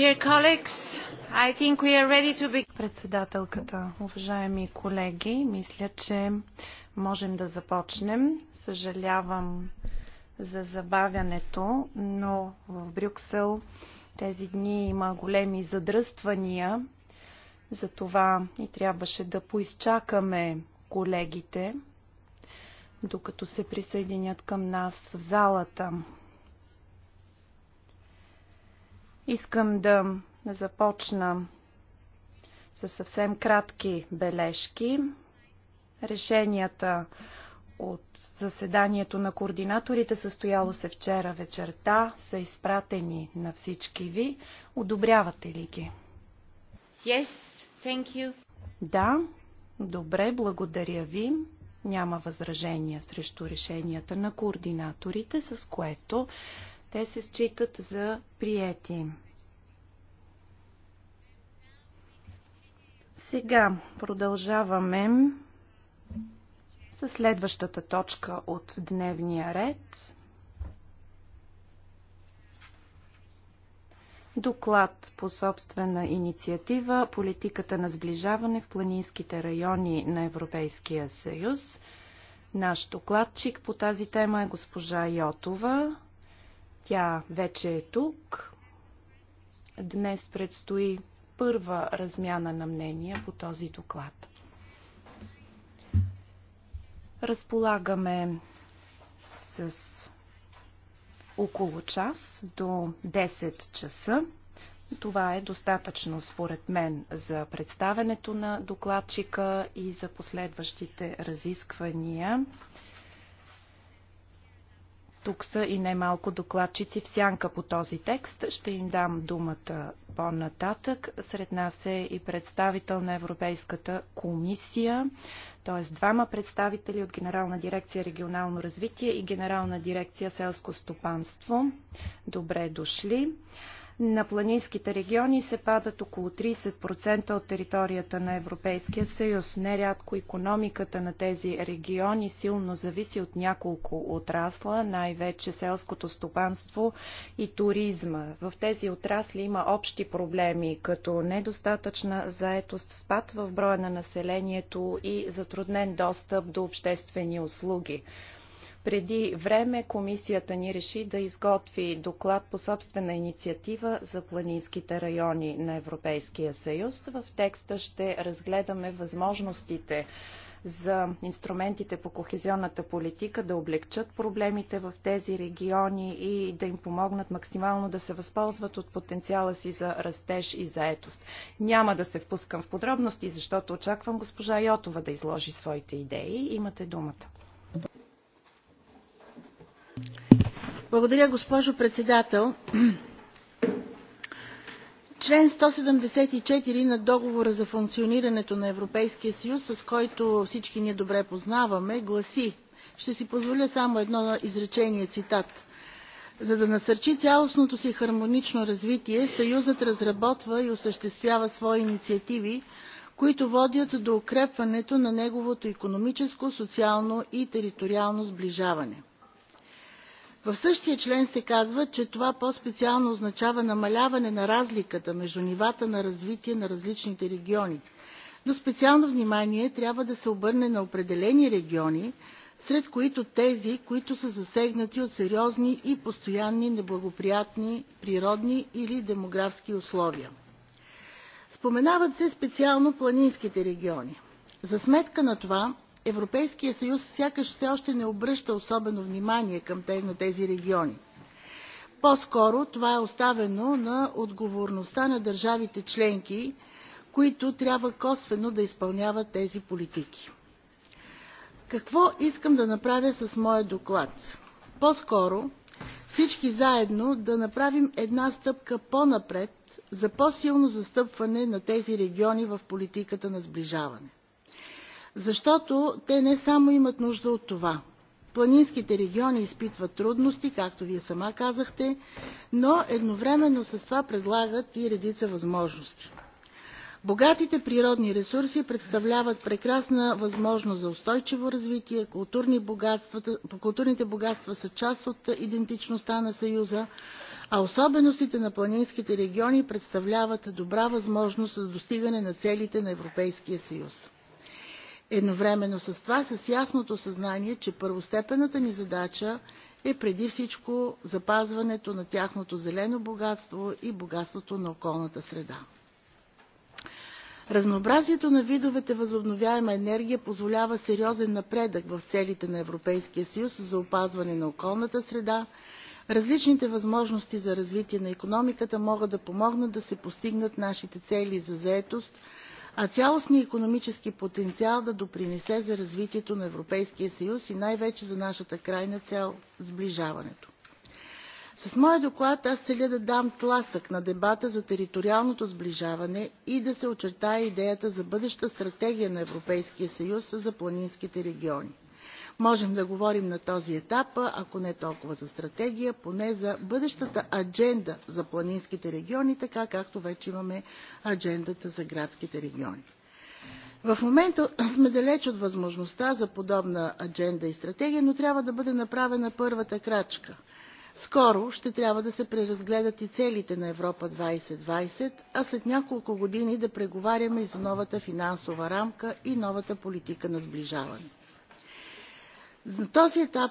Be... Председателката, уважаеми колеги, мисля, че можем да започнем. Съжалявам за забавянето, но в Брюксел тези дни има големи задръствания. Затова и трябваше да поизчакаме колегите, докато се присъединят към нас в залата. Искам да започна с съвсем кратки бележки. Решенията от заседанието на координаторите, състояло се вчера вечерта, са изпратени на всички ви. Одобрявате ли ги? Yes, thank you. Да, добре, благодаря ви. Няма възражения срещу решенията на координаторите, с което те се считат за приети. Сега продължаваме с следващата точка от дневния ред. Доклад по собствена инициатива Политиката на сближаване в планинските райони на Европейския съюз. Наш докладчик по тази тема е госпожа Йотова. Тя вече е тук. Днес предстои първа размяна на мнения по този доклад. Разполагаме с около час до 10 часа. Това е достатъчно според мен за представенето на докладчика и за последващите разисквания. Тук са и немалко докладчици в сянка по този текст. Ще им дам думата по-нататък. Сред нас е и представител на Европейската комисия, т.е. двама представители от Генерална дирекция регионално развитие и Генерална дирекция селско стопанство. Добре дошли. На планинските региони се падат около 30% от територията на Европейския съюз. Нерядко економиката на тези региони силно зависи от няколко отрасла, най-вече селското стопанство и туризма. В тези отрасли има общи проблеми, като недостатъчна заетост, спад в броя на населението и затруднен достъп до обществени услуги. Преди време комисията ни реши да изготви доклад по собствена инициатива за планинските райони на Европейския съюз. В текста ще разгледаме възможностите за инструментите по кохезионната политика да облегчат проблемите в тези региони и да им помогнат максимално да се възползват от потенциала си за растеж и заетост. Няма да се впускам в подробности, защото очаквам госпожа Йотова да изложи своите идеи. Имате думата. Благодаря, госпожо председател. Член 174 на договора за функционирането на Европейския съюз, с който всички ние добре познаваме, гласи, ще си позволя само едно изречение, цитат. За да насърчи цялостното си хармонично развитие, Съюзът разработва и осъществява свои инициативи, които водят до укрепването на неговото економическо, социално и териториално сближаване. В същия член се казва, че това по-специално означава намаляване на разликата между нивата на развитие на различните региони. Но специално внимание трябва да се обърне на определени региони, сред които тези, които са засегнати от сериозни и постоянни неблагоприятни природни или демографски условия. Споменават се специално планинските региони. За сметка на това Европейския съюз сякаш все още не обръща особено внимание към те, на тези региони. По-скоро това е оставено на отговорността на държавите членки, които трябва косвено да изпълняват тези политики. Какво искам да направя с моя доклад? По-скоро всички заедно да направим една стъпка по-напред за по-силно застъпване на тези региони в политиката на сближаване защото те не само имат нужда от това. Планинските региони изпитват трудности, както вие сама казахте, но едновременно с това предлагат и редица възможности. Богатите природни ресурси представляват прекрасна възможност за устойчиво развитие, културни богатства, културните богатства са част от идентичността на Съюза, а особеностите на планинските региони представляват добра възможност за достигане на целите на Европейския съюз. Едновременно с това, с ясното съзнание, че първостепенната ни задача е преди всичко запазването на тяхното зелено богатство и богатството на околната среда. Разнообразието на видовете възобновяема енергия позволява сериозен напредък в целите на Европейския съюз за опазване на околната среда. Различните възможности за развитие на економиката могат да помогнат да се постигнат нашите цели за заетост – а цялостният економически потенциал да допринесе за развитието на Европейския съюз и най-вече за нашата крайна цел – сближаването. С моя доклад аз целя да дам тласък на дебата за териториалното сближаване и да се очертая идеята за бъдеща стратегия на Европейския съюз за планинските региони можем да говорим на този етап, ако не толкова за стратегия, поне за бъдещата адженда за планинските региони, така както вече имаме аджендата за градските региони. В момента сме далеч от възможността за подобна адженда и стратегия, но трябва да бъде направена първата крачка. Скоро ще трябва да се преразгледат и целите на Европа 2020, а след няколко години да преговаряме и за новата финансова рамка и новата политика на сближаване. На този етап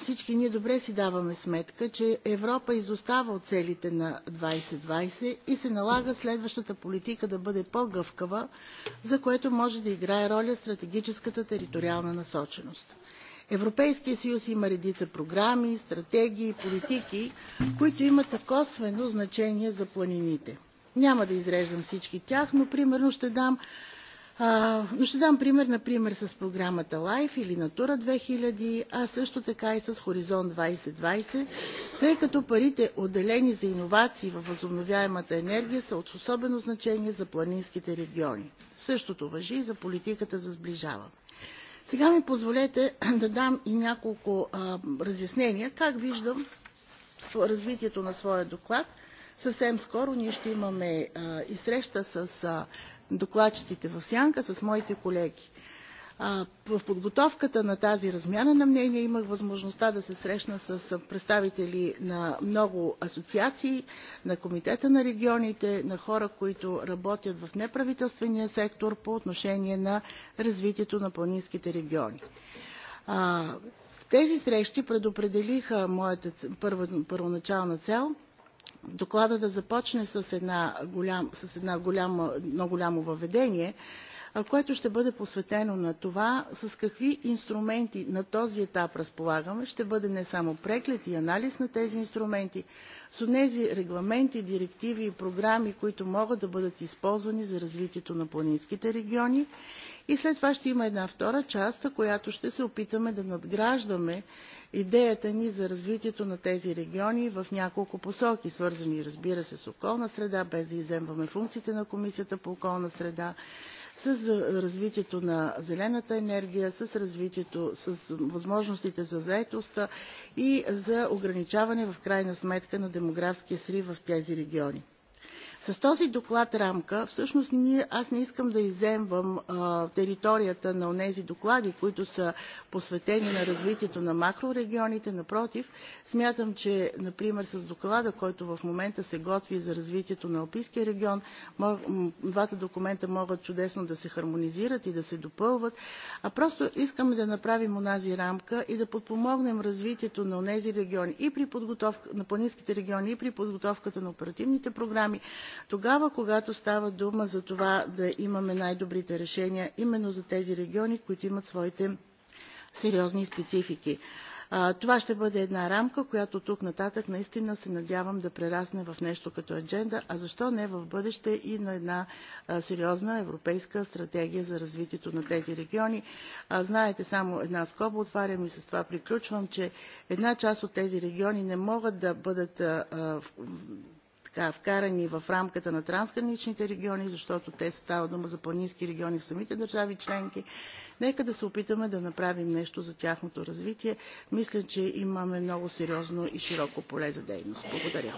всички ние добре си даваме сметка, че Европа изостава от целите на 2020 и се налага следващата политика да бъде по-гъвкава, за което може да играе роля стратегическата териториална насоченост. Европейския съюз има редица програми, стратегии, политики, които имат косвено значение за планините. Няма да изреждам всички тях, но примерно ще дам а, но ще дам пример, например, с програмата LIFE или Натура 2000, а също така и с Хоризонт 2020, тъй като парите, отделени за иновации във възобновяемата енергия, са от особено значение за планинските региони. Същото въжи и за политиката за сближаване. Сега ми позволете да дам и няколко а, разяснения, как виждам развитието на своя доклад. Съвсем скоро ние ще имаме а, и среща с а, докладчиците в Сянка, с моите колеги. В подготовката на тази размяна на мнения имах възможността да се срещна с представители на много асоциации, на Комитета на регионите, на хора, които работят в неправителствения сектор по отношение на развитието на планинските региони. Тези срещи предопределиха моята първоначална цел – доклада да започне с, една голям, с една голяма, едно голямо въведение, което ще бъде посветено на това с какви инструменти на този етап разполагаме. Ще бъде не само преглед и анализ на тези инструменти, с тези регламенти, директиви и програми, които могат да бъдат използвани за развитието на планинските региони. И след това ще има една втора част, която ще се опитаме да надграждаме идеята ни за развитието на тези региони в няколко посоки, свързани, разбира се, с околна среда, без да иземваме функциите на Комисията по околна среда, с развитието на зелената енергия, с развитието, с възможностите за заетостта и за ограничаване в крайна сметка на демографския срив в тези региони. С този доклад рамка, всъщност ние, аз не искам да иземвам а, територията на онези доклади, които са посветени на развитието на макрорегионите. Напротив, смятам, че, например, с доклада, който в момента се готви за развитието на Алпийския регион, мог, двата документа могат чудесно да се хармонизират и да се допълват, а просто искаме да направим онази рамка и да подпомогнем развитието на онези региони и при подготовка на планинските региони и при подготовката на оперативните програми, тогава, когато става дума за това да имаме най-добрите решения именно за тези региони, които имат своите сериозни специфики. Това ще бъде една рамка, която тук нататък наистина се надявам да прерасне в нещо като адженда, а защо не в бъдеще и на една сериозна европейска стратегия за развитието на тези региони. Знаете само една скоба, отварям и с това приключвам, че една част от тези региони не могат да бъдат така, вкарани в рамката на трансграничните региони, защото те става дума за планински региони в самите държави членки. Нека да се опитаме да направим нещо за тяхното развитие. Мисля, че имаме много сериозно и широко поле за дейност. Благодаря.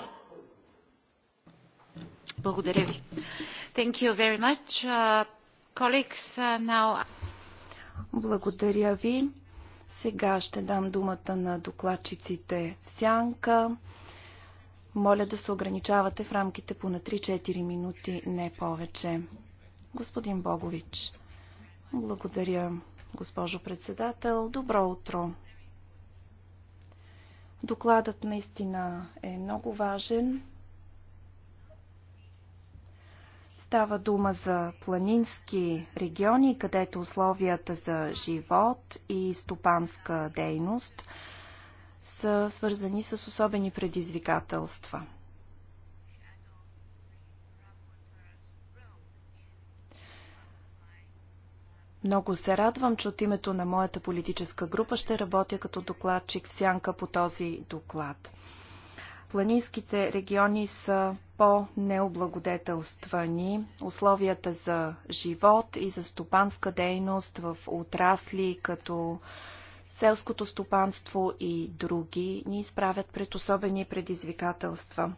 Благодаря ви. Thank you very much. Uh, colleagues, uh, now... Благодаря ви. Сега ще дам думата на докладчиците в сянка. Моля да се ограничавате в рамките по на 3-4 минути, не повече. Господин Богович, благодаря, госпожо председател. Добро утро. Докладът наистина е много важен. Става дума за планински региони, където условията за живот и стопанска дейност – са свързани с особени предизвикателства. Много се радвам, че от името на моята политическа група ще работя като докладчик в сянка по този доклад. Планинските региони са по-необлагодетелствани. Условията за живот и за стопанска дейност в отрасли като Селското стопанство и други ни изправят пред особени предизвикателства.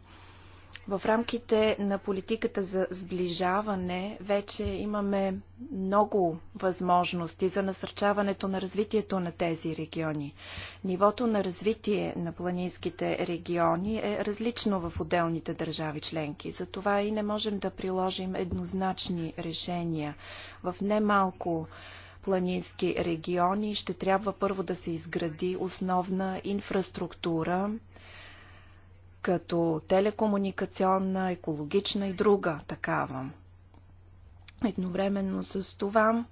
В рамките на политиката за сближаване вече имаме много възможности за насърчаването на развитието на тези региони. Нивото на развитие на планинските региони е различно в отделните държави членки. Затова и не можем да приложим еднозначни решения. В немалко планински региони, ще трябва първо да се изгради основна инфраструктура, като телекомуникационна, екологична и друга такава. Едновременно с това,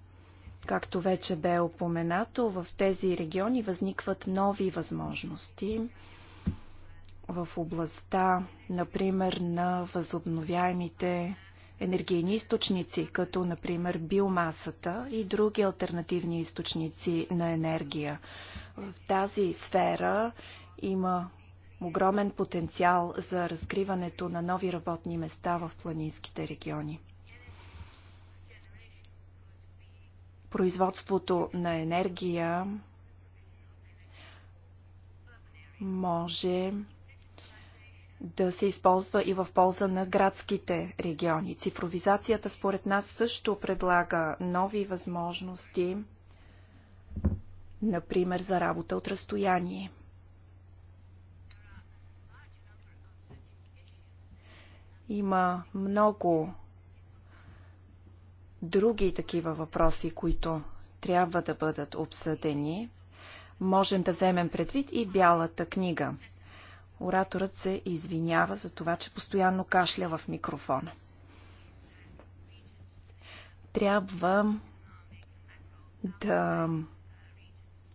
както вече бе опоменато, в тези региони възникват нови възможности в областта, например, на възобновяемите енергийни източници, като например биомасата и други альтернативни източници на енергия. В тази сфера има огромен потенциал за разкриването на нови работни места в планинските региони. Производството на енергия може да се използва и в полза на градските региони. Цифровизацията според нас също предлага нови възможности, например за работа от разстояние. Има много други такива въпроси, които трябва да бъдат обсъдени можем да вземем предвид и бялата книга. Ораторът се извинява за това, че постоянно кашля в микрофона. Трябва да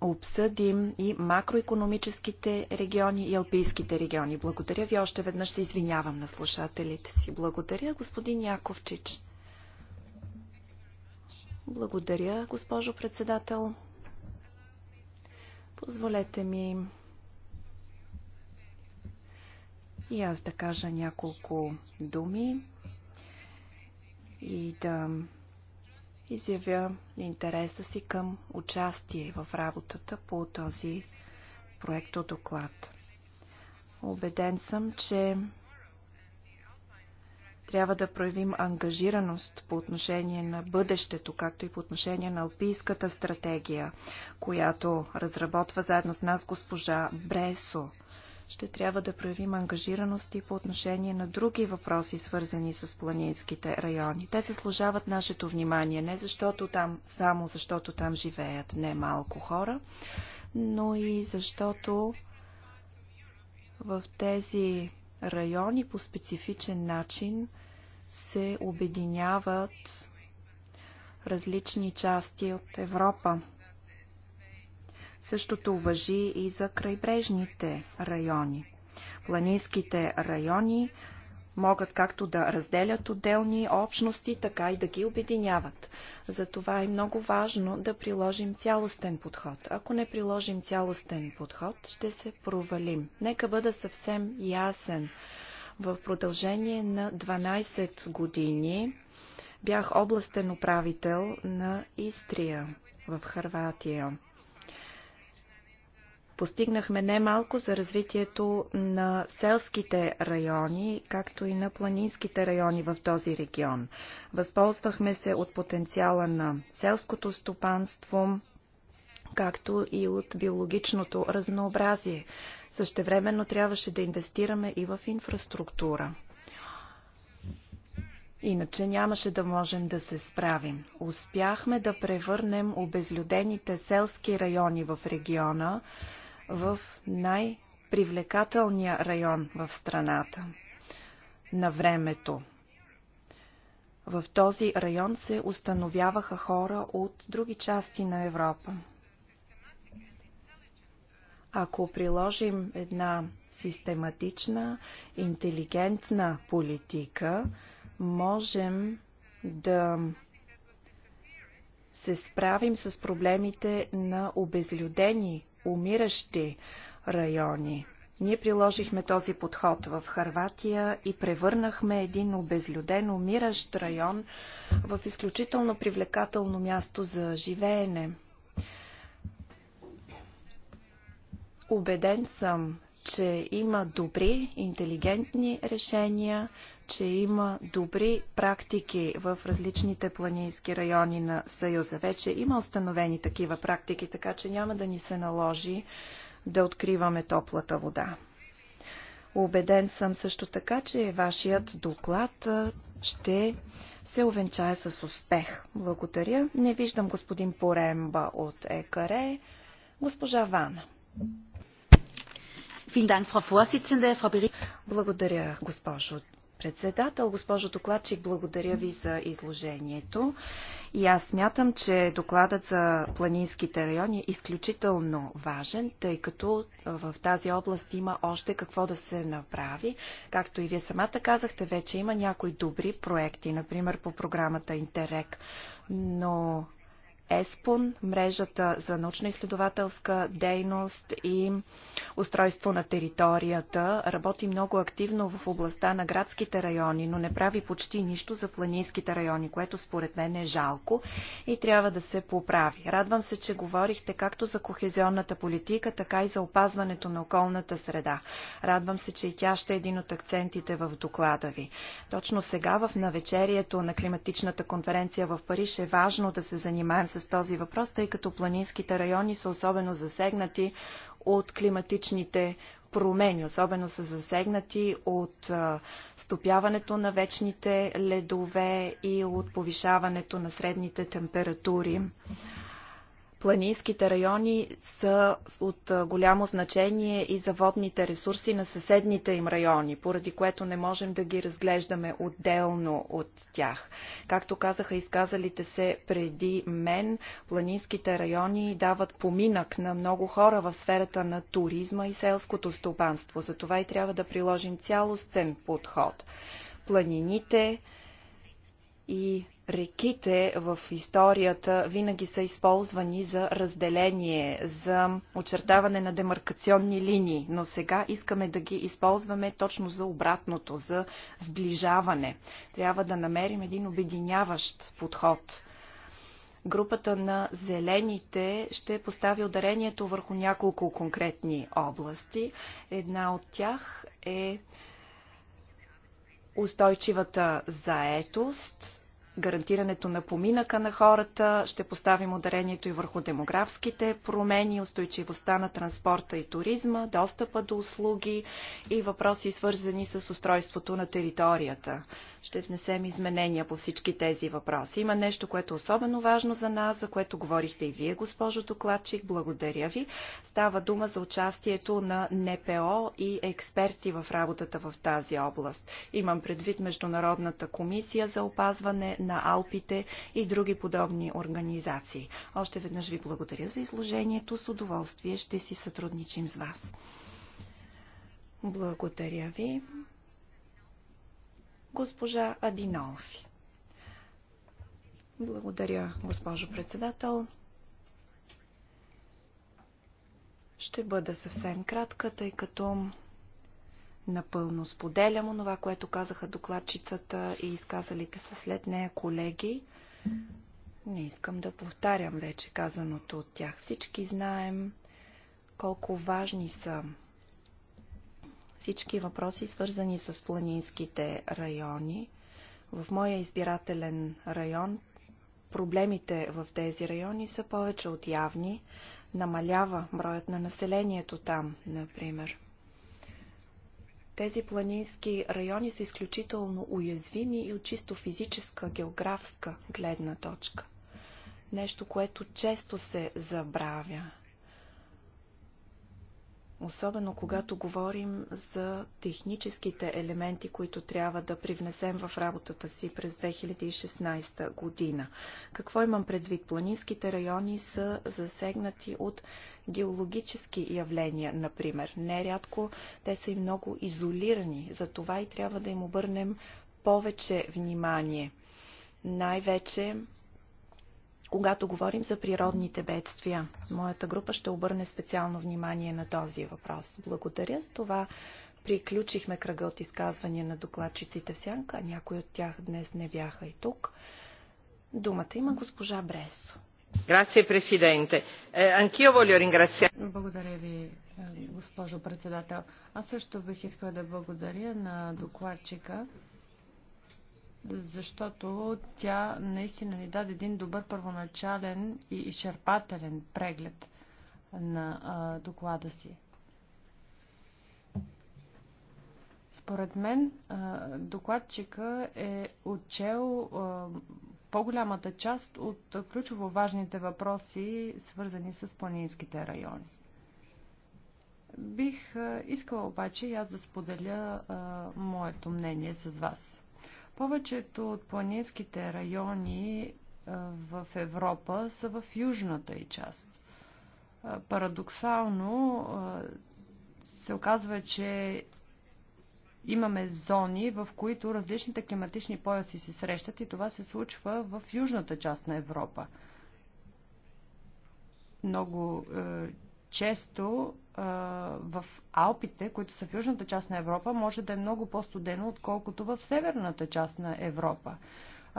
обсъдим и макроекономическите региони и алпийските региони. Благодаря ви още веднъж. Се извинявам на слушателите си. Благодаря, господин Яковчич. Благодаря, госпожо председател. Позволете ми и аз да кажа няколко думи и да изявя интереса си към участие в работата по този проекто доклад. Обеден съм, че трябва да проявим ангажираност по отношение на бъдещето, както и по отношение на Алпийската стратегия, която разработва заедно с нас госпожа Бресо ще трябва да проявим ангажираност и по отношение на други въпроси, свързани с планинските райони. Те заслужават нашето внимание, не защото там, само защото там живеят не малко хора, но и защото в тези райони по специфичен начин се обединяват различни части от Европа. Същото въжи и за крайбрежните райони. Планинските райони могат както да разделят отделни общности, така и да ги обединяват. Затова е много важно да приложим цялостен подход. Ако не приложим цялостен подход, ще се провалим. Нека бъда съвсем ясен. В продължение на 12 години бях областен управител на Истрия в Харватия. Постигнахме немалко за развитието на селските райони, както и на планинските райони в този регион. Възползвахме се от потенциала на селското стопанство, както и от биологичното разнообразие. Същевременно трябваше да инвестираме и в инфраструктура. Иначе нямаше да можем да се справим. Успяхме да превърнем обезлюдените селски райони в региона в най-привлекателния район в страната на времето. В този район се установяваха хора от други части на Европа. Ако приложим една систематична, интелигентна политика, можем да се справим с проблемите на обезлюдени умиращи райони. Ние приложихме този подход в Харватия и превърнахме един обезлюден, умиращ район в изключително привлекателно място за живеене. Убеден съм, че има добри, интелигентни решения, че има добри практики в различните планински райони на Съюза. Вече има установени такива практики, така че няма да ни се наложи да откриваме топлата вода. Убеден съм също така, че вашият доклад ще се увенчае с успех. Благодаря. Не виждам господин Поремба от ЕКАРЕ. Госпожа Вана. Благодаря, госпожо председател. Госпожо докладчик, благодаря ви за изложението. И аз смятам, че докладът за планинските райони е изключително важен, тъй като в тази област има още какво да се направи. Както и вие самата казахте, вече има някои добри проекти, например по програмата Интерек. Но ЕСПОН, мрежата за научно-изследователска дейност и устройство на територията. Работи много активно в областта на градските райони, но не прави почти нищо за планинските райони, което според мен е жалко и трябва да се поправи. Радвам се, че говорихте както за кохезионната политика, така и за опазването на околната среда. Радвам се, че и тя ще е един от акцентите в доклада ви. Точно сега в навечерието на климатичната конференция в Париж е важно да се занимаем с с този въпрос, тъй като планинските райони са особено засегнати от климатичните промени. Особено са засегнати от стопяването на вечните ледове и от повишаването на средните температури планинските райони са от голямо значение и за водните ресурси на съседните им райони, поради което не можем да ги разглеждаме отделно от тях. Както казаха изказалите се преди мен, планинските райони дават поминък на много хора в сферата на туризма и селското стопанство. Затова и трябва да приложим цялостен подход. Планините и Реките в историята винаги са използвани за разделение, за очертаване на демаркационни линии, но сега искаме да ги използваме точно за обратното, за сближаване. Трябва да намерим един обединяващ подход групата на зелените ще постави ударението върху няколко конкретни области. Една от тях е устойчивата заетост гарантирането на поминъка на хората, ще поставим ударението и върху демографските промени, устойчивостта на транспорта и туризма, достъпа до услуги и въпроси свързани с устройството на територията. Ще внесем изменения по всички тези въпроси. Има нещо, което е особено важно за нас, за което говорихте и вие, госпожо докладчик. Благодаря ви. Става дума за участието на НПО и експерти в работата в тази област. Имам предвид Международната комисия за опазване на Алпите и други подобни организации. Още веднъж ви благодаря за изложението. С удоволствие ще си сътрудничим с вас. Благодаря ви. Госпожа Адинолфи. Благодаря, госпожо председател. Ще бъда съвсем кратка, тъй като Напълно споделям онова, което казаха докладчицата и изказалите се след нея колеги. Не искам да повтарям вече казаното от тях. Всички знаем колко важни са всички въпроси, свързани с планинските райони. В моя избирателен район проблемите в тези райони са повече от явни. Намалява броят на населението там, например. Тези планински райони са изключително уязвими и от чисто физическа, географска гледна точка. Нещо, което често се забравя особено когато говорим за техническите елементи, които трябва да привнесем в работата си през 2016 година. Какво имам предвид? Планинските райони са засегнати от геологически явления, например. Нерядко те са и много изолирани, затова и трябва да им обърнем повече внимание. Най-вече когато говорим за природните бедствия. Моята група ще обърне специално внимание на този въпрос. Благодаря. С това приключихме кръга от изказвания на докладчиците в сянка. Някои от тях днес не бяха и тук. Думата има госпожа Бресо. Грация, президенте. Е, анкио волю ринграция. Благодаря ви, е, госпожо председател. Аз също бих искала да благодаря на докладчика защото тя наистина ни даде един добър първоначален и изчерпателен преглед на а, доклада си. Според мен а, докладчика е отчел а, по-голямата част от ключово важните въпроси, свързани с планинските райони. Бих искала обаче и аз да споделя а, моето мнение с вас. Повечето от планинските райони в Европа са в южната и част. Парадоксално се оказва, че имаме зони, в които различните климатични пояси се срещат и това се случва в южната част на Европа. Много е, често в Алпите, които са в южната част на Европа, може да е много по-студено, отколкото в северната част на Европа.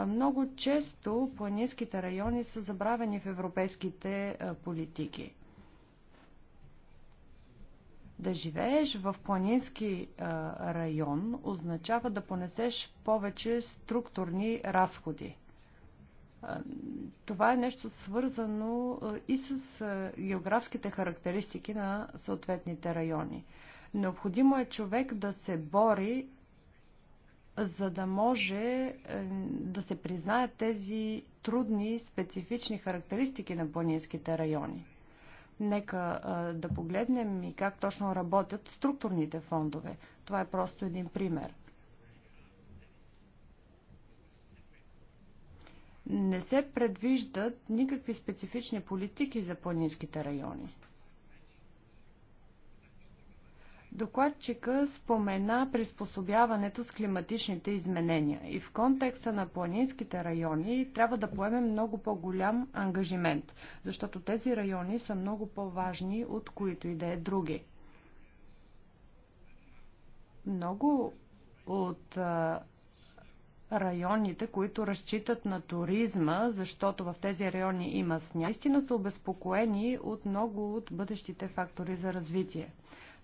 Много често планинските райони са забравени в европейските политики. Да живееш в планински район означава да понесеш повече структурни разходи това е нещо свързано и с географските характеристики на съответните райони. Необходимо е човек да се бори, за да може е, да се признаят тези трудни, специфични характеристики на планинските райони. Нека да погледнем и как точно работят структурните фондове. Това е просто един пример – не се предвиждат никакви специфични политики за планинските райони. Докладчика спомена приспособяването с климатичните изменения и в контекста на планинските райони трябва да поемем много по-голям ангажимент, защото тези райони са много по-важни от които и да е други. Много от районите, които разчитат на туризма, защото в тези райони има сняг, истина са обезпокоени от много от бъдещите фактори за развитие.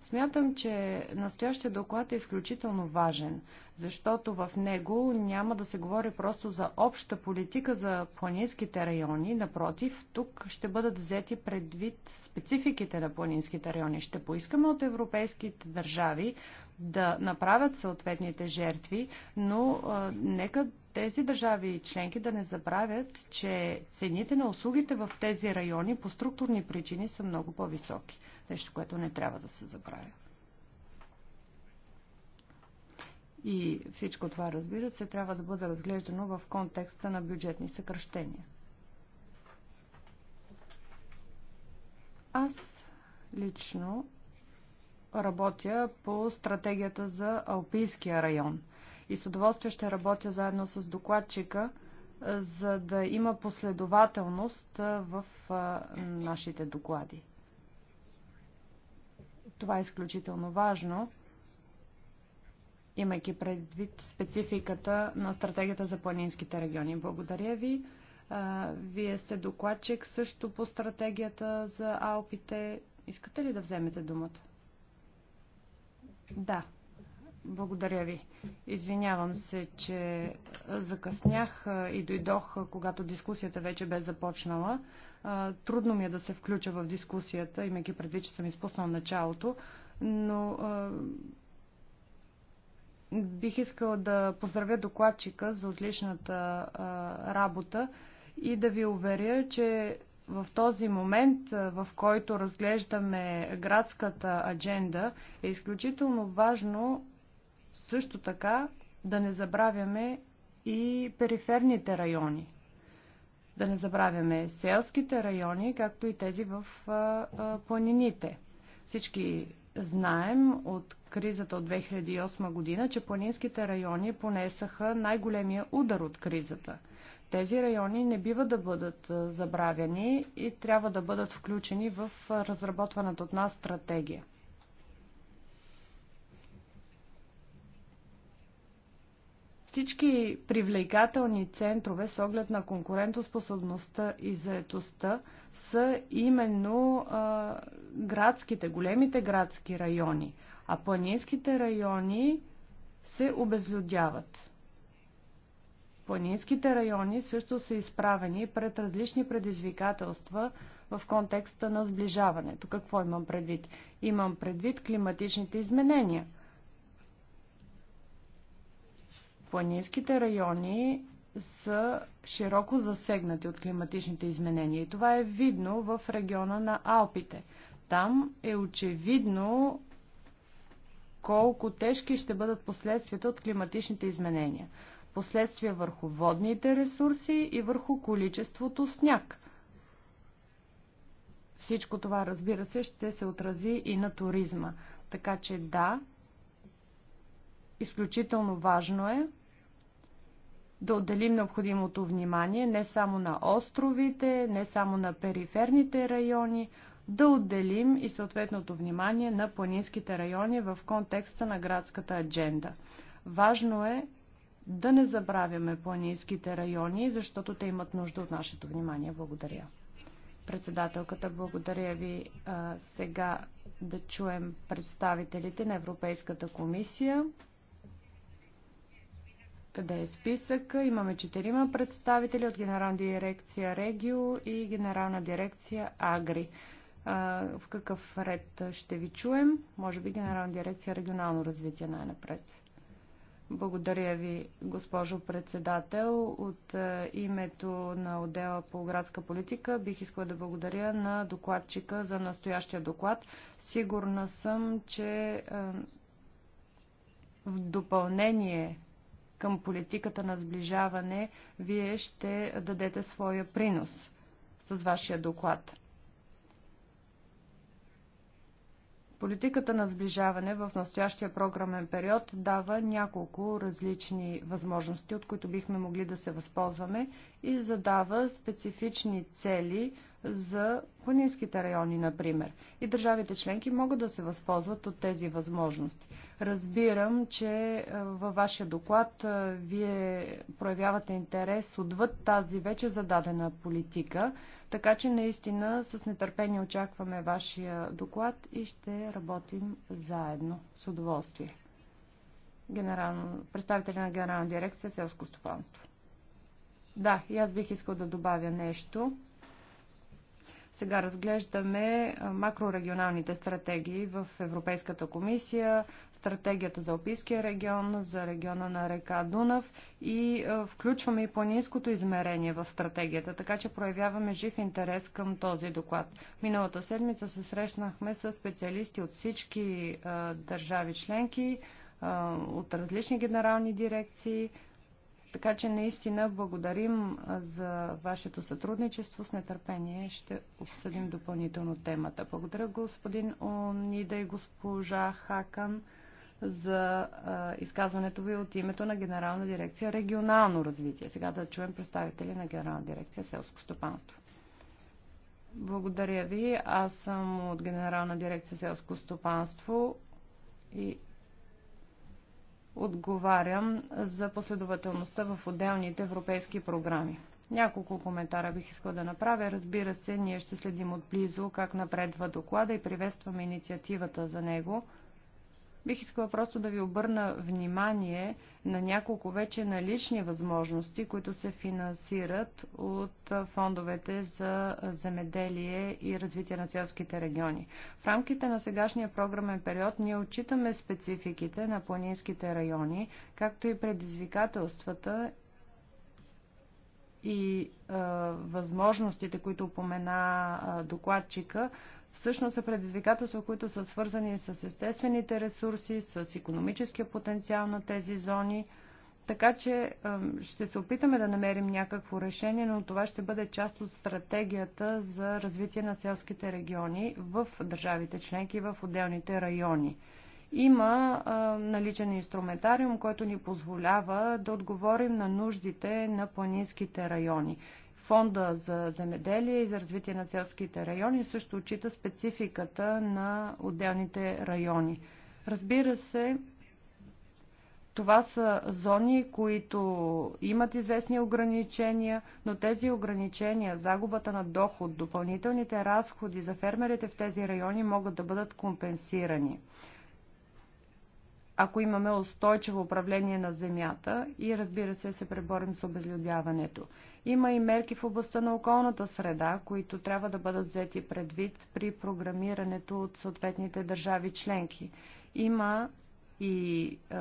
Смятам, че настоящия доклад е изключително важен защото в него няма да се говори просто за обща политика за планинските райони. Напротив, тук ще бъдат взети предвид спецификите на планинските райони. Ще поискаме от европейските държави да направят съответните жертви, но а, нека тези държави и членки да не забравят, че цените на услугите в тези райони по структурни причини са много по-високи. Нещо, което не трябва да се забравя. И всичко това, разбира се, трябва да бъде разглеждано в контекста на бюджетни съкръщения. Аз лично работя по стратегията за Алпийския район. И с удоволствие ще работя заедно с докладчика, за да има последователност в нашите доклади. Това е изключително важно имайки предвид спецификата на стратегията за планинските региони. Благодаря ви. Вие сте докладчик също по стратегията за Алпите. Искате ли да вземете думата? Да. Благодаря ви. Извинявам се, че закъснях и дойдох, когато дискусията вече бе започнала. Трудно ми е да се включа в дискусията, имайки предвид, че съм изпуснал началото, но Бих искала да поздравя докладчика за отличната работа и да ви уверя, че в този момент, в който разглеждаме градската адженда, е изключително важно също така да не забравяме и периферните райони. Да не забравяме селските райони, както и тези в планините. Всички Знаем от кризата от 2008 година, че планинските райони понесаха най-големия удар от кризата. Тези райони не бива да бъдат забравяни и трябва да бъдат включени в разработваната от нас стратегия. Всички привлекателни центрове с оглед на конкурентоспособността и заетостта са именно а, градските, големите градски райони, а планинските райони се обезлюдяват. Планинските райони също са изправени пред различни предизвикателства в контекста на сближаването. Какво имам предвид? Имам предвид климатичните изменения – планинските райони са широко засегнати от климатичните изменения. И това е видно в региона на Алпите. Там е очевидно колко тежки ще бъдат последствията от климатичните изменения. Последствия върху водните ресурси и върху количеството сняг. Всичко това, разбира се, ще се отрази и на туризма. Така че да, изключително важно е да отделим необходимото внимание не само на островите, не само на периферните райони, да отделим и съответното внимание на планинските райони в контекста на градската адженда. Важно е да не забравяме планинските райони, защото те имат нужда от нашето внимание. Благодаря. Председателката, благодаря ви. сега да чуем представителите на Европейската комисия къде е списък Имаме четирима представители от Генерална дирекция Регио и Генерална дирекция Агри. В какъв ред ще ви чуем? Може би Генерална дирекция Регионално развитие най-напред. Благодаря ви, госпожо председател. От името на отдела по градска политика бих искала да благодаря на докладчика за настоящия доклад. Сигурна съм, че в допълнение към политиката на сближаване, вие ще дадете своя принос с вашия доклад. Политиката на сближаване в настоящия програмен период дава няколко различни възможности, от които бихме могли да се възползваме и задава специфични цели за планинските райони, например. И държавите членки могат да се възползват от тези възможности. Разбирам, че е, във вашия доклад е, вие проявявате интерес отвъд тази вече зададена политика, така че наистина с нетърпение очакваме вашия доклад и ще работим заедно с удоволствие. Генерално, представители на Генерална дирекция селско стопанство. Да, и аз бих искал да добавя нещо. Сега разглеждаме макрорегионалните стратегии в Европейската комисия, стратегията за Опийския регион, за региона на река Дунав и включваме и планинското измерение в стратегията, така че проявяваме жив интерес към този доклад. Миналата седмица се срещнахме с специалисти от всички държави членки, от различни генерални дирекции, така че наистина благодарим за вашето сътрудничество. С нетърпение ще обсъдим допълнително темата. Благодаря господин Онида и госпожа Хакан за изказването ви от името на Генерална дирекция регионално развитие. Сега да чуем представители на Генерална дирекция селско стопанство. Благодаря ви. Аз съм от Генерална дирекция селско стопанство и отговарям за последователността в отделните европейски програми. Няколко коментара бих искал да направя. Разбира се, ние ще следим отблизо как напредва доклада и приветстваме инициативата за него – Бих искала просто да ви обърна внимание на няколко вече налични възможности, които се финансират от фондовете за земеделие и развитие на селските региони. В рамките на сегашния програмен период ние отчитаме спецификите на планинските райони, както и предизвикателствата и а, възможностите, които упомена а, докладчика всъщност са предизвикателства, които са свързани с естествените ресурси, с економическия потенциал на тези зони. Така че ще се опитаме да намерим някакво решение, но това ще бъде част от стратегията за развитие на селските региони в държавите членки в отделните райони. Има наличен инструментариум, който ни позволява да отговорим на нуждите на планинските райони. Фонда за земеделие и за развитие на селските райони също отчита спецификата на отделните райони. Разбира се, това са зони, които имат известни ограничения, но тези ограничения, загубата на доход, допълнителните разходи за фермерите в тези райони могат да бъдат компенсирани. Ако имаме устойчиво управление на земята и разбира се, се преборим с обезлюдяването. Има и мерки в областта на околната среда, които трябва да бъдат взети предвид при програмирането от съответните държави членки. Има и е,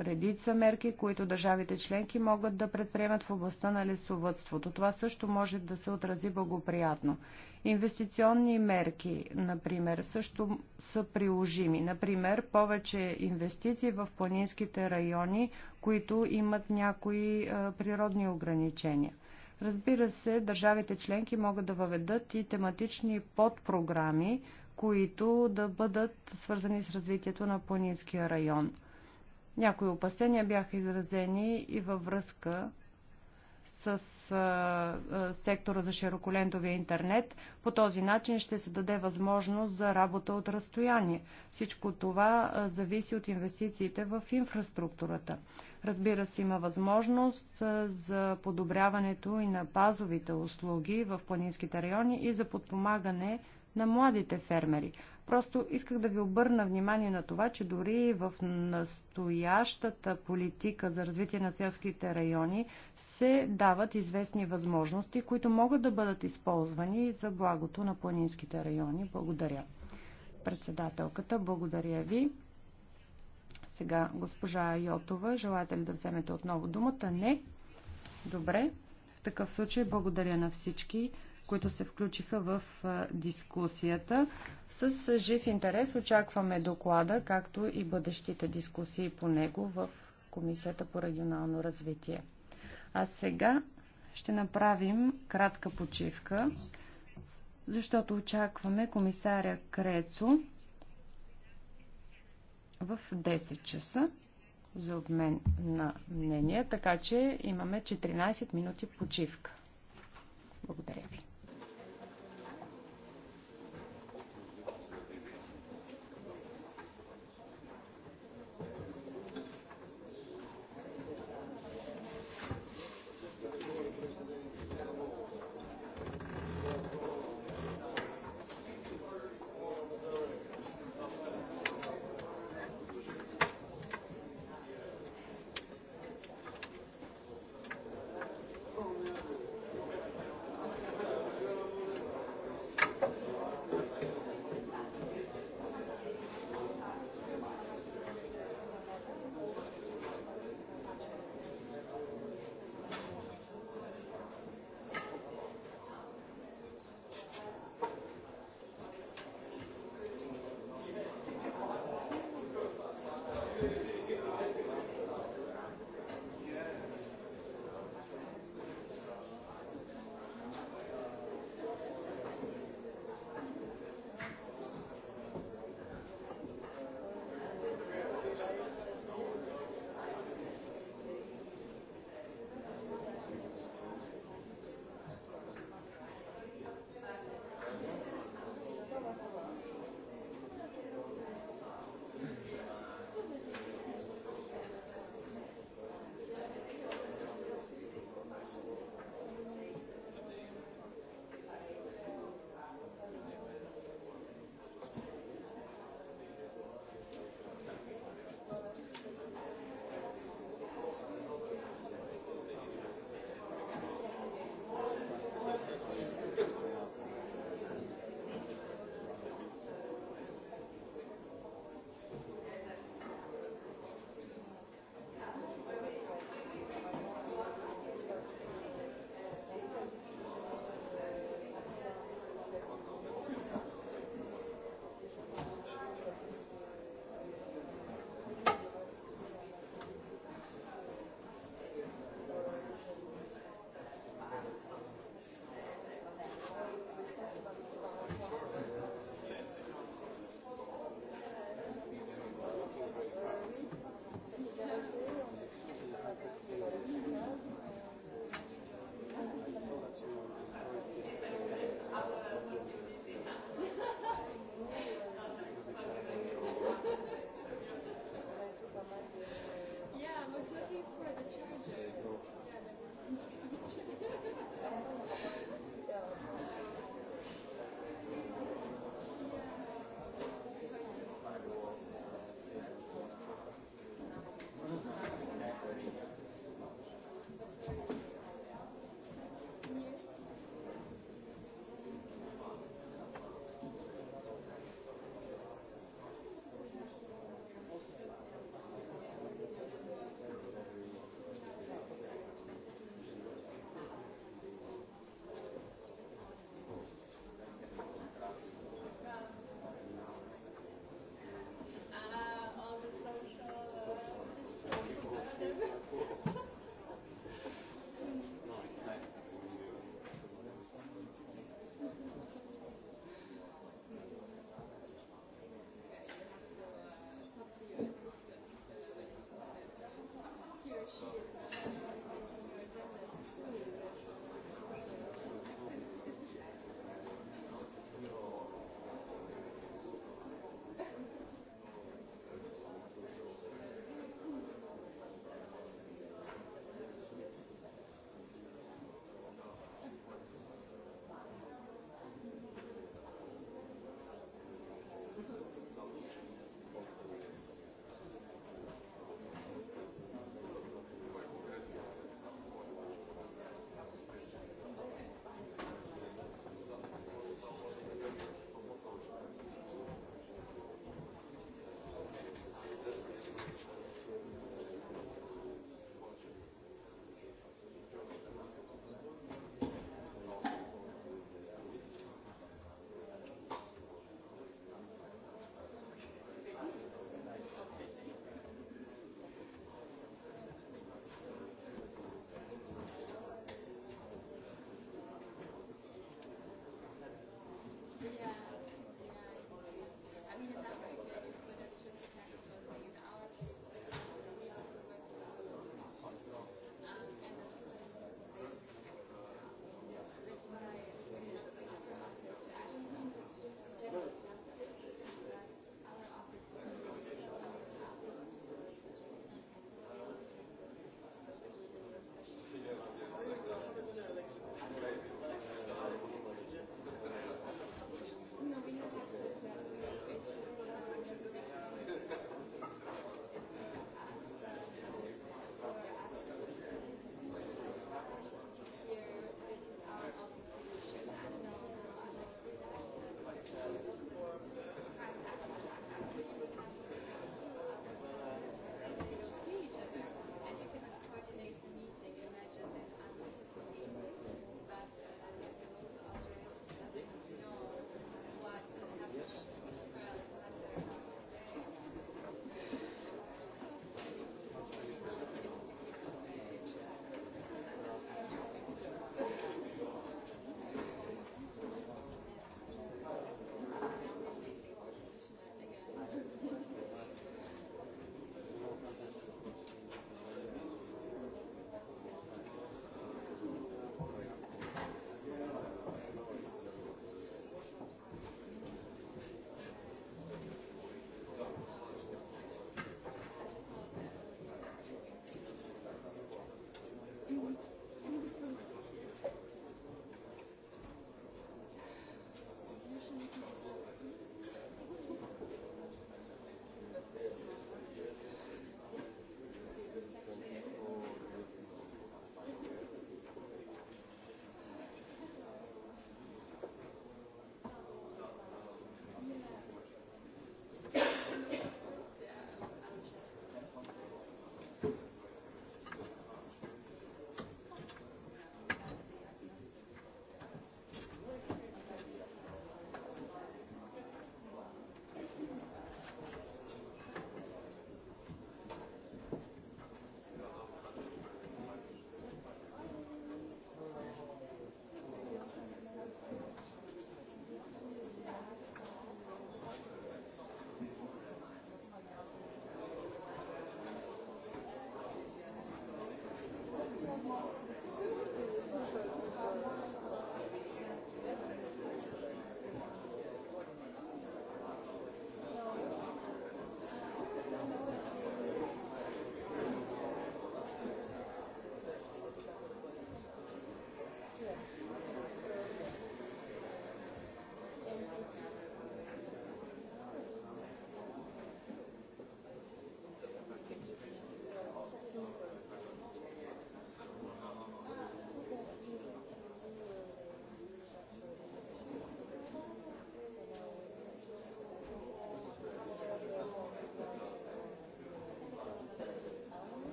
редица мерки, които държавите членки могат да предприемат в областта на лесовътството. Това също може да се отрази благоприятно. Инвестиционни мерки, например, също са приложими. Например, повече инвестиции в планинските райони, които имат някои е, природни ограничения. Разбира се, държавите членки могат да въведат и тематични подпрограми, които да бъдат свързани с развитието на планинския район. Някои опасения бяха изразени и във връзка с а, а, сектора за широколентовия интернет. По този начин ще се даде възможност за работа от разстояние. Всичко това а, зависи от инвестициите в инфраструктурата. Разбира се, има възможност за подобряването и на базовите услуги в планинските райони и за подпомагане на младите фермери. Просто исках да ви обърна внимание на това, че дори в настоящата политика за развитие на селските райони се дават известни възможности, които могат да бъдат използвани за благото на планинските райони. Благодаря. Председателката, благодаря ви сега госпожа Йотова. Желаете ли да вземете отново думата? Не. Добре. В такъв случай благодаря на всички, които се включиха в дискусията. С жив интерес очакваме доклада, както и бъдещите дискусии по него в Комисията по регионално развитие. А сега ще направим кратка почивка, защото очакваме комисаря Крецо в 10 часа за обмен на мнения, така че имаме 14 минути почивка. Благодаря ви.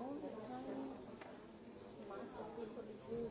all the time mass of people is using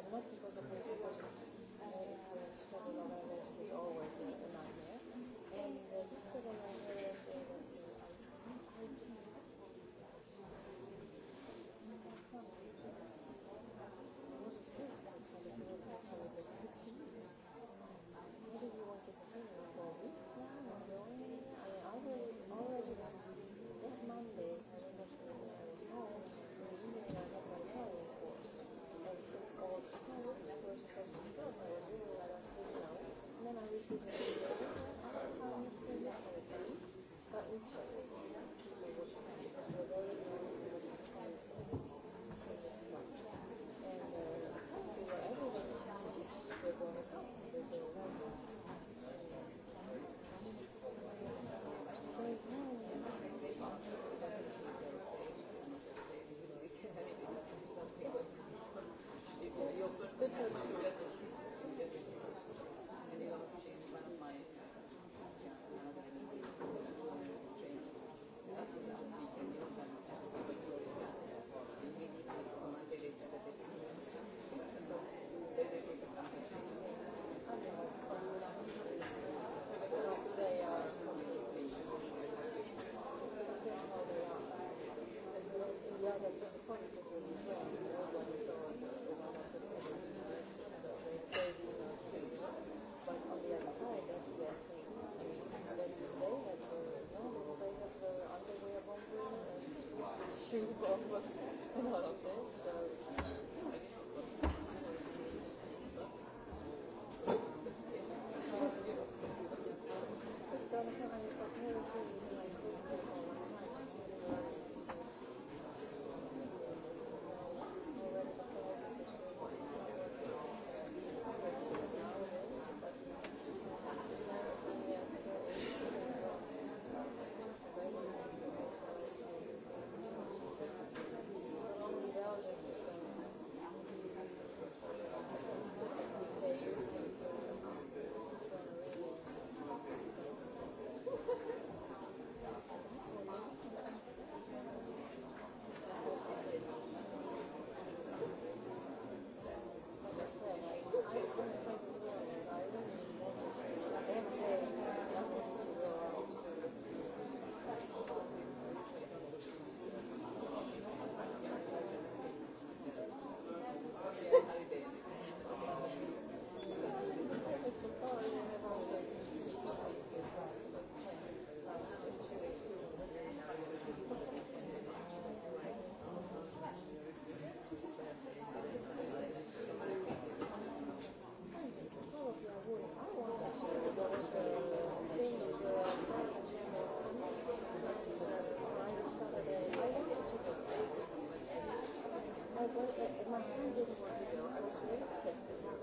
I went because of my children, and I have several others, it is always a nightmare. And uh, this several nightmare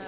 left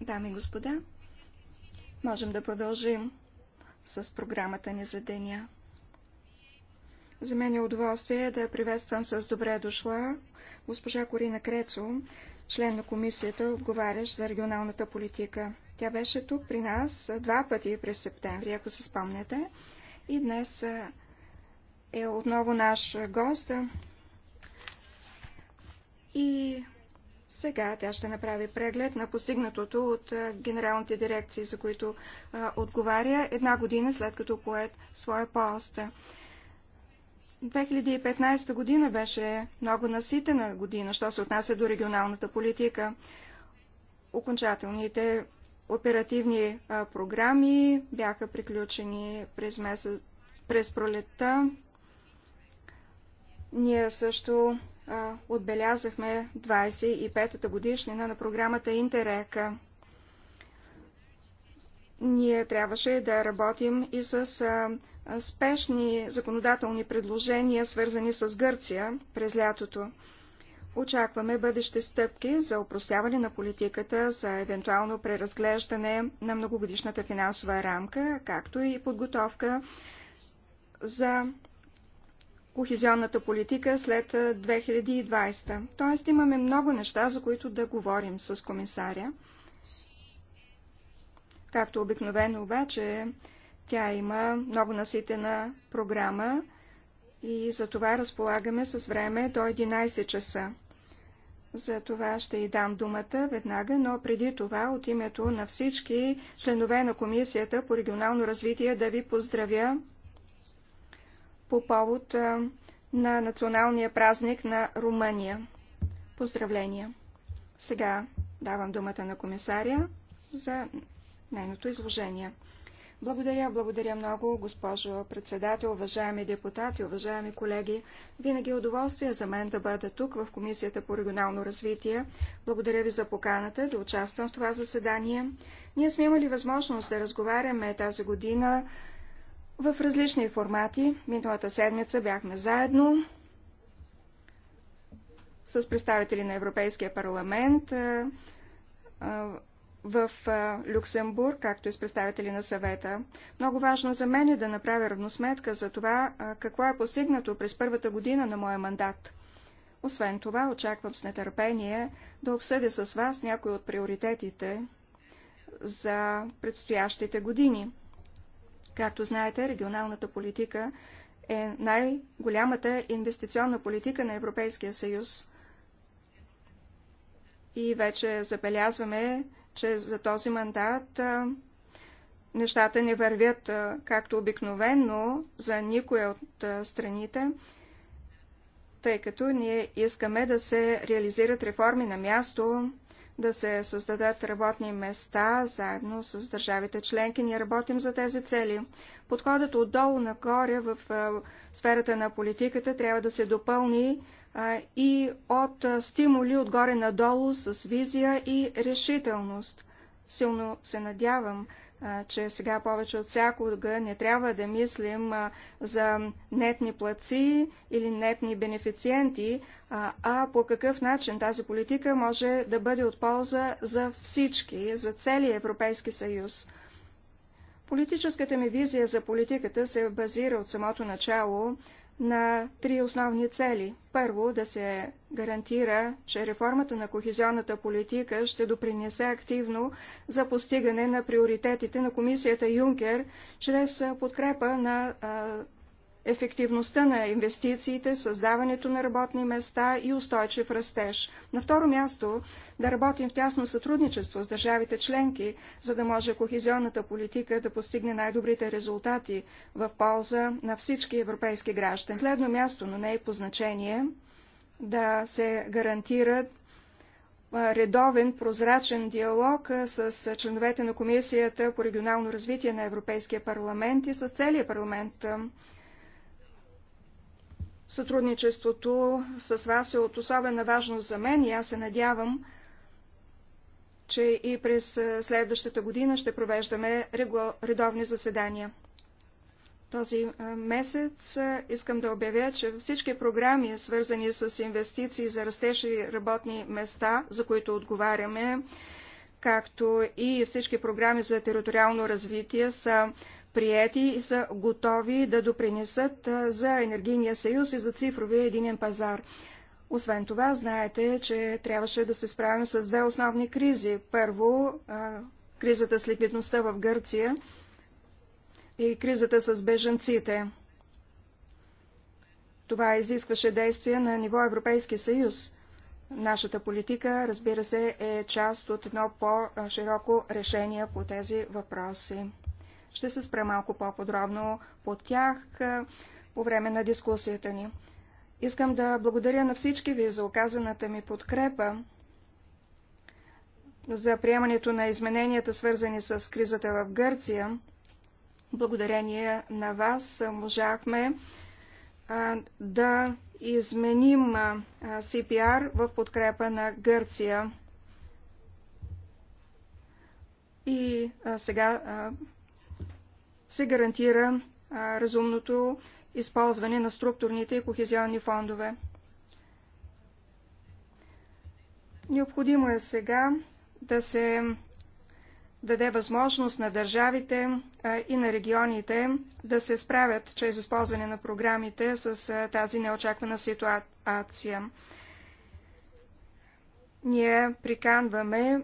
Дами и господа, можем да продължим с програмата ни за деня. За мен е удоволствие да приветствам с добре дошла госпожа Корина Крецо, член на комисията, отговарящ за регионалната политика. Тя беше тук при нас два пъти през септември, ако се спомняте. И днес е, е отново наш гост. Сега тя ще направи преглед на постигнатото от генералните дирекции, за които а, отговаря една година след като поет своя пост. 2015 година беше много наситена година, що се отнася до регионалната политика. Окончателните оперативни а, програми бяха приключени през, месец, през пролетта. Ние също отбелязахме 25-та годишнина на програмата Интерека. Ние трябваше да работим и с спешни законодателни предложения, свързани с Гърция през лятото. Очакваме бъдещи стъпки за упростяване на политиката, за евентуално преразглеждане на многогодишната финансова рамка, както и подготовка за кохезионната политика след 2020. Тоест имаме много неща, за които да говорим с комисаря. Както обикновено обаче, тя има много наситена програма и за това разполагаме с време до 11 часа. За това ще й дам думата веднага, но преди това от името на всички членове на Комисията по регионално развитие да ви поздравя по повод на националния празник на Румъния. Поздравления! Сега давам думата на комисаря за нейното изложение. Благодаря, благодаря много, госпожо председател, уважаеми депутати, уважаеми колеги. Винаги е удоволствие за мен да бъда тук в Комисията по регионално развитие. Благодаря ви за поканата да участвам в това заседание. Ние сме имали възможност да разговаряме тази година в различни формати. Миналата седмица бяхме заедно с представители на Европейския парламент в Люксембург, както и с представители на съвета. Много важно за мен е да направя равносметка за това, какво е постигнато през първата година на моя мандат. Освен това, очаквам с нетърпение да обсъдя с вас някои от приоритетите за предстоящите години. Както знаете, регионалната политика е най-голямата инвестиционна политика на Европейския съюз. И вече забелязваме, че за този мандат нещата не вървят както обикновенно за никоя от страните, тъй като ние искаме да се реализират реформи на място, да се създадат работни места заедно с държавите членки. Ние работим за тези цели. Подходът отдолу нагоре в сферата на политиката трябва да се допълни и от стимули отгоре надолу с визия и решителност. Силно се надявам, че сега повече от всякога не трябва да мислим за нетни плаци или нетни бенефициенти, а по какъв начин тази политика може да бъде от полза за всички, за целия Европейски съюз. Политическата ми визия за политиката се базира от самото начало на три основни цели. Първо, да се гарантира, че реформата на кохезионната политика ще допринесе активно за постигане на приоритетите на комисията Юнкер чрез подкрепа на а, ефективността на инвестициите, създаването на работни места и устойчив растеж. На второ място да работим в тясно сътрудничество с държавите членки, за да може кохезионната политика да постигне най-добрите резултати в полза на всички европейски граждани. Следно място, но не е по значение, да се гарантират редовен, прозрачен диалог с членовете на Комисията по регионално развитие на Европейския парламент и с целия парламент. Сътрудничеството с вас е от особена важност за мен и аз се надявам, че и през е, следващата година ще провеждаме редовни заседания. Този е, месец е, искам да обявя, че всички програми, свързани с инвестиции за растеж и работни места, за които отговаряме, както и всички програми за териториално развитие, са прияти и са готови да допринесат за енергийния съюз и за цифровия единен пазар. Освен това, знаете, че трябваше да се справим с две основни кризи. Първо, кризата с ликвидността в Гърция и кризата с беженците. Това изискваше действие на ниво Европейски съюз. Нашата политика, разбира се, е част от едно по-широко решение по тези въпроси. Ще се спра малко по-подробно по тях по време на дискусията ни. Искам да благодаря на всички ви за оказаната ми подкрепа за приемането на измененията, свързани с кризата в Гърция. Благодарение на вас можахме да изменим CPR в подкрепа на Гърция. И сега се гарантира а, разумното използване на структурните и кохезионни фондове. Необходимо е сега да се даде възможност на държавите и на регионите да се справят чрез използване на програмите с тази неочаквана ситуация ние приканваме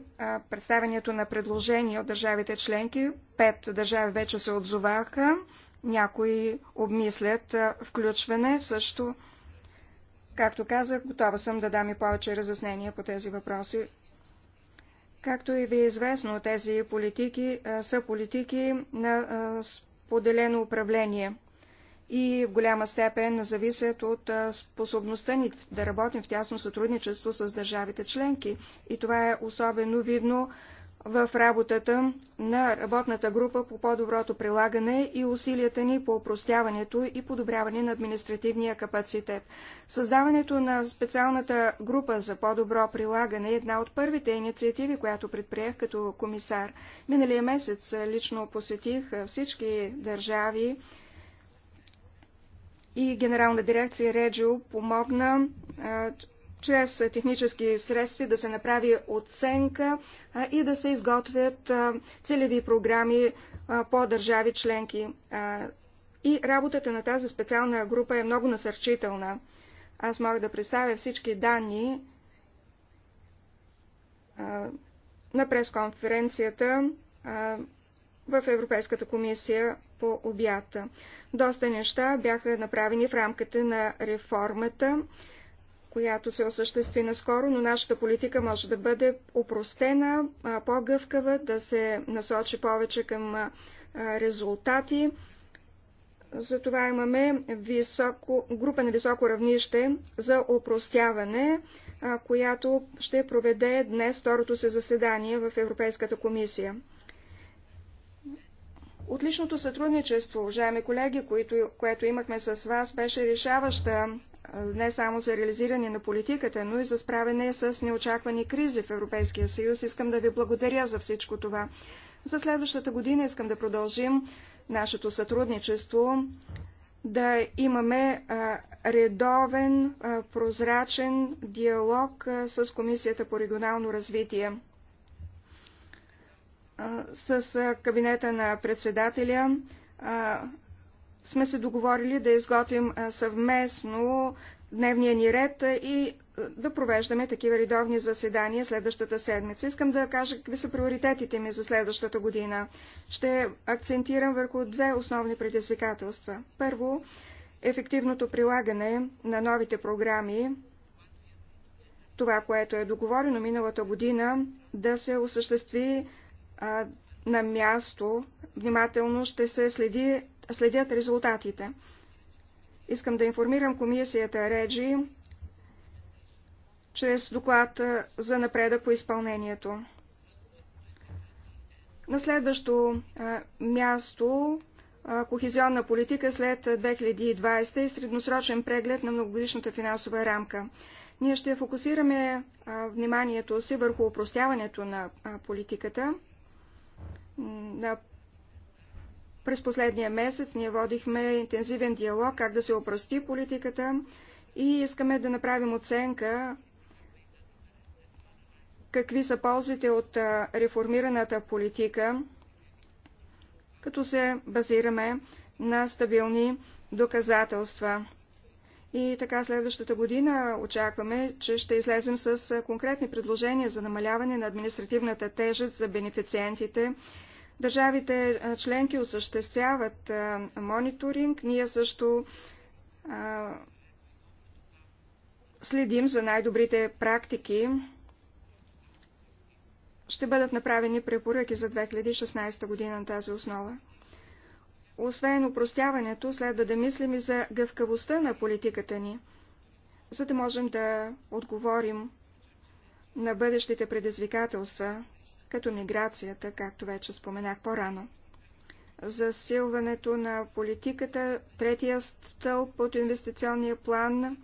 представянето на предложения от държавите членки. Пет държави вече се отзоваха, някои обмислят включване също. Както казах, готова съм да дам и повече разяснения по тези въпроси. Както и ви е известно, тези политики са политики на споделено управление – и в голяма степен зависят от способността ни да работим в тясно сътрудничество с държавите членки. И това е особено видно в работата на работната група по по-доброто прилагане и усилията ни по упростяването и подобряване на административния капацитет. Създаването на специалната група за по-добро прилагане е една от първите инициативи, която предприех като комисар. Миналия месец лично посетих всички държави, и Генерална дирекция Реджио помогна чрез технически средства да се направи оценка и да се изготвят целеви програми по държави членки. И работата на тази специална група е много насърчителна. Аз мога да представя всички данни на пресконференцията в Европейската комисия по обяд. Доста неща бяха направени в рамките на реформата, която се осъществи наскоро, но нашата политика може да бъде упростена, по-гъвкава, да се насочи повече към резултати. Затова имаме високо, група на високо равнище за опростяване, която ще проведе днес второто се заседание в Европейската комисия. Отличното сътрудничество, уважаеми колеги, което, което имахме с вас, беше решаваща не само за реализиране на политиката, но и за справяне с неочаквани кризи в Европейския съюз. Искам да ви благодаря за всичко това. За следващата година искам да продължим нашето сътрудничество, да имаме редовен, прозрачен диалог с Комисията по регионално развитие с кабинета на председателя сме се договорили да изготвим съвместно дневния ни ред и да провеждаме такива редовни заседания следващата седмица. Искам да кажа какви са приоритетите ми за следващата година. Ще акцентирам върху две основни предизвикателства. Първо, ефективното прилагане на новите програми, това, което е договорено миналата година, да се осъществи на място внимателно ще се следи, следят резултатите. Искам да информирам комисията Реджи чрез доклад за напредък по изпълнението. На следващо място кохезионна политика след 2020 и средносрочен преглед на многогодишната финансова рамка. Ние ще фокусираме вниманието си върху упростяването на политиката, на през последния месец ние водихме интензивен диалог как да се опрости политиката и искаме да направим оценка какви са ползите от реформираната политика, като се базираме на стабилни доказателства. И така следващата година очакваме, че ще излезем с конкретни предложения за намаляване на административната тежест за бенефициентите. Държавите членки осъществяват мониторинг. Ние също следим за най-добрите практики. Ще бъдат направени препоръки за 2016 година на тази основа. Освен упростяването, следва да мислим и за гъвкавостта на политиката ни, за да можем да отговорим на бъдещите предизвикателства, като миграцията, както вече споменах по-рано. Засилването на политиката, третия стълб от инвестиционния план,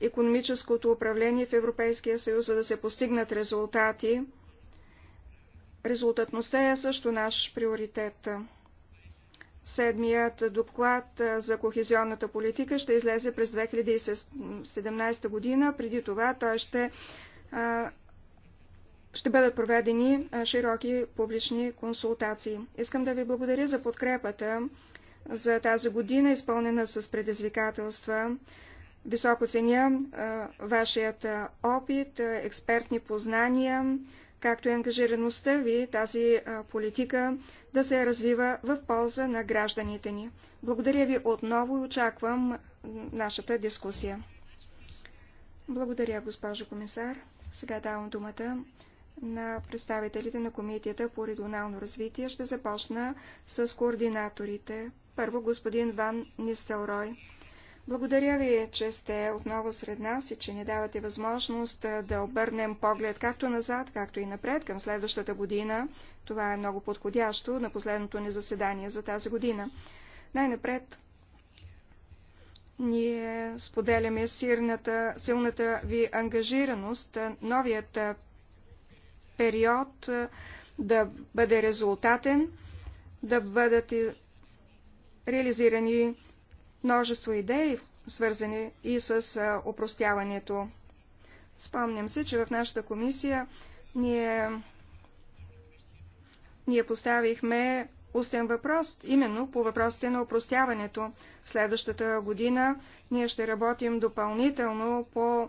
економическото управление в Европейския съюз, за да се постигнат резултати. Резултатността е също наш приоритет. Седмият доклад за кохезионната политика ще излезе през 2017 година. Преди това той ще, ще бъдат проведени широки публични консултации. Искам да ви благодаря за подкрепата за тази година, изпълнена с предизвикателства. Високо ценя вашият опит, експертни познания, както и ангажираността ви тази политика да се развива в полза на гражданите ни. Благодаря ви отново и очаквам нашата дискусия. Благодаря, госпожо комисар. Сега давам думата на представителите на Комитета по регионално развитие. Ще започна с координаторите. Първо господин Ван Нистелрой. Благодаря ви, че сте отново сред нас и че ни давате възможност да обърнем поглед както назад, както и напред към следващата година. Това е много подходящо на последното ни заседание за тази година. Най-напред ние споделяме сирната, силната ви ангажираност новият период да бъде резултатен, да бъдат реализирани множество идеи, свързани и с опростяването. Спомням се, че в нашата комисия ние, ние поставихме устен въпрос, именно по въпросите на опростяването. Следващата година ние ще работим допълнително по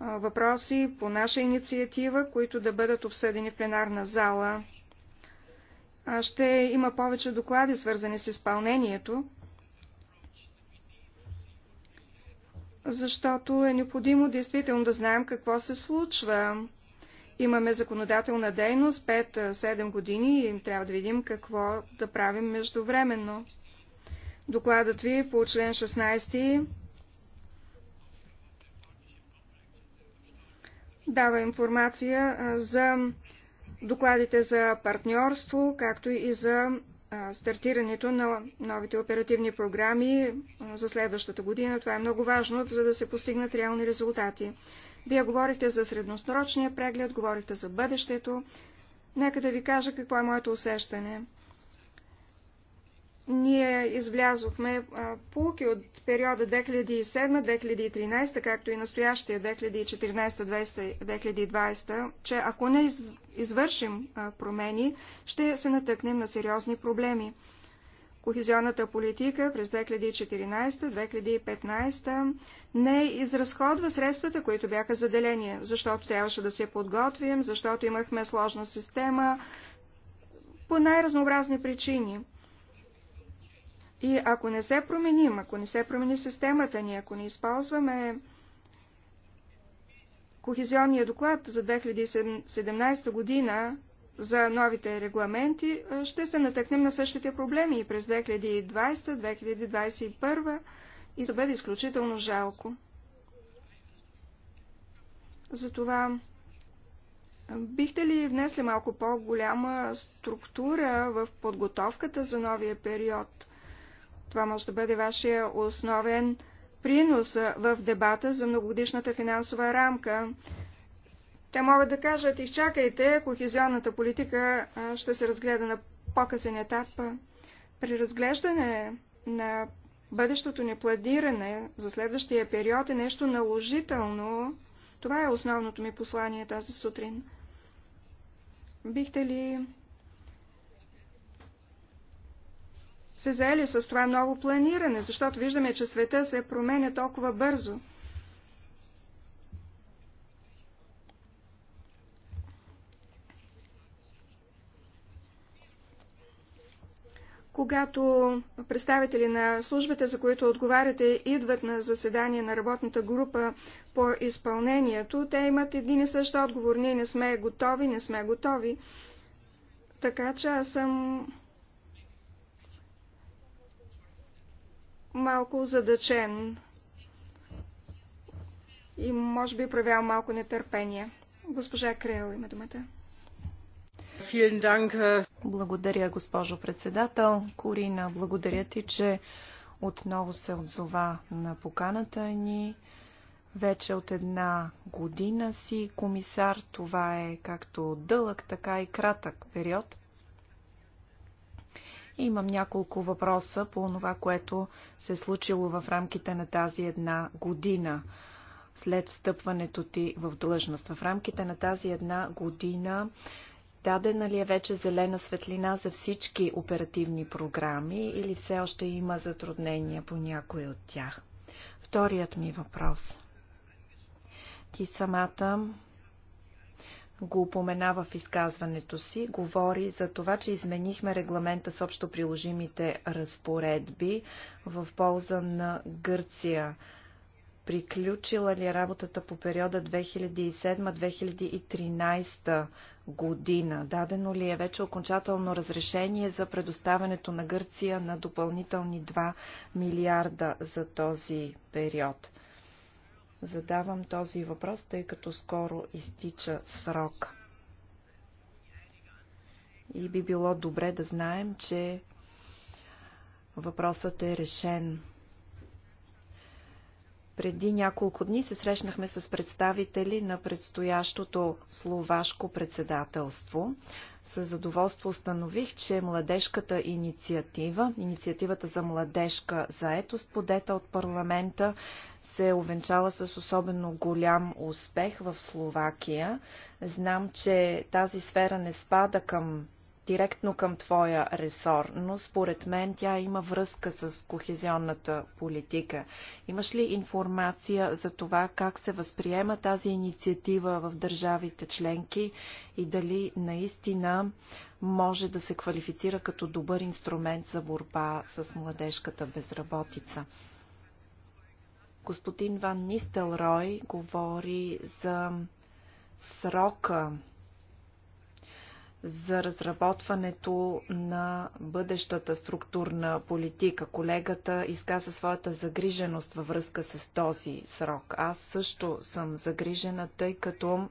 въпроси, по наша инициатива, които да бъдат обсъдени в пленарна зала. Ще има повече доклади, свързани с изпълнението, защото е необходимо действително да знаем какво се случва. Имаме законодателна дейност 5-7 години и трябва да видим какво да правим междувременно. Докладът ви по член 16 дава информация за докладите за партньорство, както и за стартирането на новите оперативни програми за следващата година. Това е много важно, за да се постигнат реални резултати. Вие говорихте за средносрочния преглед, говорихте за бъдещето. Нека да ви кажа какво е моето усещане ние излязохме полки от периода 2007-2013, както и настоящия 2014-2020, че ако не извършим промени, ще се натъкнем на сериозни проблеми. Кохезионната политика през 2014-2015 не изразходва средствата, които бяха заделени, защото трябваше да се подготвим, защото имахме сложна система по най-разнообразни причини – и ако не се променим, ако не се промени системата ни, ако не използваме Кохезионния доклад за 2017 година за новите регламенти, ще се натъкнем на същите проблеми и през 2020, 2021 и да бъде изключително жалко. Затова бихте ли внесли малко по-голяма структура в подготовката за новия период? Това може да бъде вашия основен принос в дебата за многогодишната финансова рамка. Те могат да кажат, изчакайте, кохезионната политика ще се разгледа на по-късен етап. При разглеждане на бъдещото ни планиране за следващия период е нещо наложително. Това е основното ми послание тази сутрин. Бихте ли се заели с това ново планиране, защото виждаме, че света се променя толкова бързо. Когато представители на службите, за които отговаряте, идват на заседание на работната група по изпълнението, те имат един и същ отговор. Ние не сме готови, не сме готови. Така че аз съм малко задъчен и може би проявява малко нетърпение. Госпожа Крел има думата. Е. Благодаря, госпожо председател. Корина, благодаря ти, че отново се отзова на поканата ни. Вече от една година си комисар. Това е както дълъг, така и кратък период. Имам няколко въпроса по това, което се е случило в рамките на тази една година след встъпването ти в длъжност. В рамките на тази една година дадена ли е вече зелена светлина за всички оперативни програми или все още има затруднения по някои от тях? Вторият ми въпрос. Ти самата го упоменава в изказването си, говори за това, че изменихме регламента с общо приложимите разпоредби в полза на Гърция. Приключила ли е работата по периода 2007-2013 година? Дадено ли е вече окончателно разрешение за предоставянето на Гърция на допълнителни 2 милиарда за този период? Задавам този въпрос, тъй като скоро изтича срок. И би било добре да знаем, че въпросът е решен преди няколко дни се срещнахме с представители на предстоящото словашко председателство. С задоволство установих, че младежката инициатива, инициативата за младежка заетост, подета от парламента, се овенчала е с особено голям успех в Словакия. Знам, че тази сфера не спада към директно към твоя ресор, но според мен тя има връзка с кохезионната политика. Имаш ли информация за това как се възприема тази инициатива в държавите членки и дали наистина може да се квалифицира като добър инструмент за борба с младежката безработица? Господин Ван Нистелрой говори за срока за разработването на бъдещата структурна политика. Колегата изказа своята загриженост във връзка с този срок. Аз също съм загрижена, тъй като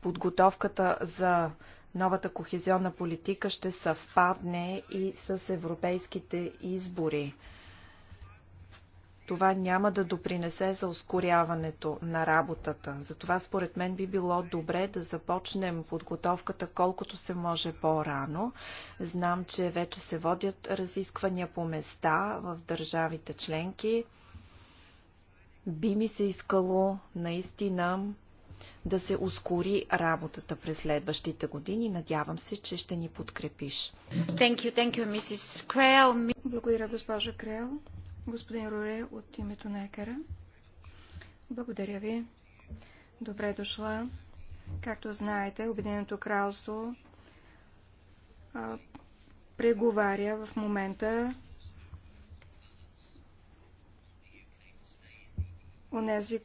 подготовката за новата кохезионна политика ще съвпадне и с европейските избори това няма да допринесе за ускоряването на работата. Затова според мен би било добре да започнем подготовката колкото се може по-рано. Знам, че вече се водят разисквания по места в държавите членки. Би ми се искало наистина да се ускори работата през следващите години. Надявам се, че ще ни подкрепиш. Thank you, thank you, Mrs. Крел. Благодаря, госпожа Крел. Господин Руре от името на Екара. Благодаря ви. Добре дошла. Както знаете, Обединеното кралство а, преговаря в момента онези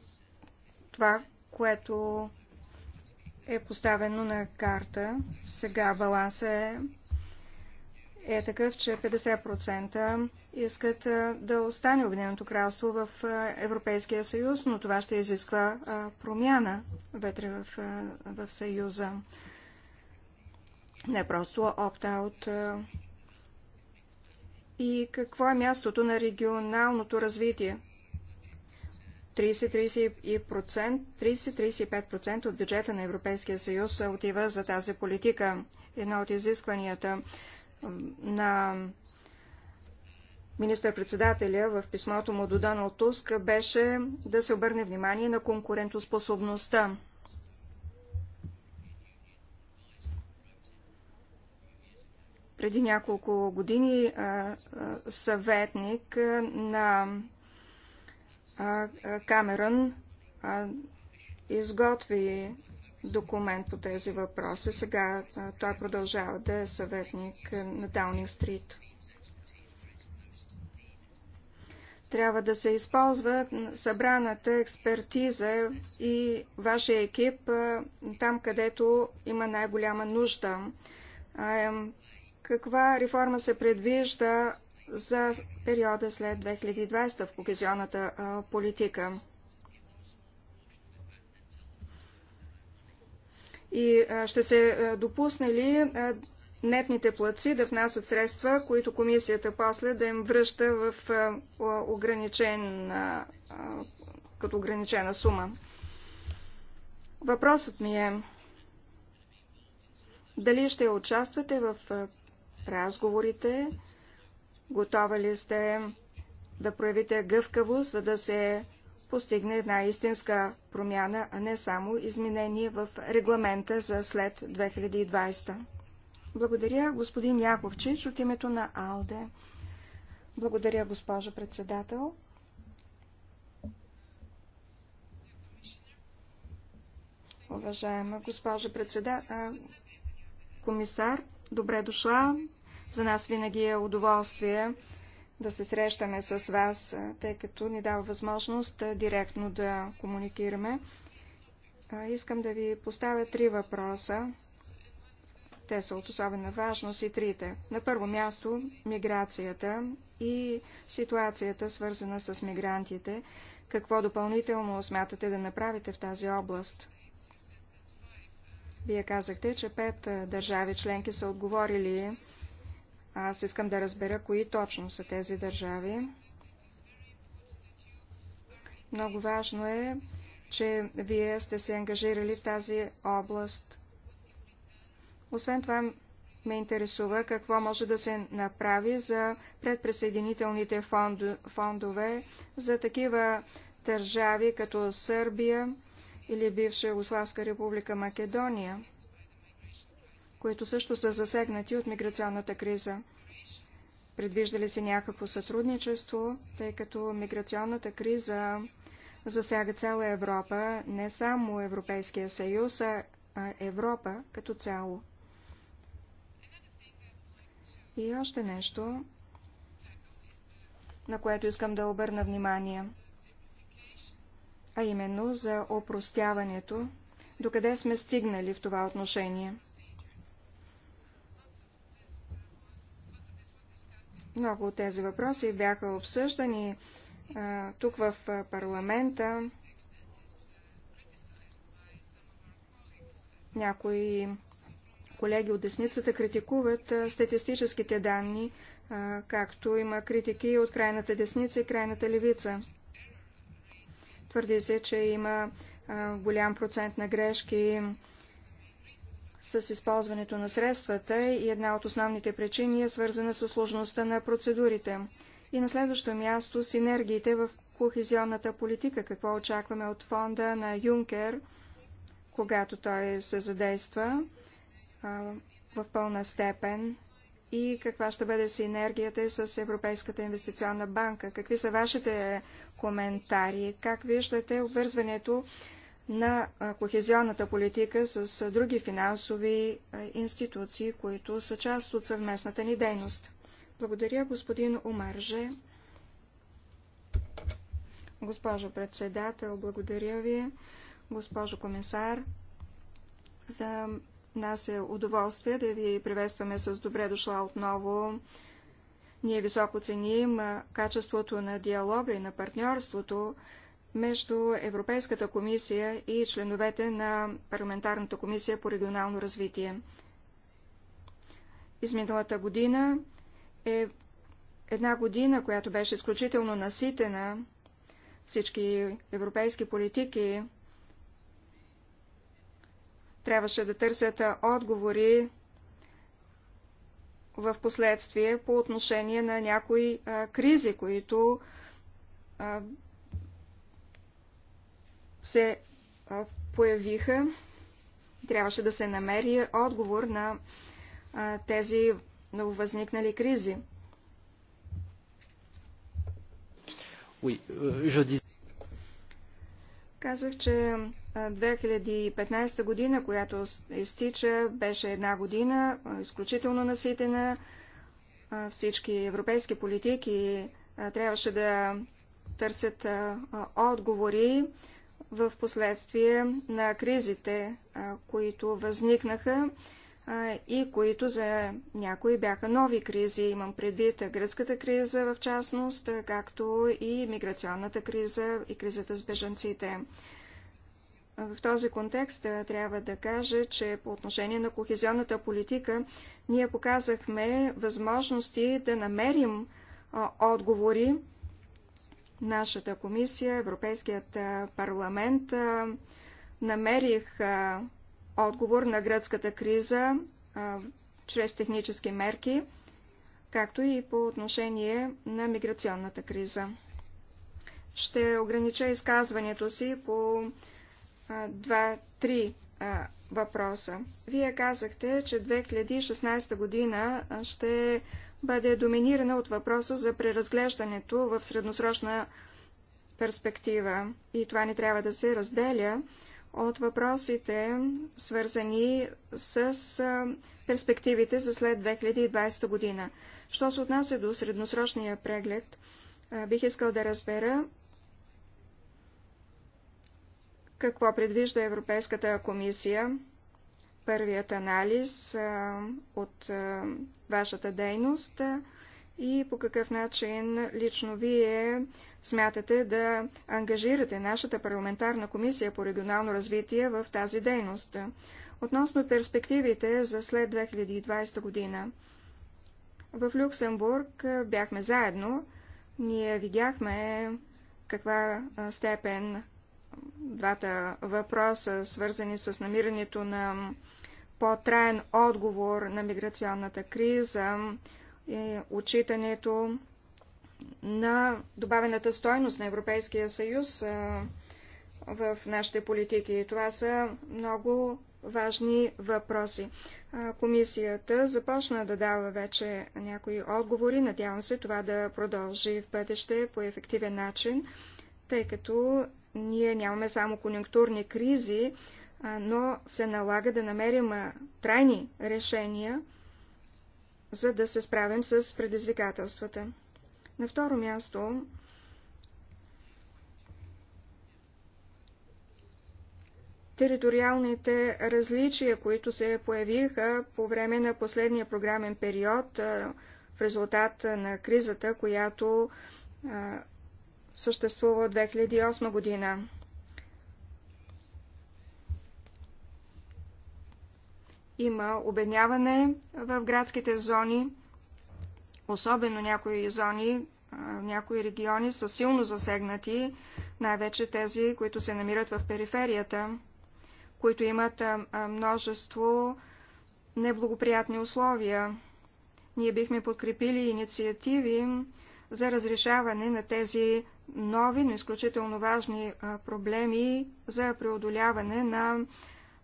това, което е поставено на карта. Сега баланса е е такъв, че 50% искат да остане Обединеното кралство в Европейския съюз, но това ще изисква промяна вътре в, в съюза. Не просто опт-аут. И какво е мястото на регионалното развитие? 30-35% от бюджета на Европейския съюз отива за тази политика. Едно от изискванията на министър-председателя в писмото му до Доналд Туск беше да се обърне внимание на конкурентоспособността. Преди няколко години съветник на Камерън изготви документ по тези въпроси. Сега той продължава да е съветник на Даунинг Стрит. Трябва да се използва събраната експертиза и вашия екип там, където има най-голяма нужда. Каква реформа се предвижда за периода след 2020 в кохезионната политика? и ще се допусне ли нетните плаци да внасят средства, които комисията после да им връща в ограничен, като ограничена сума. Въпросът ми е дали ще участвате в разговорите, готова ли сте да проявите гъвкавост, за да се постигне една истинска промяна, а не само изменение в регламента за след 2020. Благодаря, господин Яковчич, от името на АЛДЕ. Благодаря, госпожо председател. Уважаема госпожа председател, комисар, добре дошла. За нас винаги е удоволствие да се срещаме с вас, тъй като ни дава възможност директно да комуникираме. Искам да ви поставя три въпроса. Те са от особена важност и трите. На първо място миграцията и ситуацията, свързана с мигрантите. Какво допълнително смятате да направите в тази област? Вие казахте, че пет държави членки са отговорили аз искам да разбера кои точно са тези държави. Много важно е, че вие сте се ангажирали в тази област. Освен това, ме интересува какво може да се направи за предпресъединителните фондове за такива държави като Сърбия или бивша Югославска република Македония които също са засегнати от миграционната криза. Предвижда ли се някакво сътрудничество, тъй като миграционната криза засяга цяла Европа, не само Европейския съюз, а Европа като цяло. И още нещо, на което искам да обърна внимание, а именно за опростяването, докъде сме стигнали в това отношение – Много от тези въпроси бяха обсъждани а, тук в парламента. Някои колеги от десницата критикуват статистическите данни, а, както има критики от крайната десница и крайната левица. Твърди се, че има а, голям процент на грешки с използването на средствата и една от основните причини е свързана с сложността на процедурите. И на следващо място синергиите в кохезионната политика, какво очакваме от фонда на Юнкер, когато той се задейства а, в пълна степен и каква ще бъде синергията с Европейската инвестиционна банка. Какви са вашите коментари? Как виждате обвързването на кохезионната политика с други финансови институции, които са част от съвместната ни дейност. Благодаря, господин Омарже. Госпожо председател, благодаря ви. Госпожо комисар, за нас е удоволствие да ви приветстваме с добре дошла отново. Ние високо ценим качеството на диалога и на партньорството, между Европейската комисия и членовете на Парламентарната комисия по регионално развитие. Изминалата година е една година, която беше изключително наситена. Всички европейски политики трябваше да търсят отговори в последствие по отношение на някои а, кризи, които а, се появиха. Трябваше да се намери отговор на тези нововъзникнали кризи. Euh, Казах, че 2015 година, която изтича, беше една година изключително наситена. Всички европейски политики трябваше да търсят отговори в последствие на кризите, които възникнаха и които за някои бяха нови кризи. Имам предвид гръцката криза в частност, както и миграционната криза и кризата с бежанците. В този контекст трябва да кажа, че по отношение на кохезионната политика ние показахме възможности да намерим отговори нашата комисия, Европейският парламент, намерих отговор на гръцката криза чрез технически мерки, както и по отношение на миграционната криза. Ще огранича изказването си по два-три въпроса. Вие казахте, че 2016 година ще бъде доминирана от въпроса за преразглеждането в средносрочна перспектива. И това не трябва да се разделя от въпросите, свързани с перспективите за след 2020 година. Що се отнася до средносрочния преглед, бих искал да разбера какво предвижда Европейската комисия първият анализ от вашата дейност и по какъв начин лично вие смятате да ангажирате нашата парламентарна комисия по регионално развитие в тази дейност. Относно перспективите за след 2020 година. В Люксембург бяхме заедно. Ние видяхме каква степен двата въпроса, свързани с намирането на по-траен отговор на миграционната криза, и отчитането на добавената стойност на Европейския съюз в нашите политики. Това са много важни въпроси. Комисията започна да дава вече някои отговори. Надявам се това да продължи в бъдеще по ефективен начин, тъй като ние нямаме само конъюнктурни кризи, но се налага да намерим трайни решения, за да се справим с предизвикателствата. На второ място териториалните различия, които се появиха по време на последния програмен период в резултат на кризата, която съществува от 2008 година. има обедняване в градските зони, особено някои зони, някои региони са силно засегнати, най-вече тези, които се намират в периферията, които имат множество неблагоприятни условия. Ние бихме подкрепили инициативи за разрешаване на тези нови, но изключително важни проблеми за преодоляване на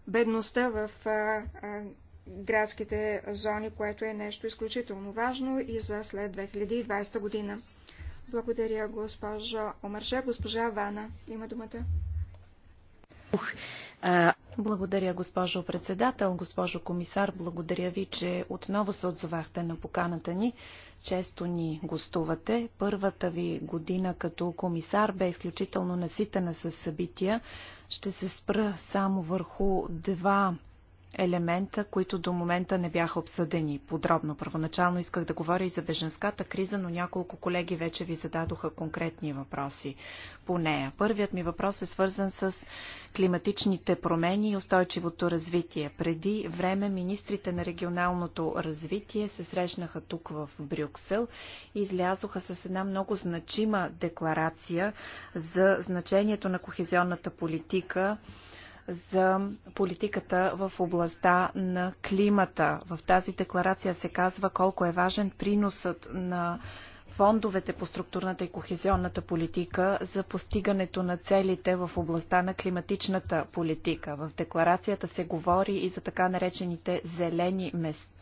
бедността в градските зони, което е нещо изключително важно и за след 2020 година. Благодаря, госпожо Омърше. Госпожа Вана има думата. Благодаря, госпожо председател, госпожо комисар. Благодаря ви, че отново се отзовахте на поканата ни. Често ни гостувате. Първата ви година като комисар бе изключително наситена с събития, ще се спра само върху два елемента, които до момента не бяха обсъдени подробно. Първоначално исках да говоря и за беженската криза, но няколко колеги вече ви зададоха конкретни въпроси по нея. Първият ми въпрос е свързан с климатичните промени и устойчивото развитие. Преди време министрите на регионалното развитие се срещнаха тук в Брюксел и излязоха с една много значима декларация за значението на кохезионната политика за политиката в областта на климата. В тази декларация се казва колко е важен приносът на фондовете по структурната и кохезионната политика за постигането на целите в областта на климатичната политика. В декларацията се говори и за така наречените зелени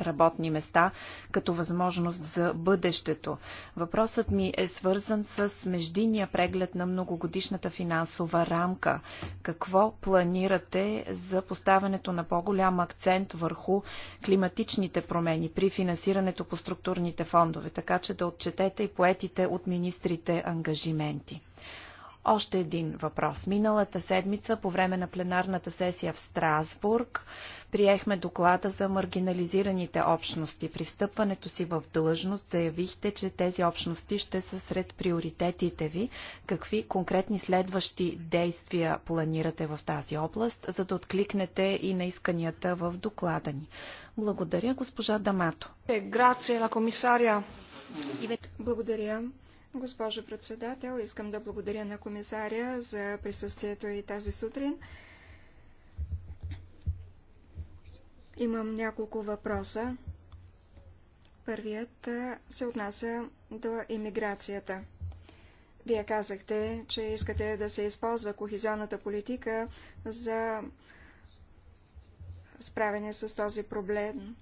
работни места като възможност за бъдещето. Въпросът ми е свързан с междинния преглед на многогодишната финансова рамка. Какво планирате за поставянето на по-голям акцент върху климатичните промени при финансирането по структурните фондове, така че да отчетете и поетите от министрите ангажименти. Още един въпрос. Миналата седмица, по време на пленарната сесия в Страсбург, приехме доклада за маргинализираните общности. При встъпването си в длъжност заявихте, че тези общности ще са сред приоритетите ви. Какви конкретни следващи действия планирате в тази област, за да откликнете и на исканията в доклада ни? Благодаря, госпожа Дамато. Е, грация на комисаря благодаря. Госпожо председател, искам да благодаря на комисаря за присъствието и тази сутрин. Имам няколко въпроса. Първият се отнася до иммиграцията. Вие казахте, че искате да се използва кохизионната политика за справяне с този проблем.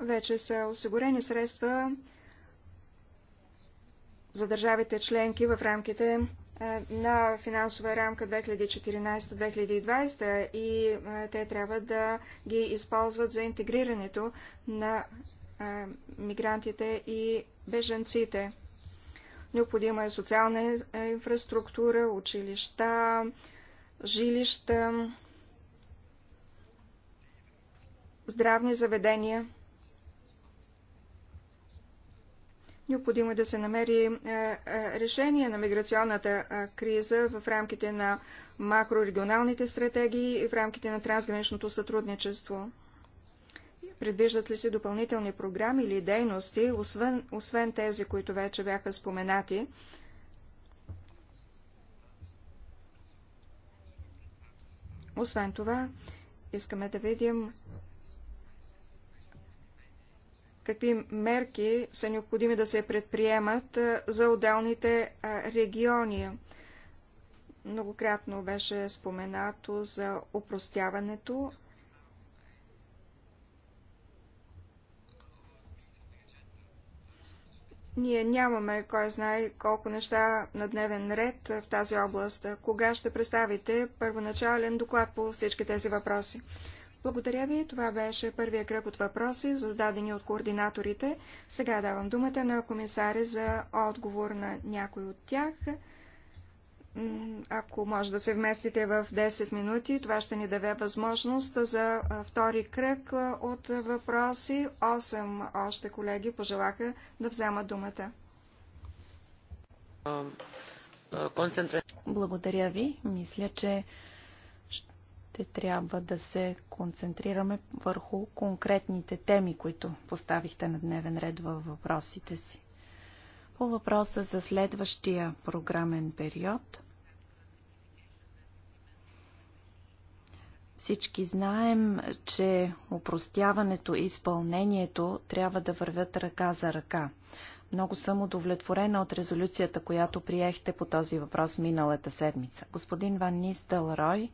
вече са осигурени средства за държавите членки в рамките е, на финансова рамка 2014-2020 и е, те трябва да ги използват за интегрирането на е, мигрантите и беженците. Необходима е социална инфраструктура, училища, жилища, здравни заведения – Необходимо е да се намери е, е, решение на миграционната е, криза в рамките на макрорегионалните стратегии и в рамките на трансграничното сътрудничество. Предвиждат ли се допълнителни програми или дейности, освен, освен тези, които вече бяха споменати? Освен това, искаме да видим какви мерки са необходими да се предприемат за отделните региони. Многократно беше споменато за упростяването. Ние нямаме кой знае колко неща на дневен ред в тази област. Кога ще представите първоначален доклад по всички тези въпроси? Благодаря ви. Това беше първия кръг от въпроси, зададени от координаторите. Сега давам думата на комисаря за отговор на някой от тях. Ако може да се вместите в 10 минути, това ще ни даде възможност за втори кръг от въпроси. 8 още колеги пожелаха да вземат думата. Благодаря ви. Мисля, че ще трябва да се концентрираме върху конкретните теми, които поставихте на дневен ред във въпросите си. По въпроса за следващия програмен период, всички знаем, че упростяването и изпълнението трябва да вървят ръка за ръка. Много съм удовлетворена от резолюцията, която приехте по този въпрос миналата седмица. Господин Ван Нистелрой Рой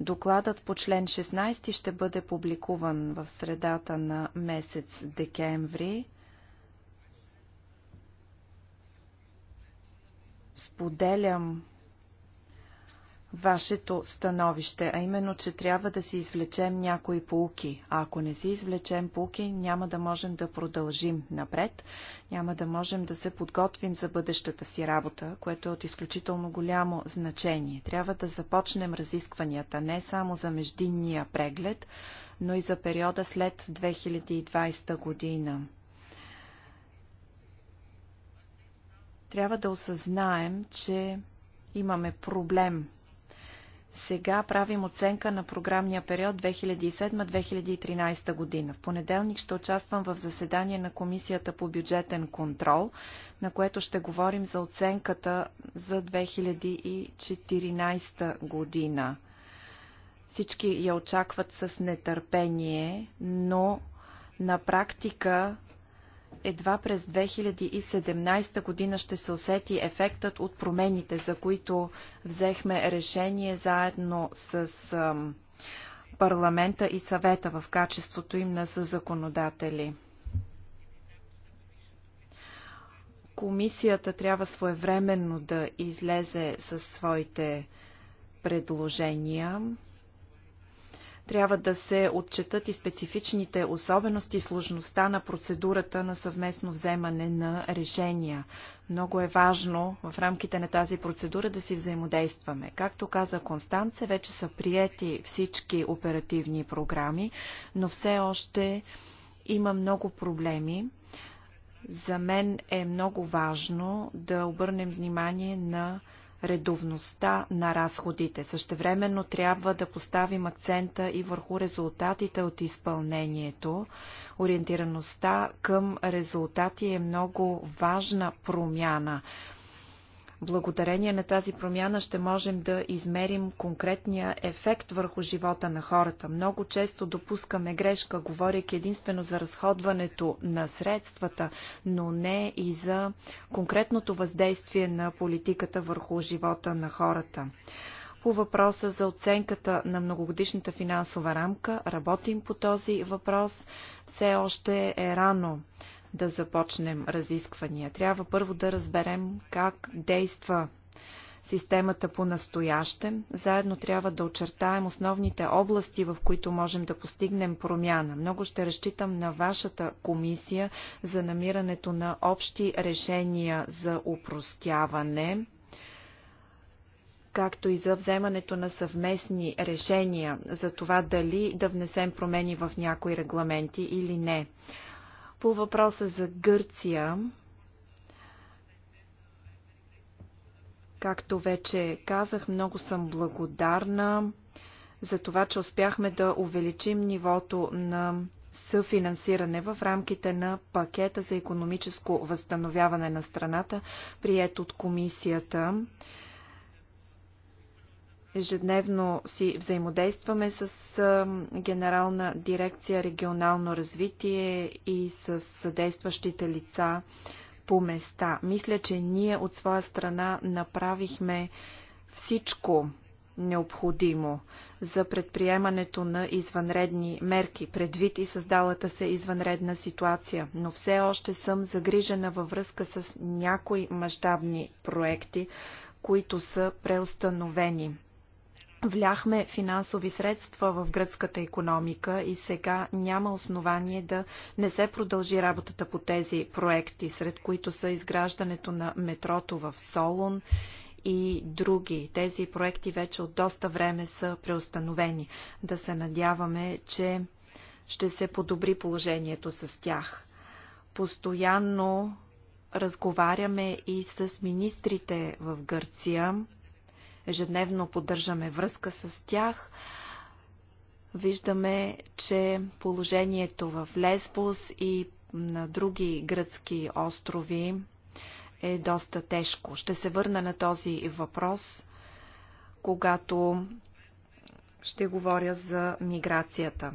Докладът по член 16 ще бъде публикуван в средата на месец декември. Споделям вашето становище, а именно, че трябва да си извлечем някои пулки. А ако не си извлечем пулки, няма да можем да продължим напред, няма да можем да се подготвим за бъдещата си работа, което е от изключително голямо значение. Трябва да започнем разискванията не само за междинния преглед, но и за периода след 2020 година. Трябва да осъзнаем, че имаме проблем сега правим оценка на програмния период 2007-2013 година. В понеделник ще участвам в заседание на Комисията по бюджетен контрол, на което ще говорим за оценката за 2014 година. Всички я очакват с нетърпение, но на практика едва през 2017 година ще се усети ефектът от промените, за които взехме решение заедно с парламента и съвета в качеството им на законодатели. Комисията трябва своевременно да излезе със своите предложения. Трябва да се отчетат и специфичните особености и сложността на процедурата на съвместно вземане на решения. Много е важно в рамките на тази процедура да си взаимодействаме. Както каза Констанце, вече са приети всички оперативни програми, но все още има много проблеми. За мен е много важно да обърнем внимание на редовността на разходите. Същевременно трябва да поставим акцента и върху резултатите от изпълнението. Ориентираността към резултати е много важна промяна Благодарение на тази промяна ще можем да измерим конкретния ефект върху живота на хората. Много често допускаме грешка, говоряки единствено за разходването на средствата, но не и за конкретното въздействие на политиката върху живота на хората. По въпроса за оценката на многогодишната финансова рамка работим по този въпрос. Все още е рано да започнем разисквания. Трябва първо да разберем как действа системата по настояще. Заедно трябва да очертаем основните области, в които можем да постигнем промяна. Много ще разчитам на вашата комисия за намирането на общи решения за упростяване както и за вземането на съвместни решения за това дали да внесем промени в някои регламенти или не. По въпроса за Гърция, както вече казах, много съм благодарна за това, че успяхме да увеличим нивото на съфинансиране в рамките на пакета за економическо възстановяване на страната, прият от комисията. Ежедневно си взаимодействаме с Генерална дирекция регионално развитие и с съдействащите лица по места. Мисля, че ние от своя страна направихме всичко необходимо за предприемането на извънредни мерки, предвид и създалата се извънредна ситуация, но все още съм загрижена във връзка с някои мащабни проекти, които са преустановени. Вляхме финансови средства в гръцката економика и сега няма основание да не се продължи работата по тези проекти, сред които са изграждането на метрото в Солун и други. Тези проекти вече от доста време са преустановени. Да се надяваме, че ще се подобри положението с тях. Постоянно разговаряме и с министрите в Гърция Ежедневно поддържаме връзка с тях. Виждаме, че положението в Лесбос и на други гръцки острови е доста тежко. Ще се върна на този въпрос, когато ще говоря за миграцията.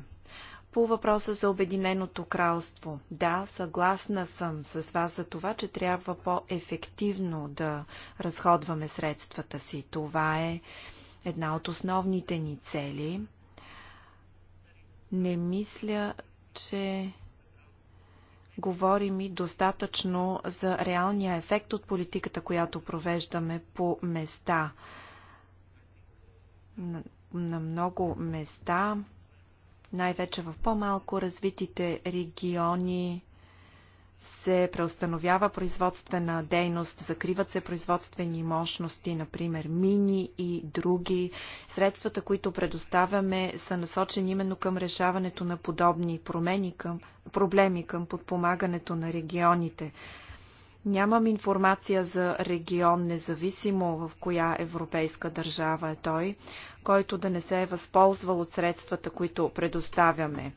По въпроса за Обединеното кралство. Да, съгласна съм с вас за това, че трябва по-ефективно да разходваме средствата си. Това е една от основните ни цели. Не мисля, че говорим и достатъчно за реалния ефект от политиката, която провеждаме по места. На, на много места най-вече в по-малко развитите региони се преустановява производствена дейност, закриват се производствени мощности, например мини и други. Средствата, които предоставяме, са насочени именно към решаването на подобни промени, към, проблеми, към подпомагането на регионите. Нямам информация за регион, независимо в коя европейска държава е той, който да не се е възползвал от средствата, които предоставяме.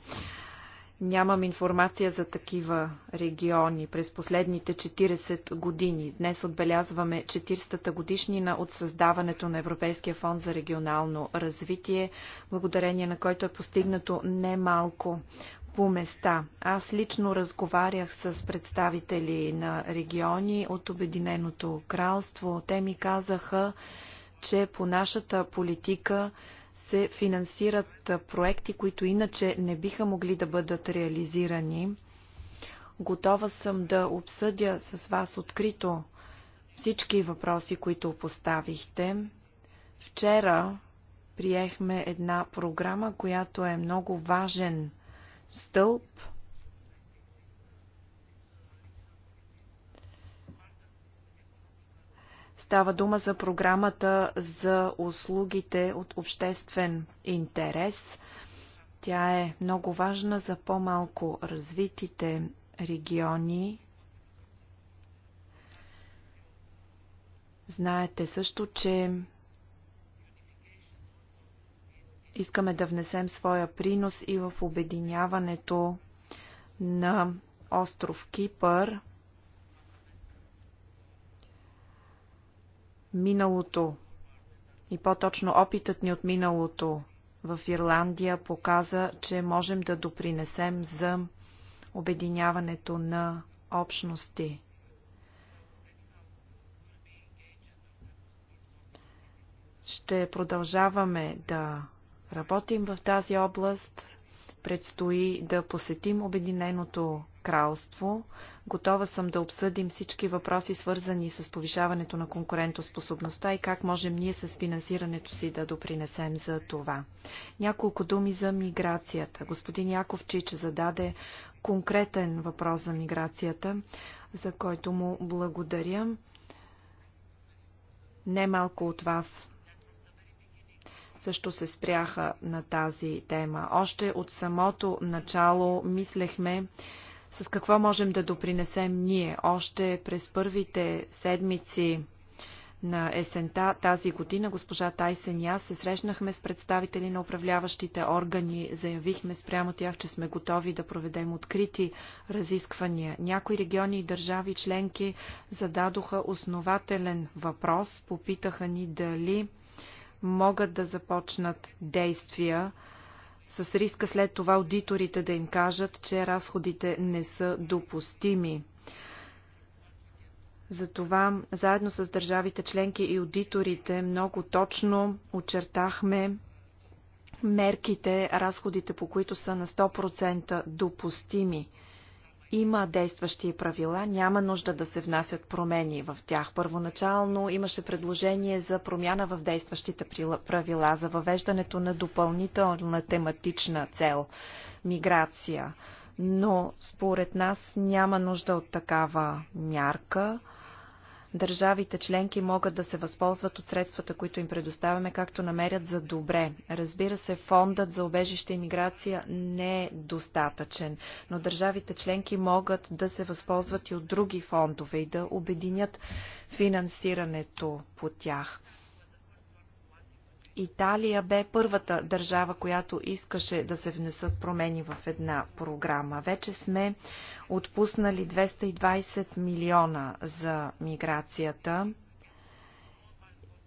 Нямам информация за такива региони през последните 40 години. Днес отбелязваме 40-та годишнина от създаването на Европейския фонд за регионално развитие, благодарение на който е постигнато немалко по места. Аз лично разговарях с представители на региони от Обединеното кралство. Те ми казаха, че по нашата политика се финансират проекти, които иначе не биха могли да бъдат реализирани. Готова съм да обсъдя с вас открито всички въпроси, които поставихте. Вчера приехме една програма, която е много важен стълб. Става дума за програмата за услугите от обществен интерес. Тя е много важна за по-малко развитите региони. Знаете също, че Искаме да внесем своя принос и в обединяването на остров Кипър. Миналото и по-точно опитът ни от миналото в Ирландия показа, че можем да допринесем за обединяването на общности. Ще продължаваме да Работим в тази област. Предстои да посетим Обединеното кралство. Готова съм да обсъдим всички въпроси, свързани с повишаването на конкурентоспособността и как можем ние с финансирането си да допринесем за това. Няколко думи за миграцията. Господин Яковчич зададе конкретен въпрос за миграцията, за който му благодаря. Немалко от вас също се спряха на тази тема. Още от самото начало мислехме с какво можем да допринесем ние. Още през първите седмици на есента тази година госпожа Тайсен и аз се срещнахме с представители на управляващите органи, заявихме спрямо тях, че сме готови да проведем открити разисквания. Някои региони и държави членки зададоха основателен въпрос, попитаха ни дали могат да започнат действия с риска след това аудиторите да им кажат, че разходите не са допустими. Затова заедно с държавите членки и аудиторите много точно очертахме мерките, разходите по които са на 100% допустими – има действащи правила, няма нужда да се внасят промени в тях. Първоначално имаше предложение за промяна в действащите правила за въвеждането на допълнителна тематична цел – миграция. Но според нас няма нужда от такава мярка – Държавите членки могат да се възползват от средствата, които им предоставяме, както намерят за добре. Разбира се, фондът за обежище и миграция не е достатъчен, но държавите членки могат да се възползват и от други фондове и да обединят финансирането по тях. Италия бе първата държава, която искаше да се внесат промени в една програма. Вече сме отпуснали 220 милиона за миграцията.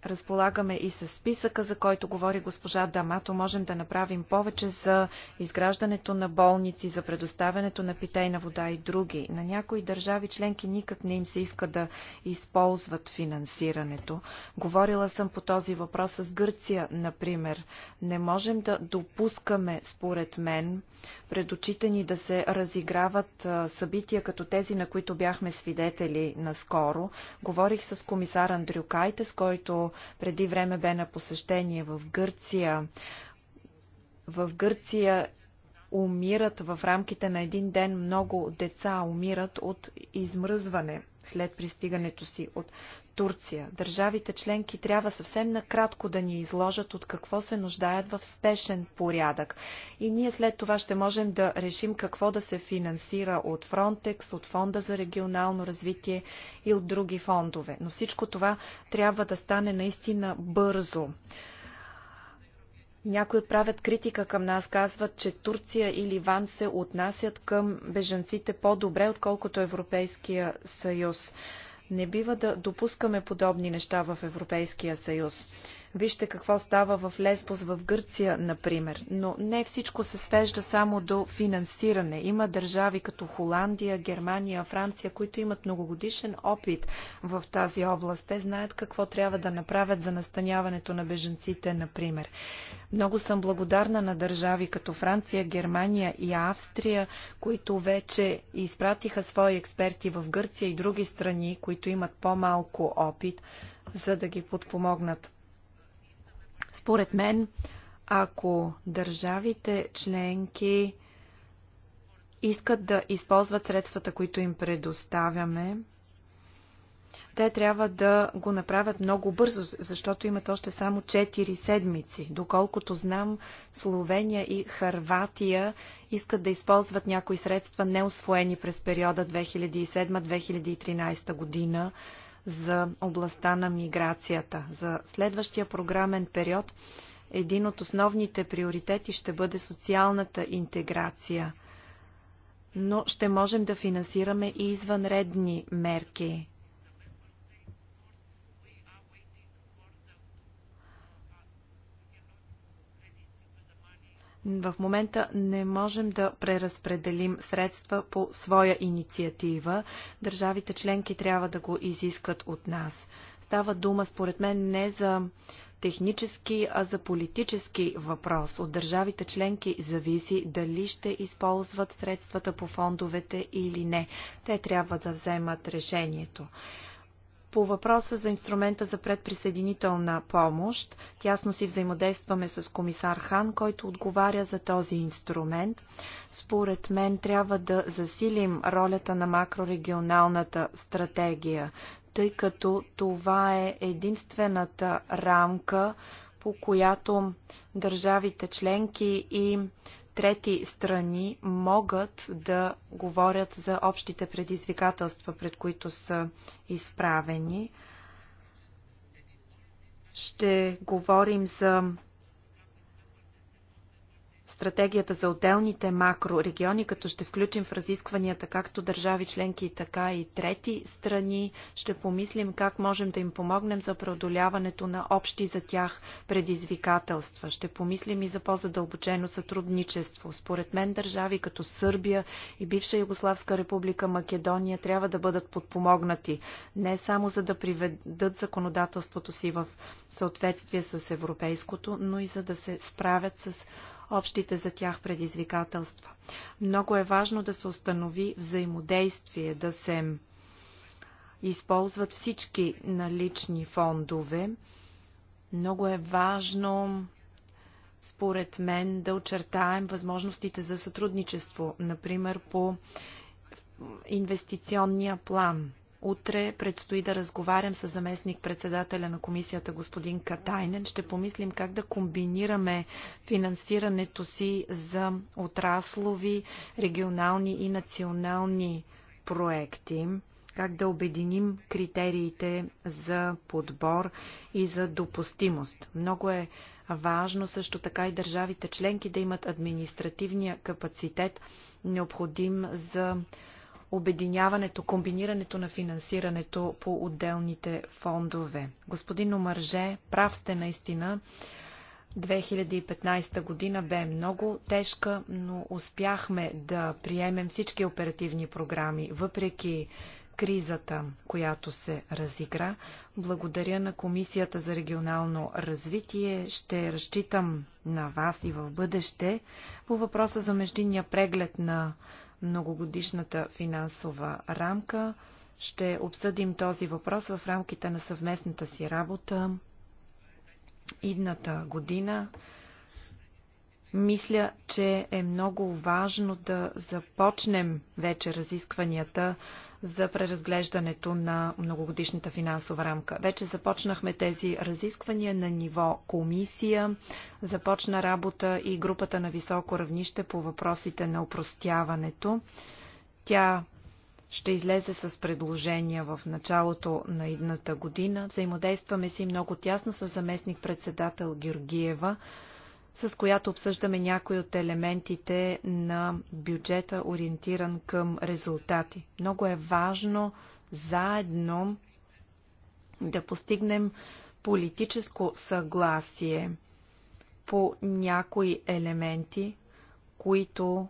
Разполагаме и с списъка, за който говори госпожа Дамато. Можем да направим повече за изграждането на болници, за предоставянето на питейна вода и други. На някои държави членки никак не им се иска да използват финансирането. Говорила съм по този въпрос с Гърция, например. Не можем да допускаме, според мен, пред очите ни да се разиграват събития като тези, на които бяхме свидетели наскоро. Говорих с комисар Андрюкайте, с който преди време бе на посещение в Гърция. В Гърция умират в рамките на един ден много деца, умират от измръзване след пристигането си от Турция. Държавите членки трябва съвсем накратко да ни изложат от какво се нуждаят в спешен порядък. И ние след това ще можем да решим какво да се финансира от Фронтекс, от Фонда за регионално развитие и от други фондове. Но всичко това трябва да стане наистина бързо. Някои отправят критика към нас, казват, че Турция и Ливан се отнасят към бежанците по-добре, отколкото Европейския съюз. Не бива да допускаме подобни неща в Европейския съюз. Вижте какво става в Лесбос, в Гърция, например. Но не всичко се свежда само до финансиране. Има държави като Холандия, Германия, Франция, които имат многогодишен опит в тази област. Те знаят какво трябва да направят за настаняването на беженците, например. Много съм благодарна на държави като Франция, Германия и Австрия, които вече изпратиха свои експерти в Гърция и други страни, които имат по-малко опит, за да ги подпомогнат. Според мен, ако държавите членки искат да използват средствата, които им предоставяме, те трябва да го направят много бързо, защото имат още само 4 седмици. Доколкото знам, Словения и Харватия искат да използват някои средства, неосвоени през периода 2007-2013 година за областта на миграцията. За следващия програмен период един от основните приоритети ще бъде социалната интеграция, но ще можем да финансираме и извънредни мерки. В момента не можем да преразпределим средства по своя инициатива. Държавите членки трябва да го изискват от нас. Става дума, според мен, не за технически, а за политически въпрос. От държавите членки зависи дали ще използват средствата по фондовете или не. Те трябва да вземат решението. По въпроса за инструмента за предприсъединителна помощ, тясно си взаимодействаме с комисар Хан, който отговаря за този инструмент. Според мен трябва да засилим ролята на макрорегионалната стратегия, тъй като това е единствената рамка, по която държавите членки и трети страни могат да говорят за общите предизвикателства, пред които са изправени. Ще говорим за стратегията за отделните макрорегиони, като ще включим в разискванията както държави членки, така и трети страни. Ще помислим как можем да им помогнем за преодоляването на общи за тях предизвикателства. Ще помислим и за по-задълбочено сътрудничество. Според мен държави като Сърбия и бивша Югославска република Македония трябва да бъдат подпомогнати. Не само за да приведат законодателството си в съответствие с европейското, но и за да се справят с общите за тях предизвикателства. Много е важно да се установи взаимодействие, да се използват всички налични фондове. Много е важно според мен, да очертаем възможностите за сътрудничество, например по инвестиционния план. Утре предстои да разговарям с заместник председателя на комисията господин Катайнен. Ще помислим как да комбинираме финансирането си за отраслови, регионални и национални проекти как да обединим критериите за подбор и за допустимост. Много е важно също така и държавите членки да имат административния капацитет, необходим за обединяването, комбинирането на финансирането по отделните фондове. Господин Омърже, прав сте наистина. 2015 година бе много тежка, но успяхме да приемем всички оперативни програми, въпреки кризата, която се разигра. Благодаря на Комисията за регионално развитие. Ще разчитам на вас и в бъдеще по въпроса за междинния преглед на многогодишната финансова рамка. Ще обсъдим този въпрос в рамките на съвместната си работа идната година. Мисля, че е много важно да започнем вече разискванията за преразглеждането на многогодишната финансова рамка. Вече започнахме тези разисквания на ниво комисия, започна работа и групата на високо равнище по въпросите на упростяването. Тя ще излезе с предложения в началото на едната година. Взаимодействаме си много тясно с заместник председател Георгиева, с която обсъждаме някои от елементите на бюджета, ориентиран към резултати. Много е важно заедно да постигнем политическо съгласие по някои елементи, които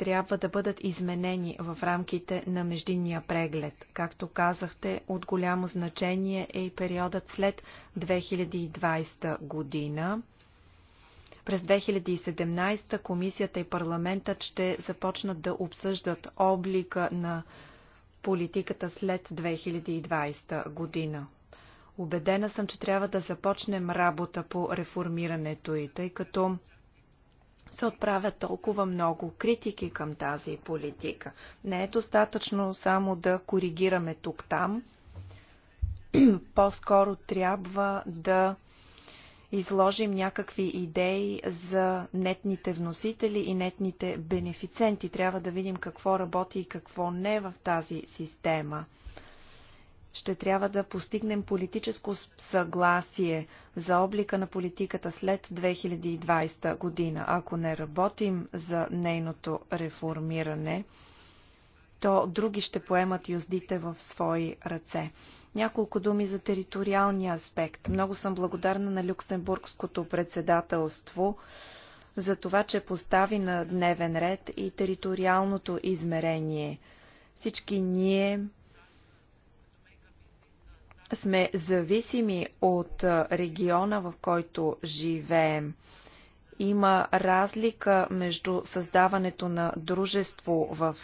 трябва да бъдат изменени в рамките на междинния преглед. Както казахте, от голямо значение е и периодът след 2020 година. През 2017 комисията и парламентът ще започнат да обсъждат облика на политиката след 2020 година. Убедена съм, че трябва да започнем работа по реформирането и тъй като се отправят толкова много критики към тази политика. Не е достатъчно само да коригираме тук-там. По-скоро трябва да изложим някакви идеи за нетните вносители и нетните бенефициенти. Трябва да видим какво работи и какво не в тази система ще трябва да постигнем политическо съгласие за облика на политиката след 2020 година. Ако не работим за нейното реформиране, то други ще поемат юздите в свои ръце. Няколко думи за териториалния аспект. Много съм благодарна на Люксембургското председателство за това, че постави на дневен ред и териториалното измерение. Всички ние сме зависими от региона, в който живеем. Има разлика между създаването на дружество в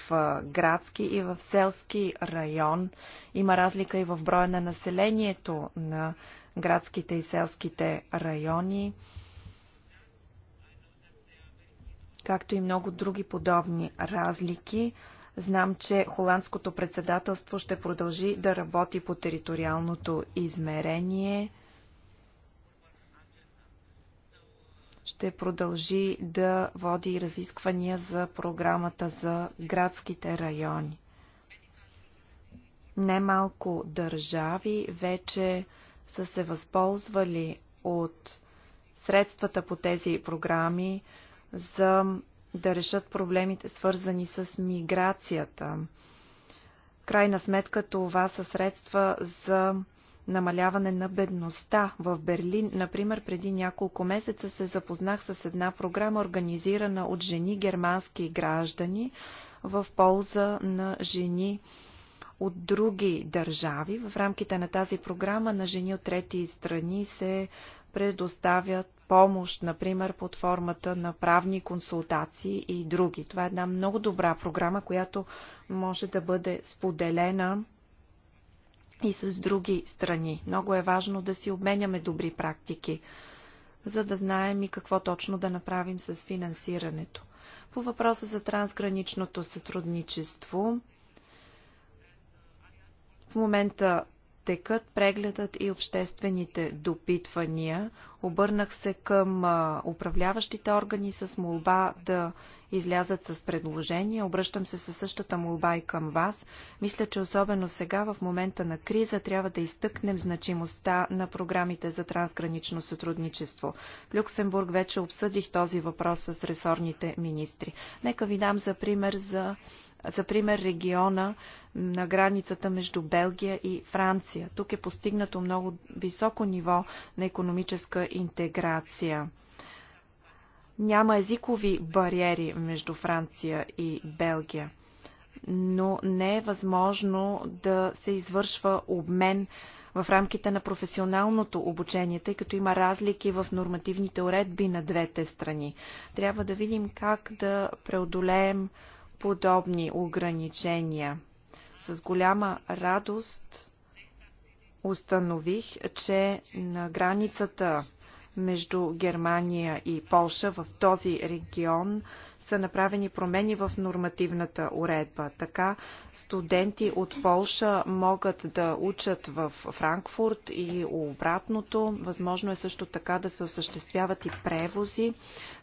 градски и в селски район. Има разлика и в броя на населението на градските и селските райони, както и много други подобни разлики – Знам, че холандското председателство ще продължи да работи по териториалното измерение. Ще продължи да води разисквания за програмата за градските райони. Немалко държави вече са се възползвали от средствата по тези програми за да решат проблемите, свързани с миграцията. Крайна сметка това са средства за намаляване на бедността. В Берлин, например, преди няколко месеца се запознах с една програма, организирана от жени германски граждани в полза на жени от други държави. В рамките на тази програма на жени от трети страни се предоставят помощ, например под формата на правни консултации и други. Това е една много добра програма, която може да бъде споделена и с други страни. Много е важно да си обменяме добри практики, за да знаем и какво точно да направим с финансирането. По въпроса за трансграничното сътрудничество, в момента текат прегледът и обществените допитвания. Обърнах се към управляващите органи с молба да излязат с предложения. Обръщам се със същата молба и към вас. Мисля, че особено сега, в момента на криза, трябва да изтъкнем значимостта на програмите за трансгранично сътрудничество. В Люксембург вече обсъдих този въпрос с ресорните министри. Нека ви дам за пример за за пример региона на границата между Белгия и Франция. Тук е постигнато много високо ниво на економическа интеграция. Няма езикови бариери между Франция и Белгия, но не е възможно да се извършва обмен в рамките на професионалното обучение, тъй като има разлики в нормативните уредби на двете страни. Трябва да видим как да преодолеем подобни ограничения. С голяма радост установих, че на границата между Германия и Полша в този регион са направени промени в нормативната уредба. Така студенти от Полша могат да учат в Франкфурт и обратното. Възможно е също така да се осъществяват и превози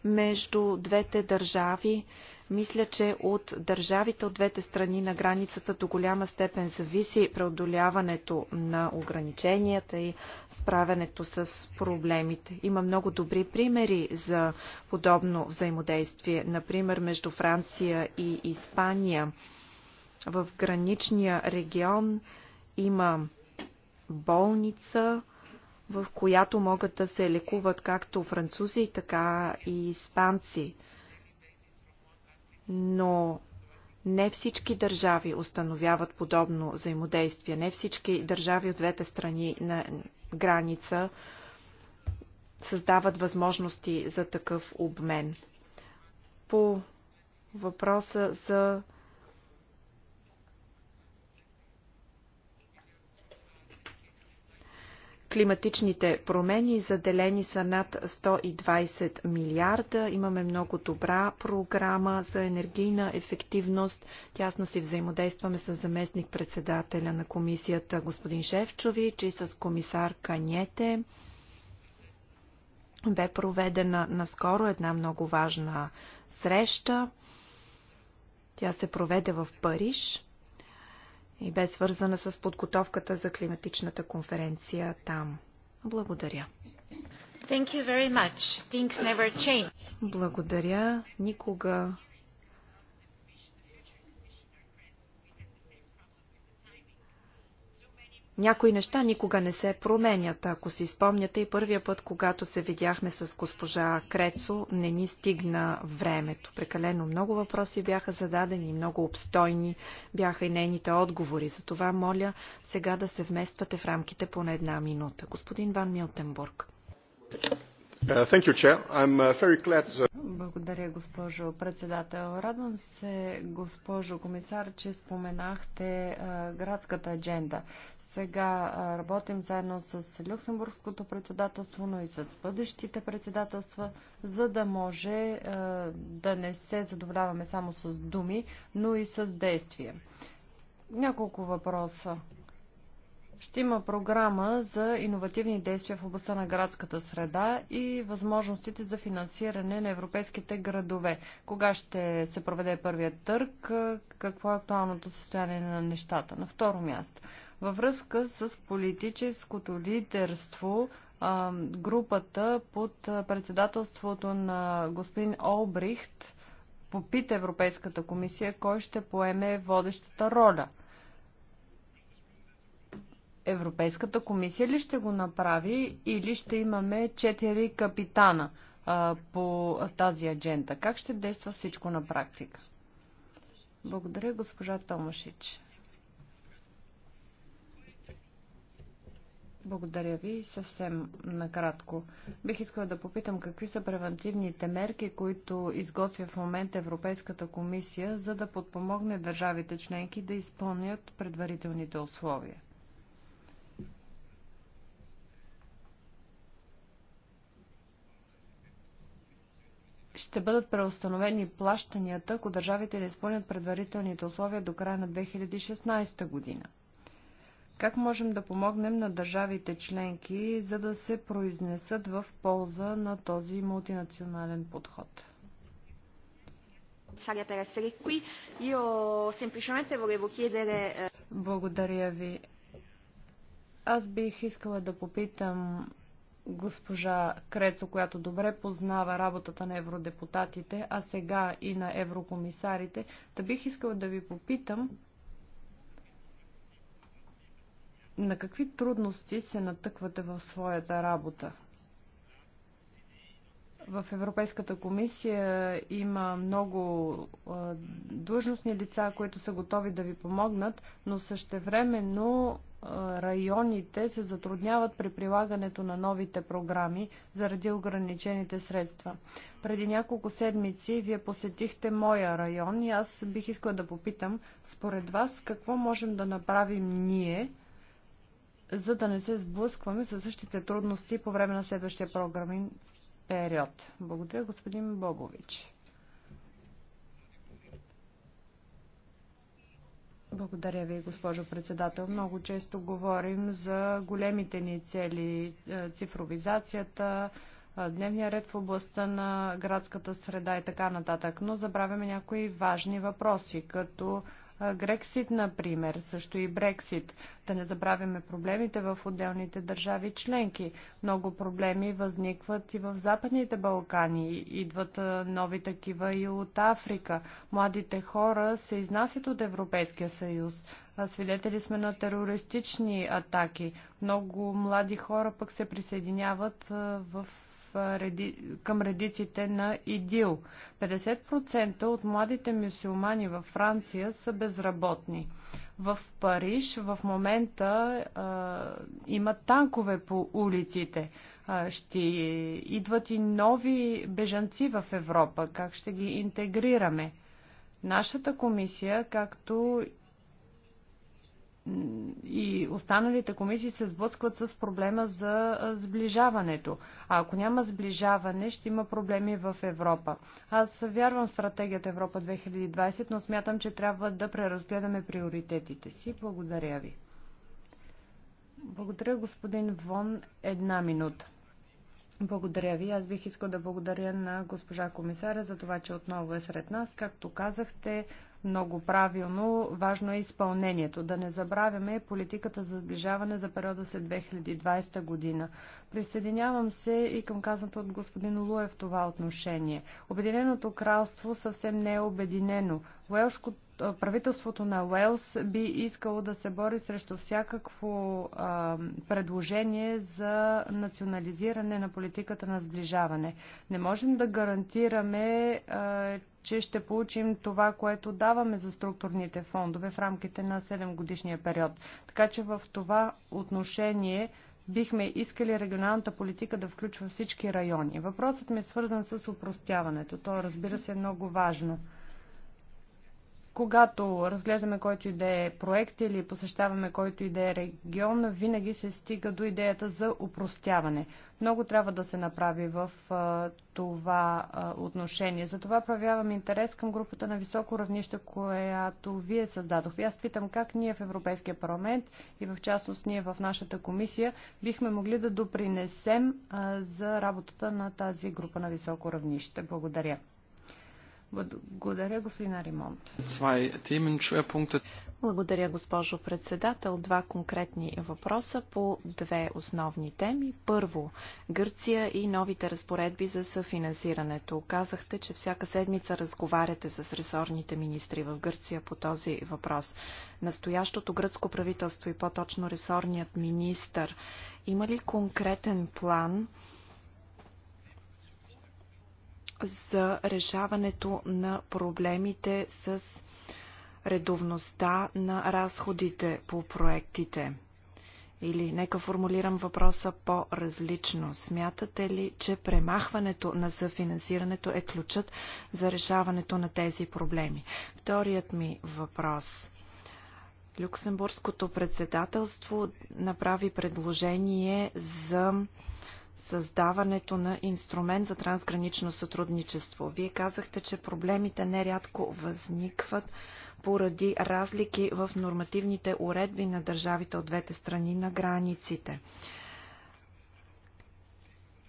между двете държави. Мисля, че от държавите от двете страни на границата до голяма степен зависи преодоляването на ограниченията и справянето с проблемите. Има много добри примери за подобно взаимодействие, например между Франция и Испания. В граничния регион има болница, в която могат да се лекуват както французи, така и испанци но не всички държави установяват подобно взаимодействие. Не всички държави от двете страни на граница създават възможности за такъв обмен. По въпроса за климатичните промени. Заделени са над 120 милиарда. Имаме много добра програма за енергийна ефективност. Тясно си взаимодействаме с заместник председателя на комисията господин Шевчович и с комисар Каньете. Бе проведена наскоро една много важна среща. Тя се проведе в Париж и бе свързана с подготовката за климатичната конференция там. Благодаря. Thank you very much. Things never change. Благодаря. Никога Някои неща никога не се променят. Ако си спомняте и първия път, когато се видяхме с госпожа Крецо, не ни стигна времето. Прекалено много въпроси бяха зададени, много обстойни бяха и нейните отговори. Затова моля сега да се вмествате в рамките поне една минута. Господин Ван Милтенбург. Uh, uh, Благодаря, госпожо председател. Радвам се, госпожо комисар, че споменахте uh, градската адженда. Сега работим заедно с Люксембургското председателство, но и с бъдещите председателства, за да може да не се задоволяваме само с думи, но и с действия. Няколко въпроса. Ще има програма за иновативни действия в областта на градската среда и възможностите за финансиране на европейските градове. Кога ще се проведе първият търг? Какво е актуалното състояние на нещата? На второ място. Във връзка с политическото лидерство, групата под председателството на господин Олбрихт попита Европейската комисия кой ще поеме водещата роля. Европейската комисия ли ще го направи или ще имаме четири капитана а, по тази аджента? Как ще действа всичко на практика? Благодаря, госпожа Томашич. Благодаря ви. Съвсем накратко. Бих искала да попитам какви са превентивните мерки, които изготвя в момента Европейската комисия, за да подпомогне държавите членки да изпълнят предварителните условия. ще бъдат преустановени плащанията, ако държавите не изпълнят предварителните условия до края на 2016 година. Как можем да помогнем на държавите членки, за да се произнесат в полза на този мултинационален подход? Eh, Благодаря ви. Аз бих искала да попитам госпожа Крецо, която добре познава работата на евродепутатите, а сега и на еврокомисарите, да бих искала да ви попитам на какви трудности се натъквате в своята работа? В Европейската комисия има много длъжностни лица, които са готови да ви помогнат, но същевременно а, районите се затрудняват при прилагането на новите програми заради ограничените средства. Преди няколко седмици вие посетихте моя район и аз бих искала да попитам, според вас какво можем да направим ние, за да не се сблъскваме със същите трудности по време на следващия програмен период. Благодаря, господин Бобович. Благодаря ви, госпожо председател. Много често говорим за големите ни цели, е, цифровизацията, е, дневния ред в областта на градската среда и така нататък, но забравяме някои важни въпроси, като Грексит, например, също и Брексит. Да не забравяме проблемите в отделните държави членки. Много проблеми възникват и в Западните Балкани. Идват нови такива и от Африка. Младите хора се изнасят от Европейския съюз. Свидетели сме на терористични атаки. Много млади хора пък се присъединяват в реди... към редиците на ИДИЛ. 50% от младите мюсюлмани във Франция са безработни. В Париж в момента а, има танкове по улиците. А, ще идват и нови бежанци в Европа. Как ще ги интегрираме? Нашата комисия, както и останалите комисии се сблъскват с проблема за сближаването. А ако няма сближаване, ще има проблеми в Европа. Аз вярвам в стратегията Европа 2020, но смятам, че трябва да преразгледаме приоритетите си. Благодаря ви. Благодаря, господин Вон. Една минута. Благодаря ви. Аз бих искал да благодаря на госпожа комисаря за това, че отново е сред нас. Както казахте, много правилно. Важно е изпълнението. Да не забравяме политиката за сближаване за периода след 2020 година. Присъединявам се и към казаното от господин Луев в това отношение. Обединеното кралство съвсем не е обединено. Уелшко, правителството на Уелс би искало да се бори срещу всякакво а, предложение за национализиране на политиката на сближаване. Не можем да гарантираме, а, че ще получим това, което даваме за структурните фондове в рамките на 7 годишния период. Така че в това отношение бихме искали регионалната политика да включва всички райони. Въпросът ми е свързан с упростяването. То разбира се е много важно когато разглеждаме който и да е проект или посещаваме който и да е регион, винаги се стига до идеята за упростяване. Много трябва да се направи в а, това а, отношение. Затова проявявам интерес към групата на високо равнище, която вие създадохте. Аз питам как ние в Европейския парламент и в частност ние в нашата комисия бихме могли да допринесем а, за работата на тази група на високо равнище. Благодаря. Благодаря, господин Аримонт. Благодаря, госпожо председател. Два конкретни въпроса по две основни теми. Първо, Гърция и новите разпоредби за съфинансирането. Казахте, че всяка седмица разговаряте с ресорните министри в Гърция по този въпрос. Настоящото гръцко правителство и по-точно ресорният министр има ли конкретен план – за решаването на проблемите с редовността на разходите по проектите? Или нека формулирам въпроса по-различно. Смятате ли, че премахването на съфинансирането е ключът за решаването на тези проблеми? Вторият ми въпрос. Люксембургското председателство направи предложение за създаването на инструмент за трансгранично сътрудничество. Вие казахте, че проблемите нерядко възникват поради разлики в нормативните уредби на държавите от двете страни на границите.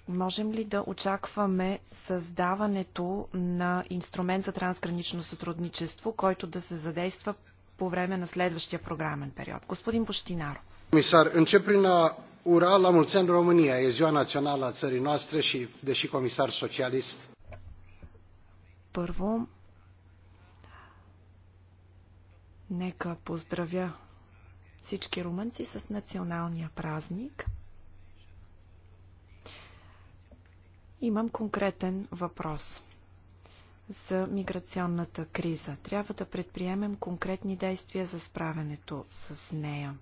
Можем ли да очакваме създаването на инструмент за трансгранично сътрудничество, който да се задейства по време на следващия програмен период. Господин Пощинаро. Комисар, încep prin a ura la mulți ani România. E ziua națională a țării noastre și, deși comisar socialist... Първо, нека поздравя всички румънци с националния празник. Имам конкретен въпрос за миграционната криза. Трябва да предприемем конкретни действия за справянето с нея.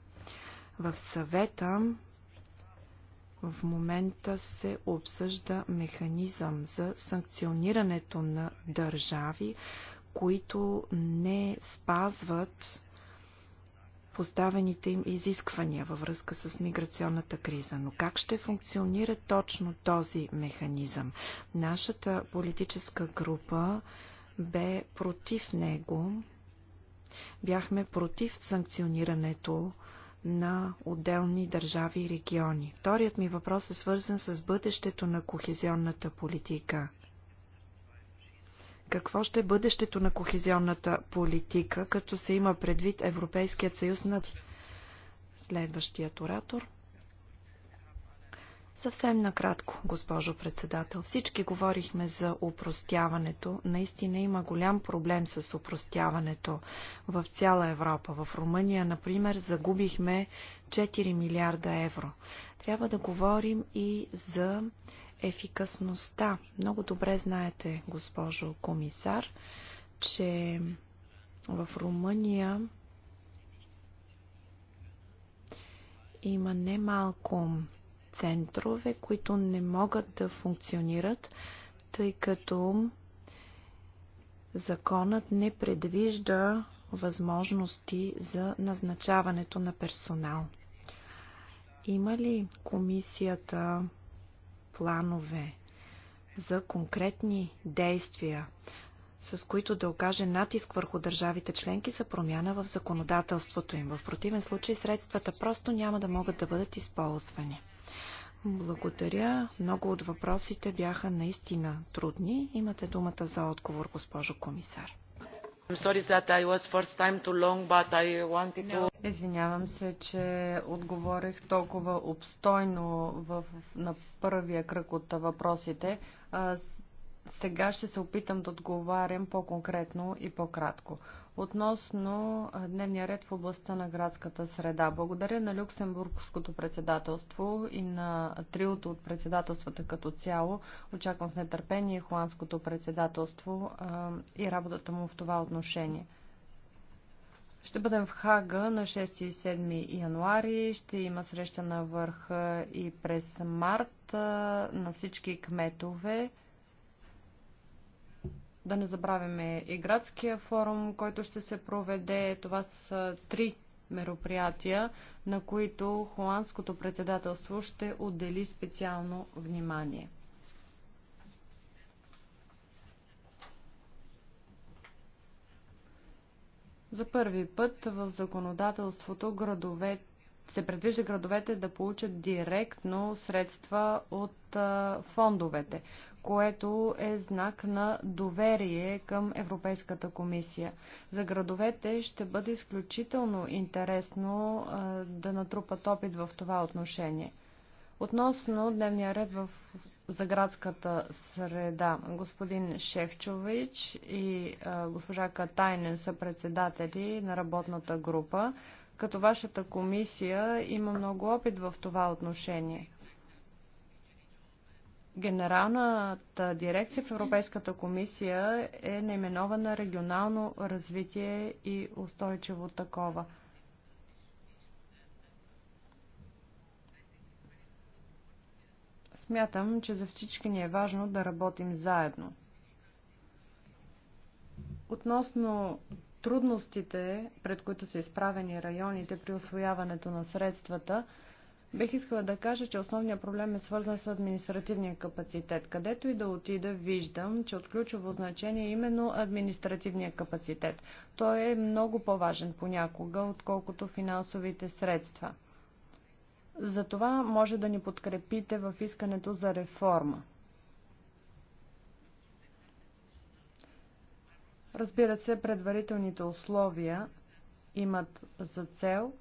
В съвета в момента се обсъжда механизъм за санкционирането на държави, които не спазват поставените им изисквания във връзка с миграционната криза. Но как ще функционира точно този механизъм? Нашата политическа група бе против него. Бяхме против санкционирането на отделни държави и региони. Вторият ми въпрос е свързан с бъдещето на кохезионната политика. Какво ще е бъдещето на кохезионната политика, като се има предвид Европейският съюз на следващият оратор? Съвсем накратко, госпожо председател. Всички говорихме за упростяването. Наистина има голям проблем с упростяването в цяла Европа. В Румъния, например, загубихме 4 милиарда евро. Трябва да говорим и за ефикасността. Много добре знаете, госпожо комисар, че в Румъния има немалко центрове, които не могат да функционират, тъй като законът не предвижда възможности за назначаването на персонал. Има ли комисията планове, за конкретни действия, с които да окаже натиск върху държавите членки за промяна в законодателството им. В противен случай средствата просто няма да могат да бъдат използвани. Благодаря. Много от въпросите бяха наистина трудни. Имате думата за отговор, госпожо комисар. Извинявам се, че отговорих толкова обстойно в, на първия кръг от въпросите. Сега ще се опитам да отговарям по-конкретно и по-кратко. Относно дневния ред в областта на градската среда. Благодаря на Люксембургското председателство и на триото от председателствата като цяло. Очаквам с нетърпение холандското председателство и работата му в това отношение. Ще бъдем в Хага на 6 и 7 януари. Ще има среща на върха и през март на всички кметове. Да не забравяме и градския форум, който ще се проведе. Това са три мероприятия, на които холандското председателство ще отдели специално внимание. За първи път в законодателството градовете се предвижда градовете да получат директно средства от фондовете, което е знак на доверие към Европейската комисия. За градовете ще бъде изключително интересно да натрупат опит в това отношение. Относно дневния ред в за градската среда. Господин Шевчович и а, госпожа Катайнен са председатели на работната група като вашата комисия има много опит в това отношение. Генералната дирекция в Европейската комисия е наименована регионално развитие и устойчиво такова. Смятам, че за всички ни е важно да работим заедно. Относно трудностите, пред които са изправени районите при освояването на средствата, бих искала да кажа, че основният проблем е свързан с административния капацитет. Където и да отида, виждам, че от ключово значение е именно административния капацитет. Той е много по-важен понякога, отколкото финансовите средства. Затова може да ни подкрепите в искането за реформа. Разбира се, предварителните условия имат за цел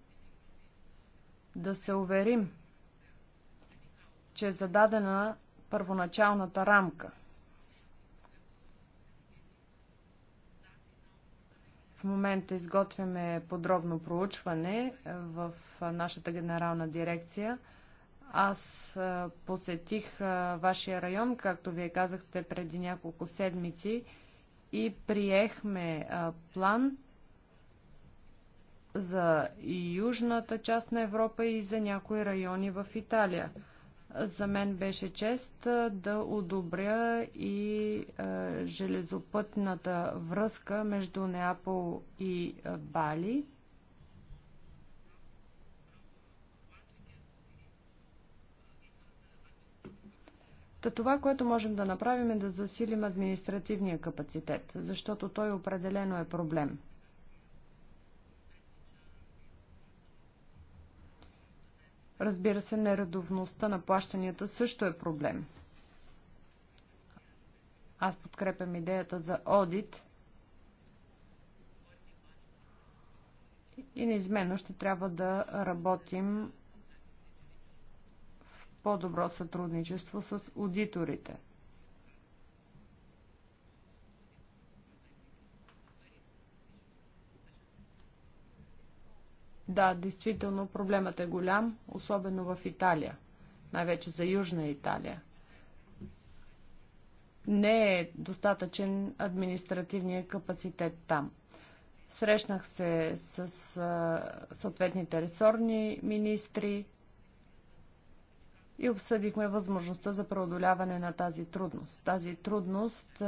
да се уверим, че е зададена първоначалната рамка. В момента изготвяме подробно проучване в нашата генерална дирекция. Аз посетих вашия район, както вие казахте преди няколко седмици и приехме а, план за южната част на Европа и за някои райони в Италия. За мен беше чест да одобря и железопътната връзка между Неапол и Бали. Та това, което можем да направим е да засилим административния капацитет, защото той определено е проблем. Разбира се, нередовността на плащанията също е проблем. Аз подкрепям идеята за одит и неизменно ще трябва да работим по-добро сътрудничество с аудиторите. Да, действително проблемът е голям, особено в Италия, най-вече за Южна Италия. Не е достатъчен административния капацитет там. Срещнах се с съответните ресорни министри, и обсъдихме възможността за преодоляване на тази трудност. Тази трудност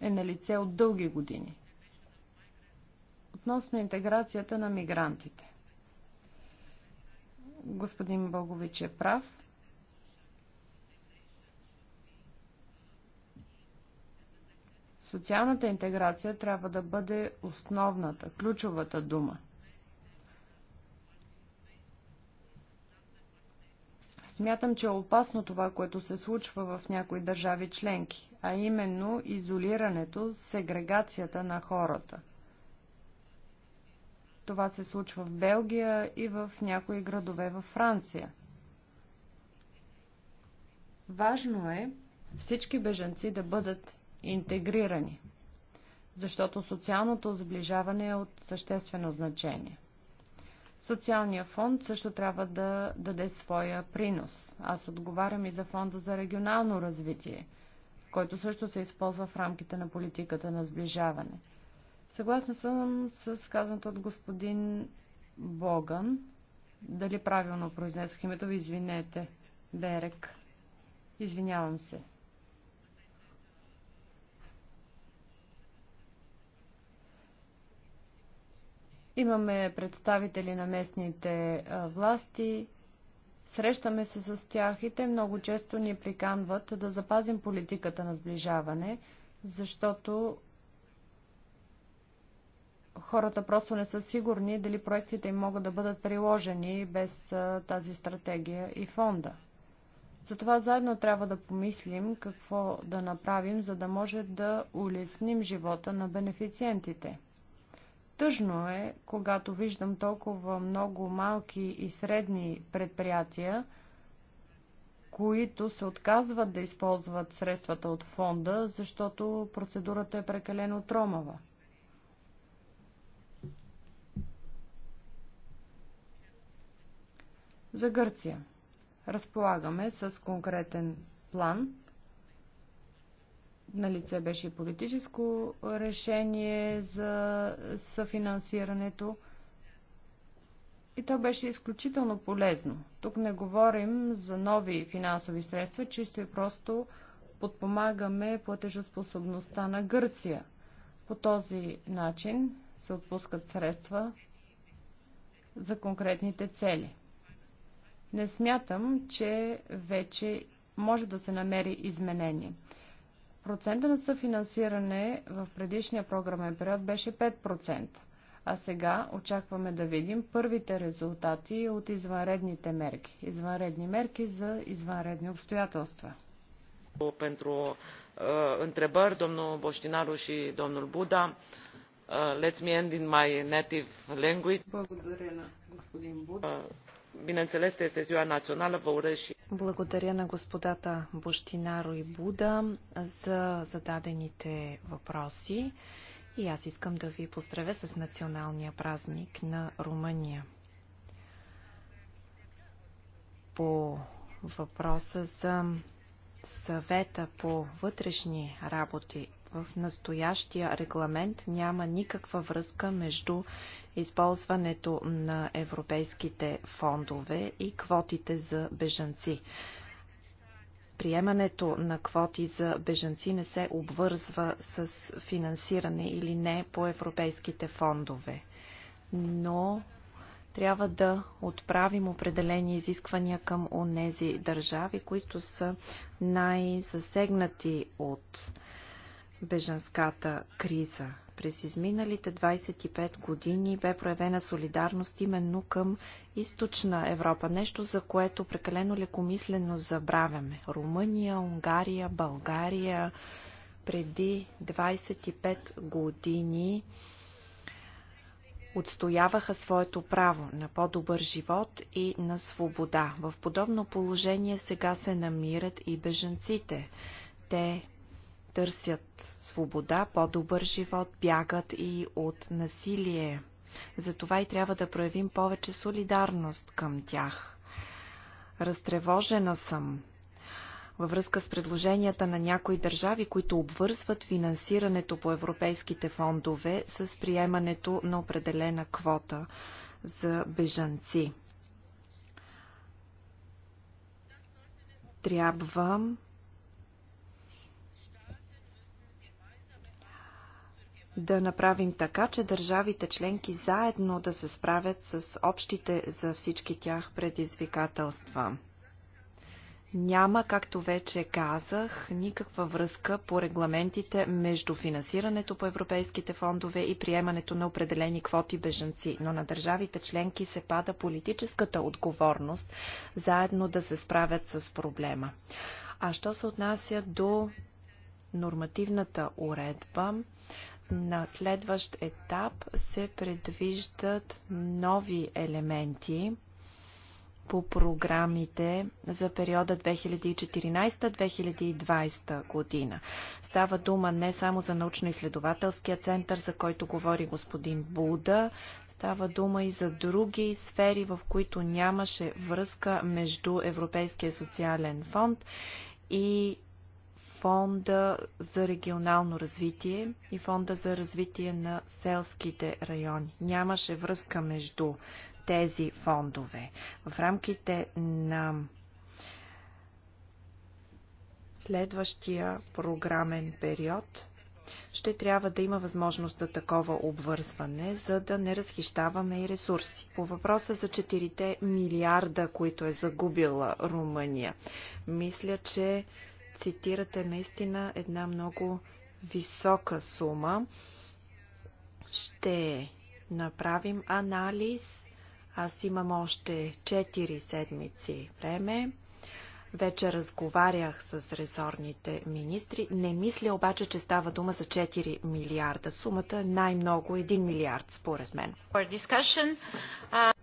е на лице от дълги години. Относно интеграцията на мигрантите. Господин Богович е прав. Социалната интеграция трябва да бъде основната, ключовата дума. Смятам, че е опасно това, което се случва в някои държави членки, а именно изолирането, сегрегацията на хората. Това се случва в Белгия и в някои градове във Франция. Важно е всички бежанци да бъдат интегрирани, защото социалното сближаване е от съществено значение. Социалния фонд също трябва да даде своя принос. Аз отговарям и за фонда за регионално развитие, който също се използва в рамките на политиката на сближаване. Съгласна съм с казаното от господин Боган. Дали правилно произнесох името ви? Извинете. Берек. Извинявам се. Имаме представители на местните власти, срещаме се с тях и те много често ни приканват да запазим политиката на сближаване, защото хората просто не са сигурни дали проектите им могат да бъдат приложени без тази стратегия и фонда. Затова заедно трябва да помислим какво да направим, за да може да улесним живота на бенефициентите. Тъжно е, когато виждам толкова много малки и средни предприятия, които се отказват да използват средствата от фонда, защото процедурата е прекалено тромава. За Гърция. Разполагаме с конкретен план – на лице беше и политическо решение за съфинансирането. И то беше изключително полезно. Тук не говорим за нови финансови средства, чисто и просто подпомагаме платежоспособността на Гърция. По този начин се отпускат средства за конкретните цели. Не смятам, че вече може да се намери изменение. Процента на съфинансиране в предишния програмен период беше 5%, а сега очакваме да видим първите резултати от извънредните мерки. Извънредни мерки за извънредни обстоятелства. Pentru uh, întrebări, domnul Boștinaru și domnul Buda. Uh, let's me end in my native language. Благодаря на господин Буда. Uh, Bineînțeles, este ziua națională, vă urez și... Благодаря на господата Бощинаро и Буда за зададените въпроси и аз искам да ви поздравя с националния празник на Румъния. По въпроса за съвета по вътрешни работи в настоящия регламент няма никаква връзка между използването на европейските фондове и квотите за бежанци. Приемането на квоти за бежанци не се обвързва с финансиране или не по европейските фондове. Но трябва да отправим определени изисквания към онези държави, които са най-засегнати от беженската криза. През изминалите 25 години бе проявена солидарност именно към източна Европа, нещо за което прекалено лекомислено забравяме. Румъния, Унгария, България преди 25 години отстояваха своето право на по-добър живот и на свобода. В подобно положение сега се намират и бежанците. Те търсят свобода, по-добър живот, бягат и от насилие. Затова и трябва да проявим повече солидарност към тях. Разтревожена съм във връзка с предложенията на някои държави, които обвързват финансирането по европейските фондове с приемането на определена квота за бежанци. Трябва да направим така, че държавите членки заедно да се справят с общите за всички тях предизвикателства. Няма, както вече казах, никаква връзка по регламентите между финансирането по европейските фондове и приемането на определени квоти беженци, но на държавите членки се пада политическата отговорност заедно да се справят с проблема. А що се отнася до нормативната уредба, на следващ етап се предвиждат нови елементи по програмите за периода 2014-2020 година. Става дума не само за научно-изследователския център, за който говори господин Буда, става дума и за други сфери, в които нямаше връзка между Европейския социален фонд и Фонда за регионално развитие и Фонда за развитие на селските райони. Нямаше връзка между тези фондове. В рамките на следващия програмен период ще трябва да има възможност за такова обвързване, за да не разхищаваме и ресурси. По въпроса за 4 милиарда, които е загубила Румъния, мисля, че цитирате наистина една много висока сума. Ще направим анализ. Аз имам още 4 седмици време. Вече разговарях с ресорните министри. Не мисля обаче, че става дума за 4 милиарда. Сумата е най-много 1 милиард, според мен.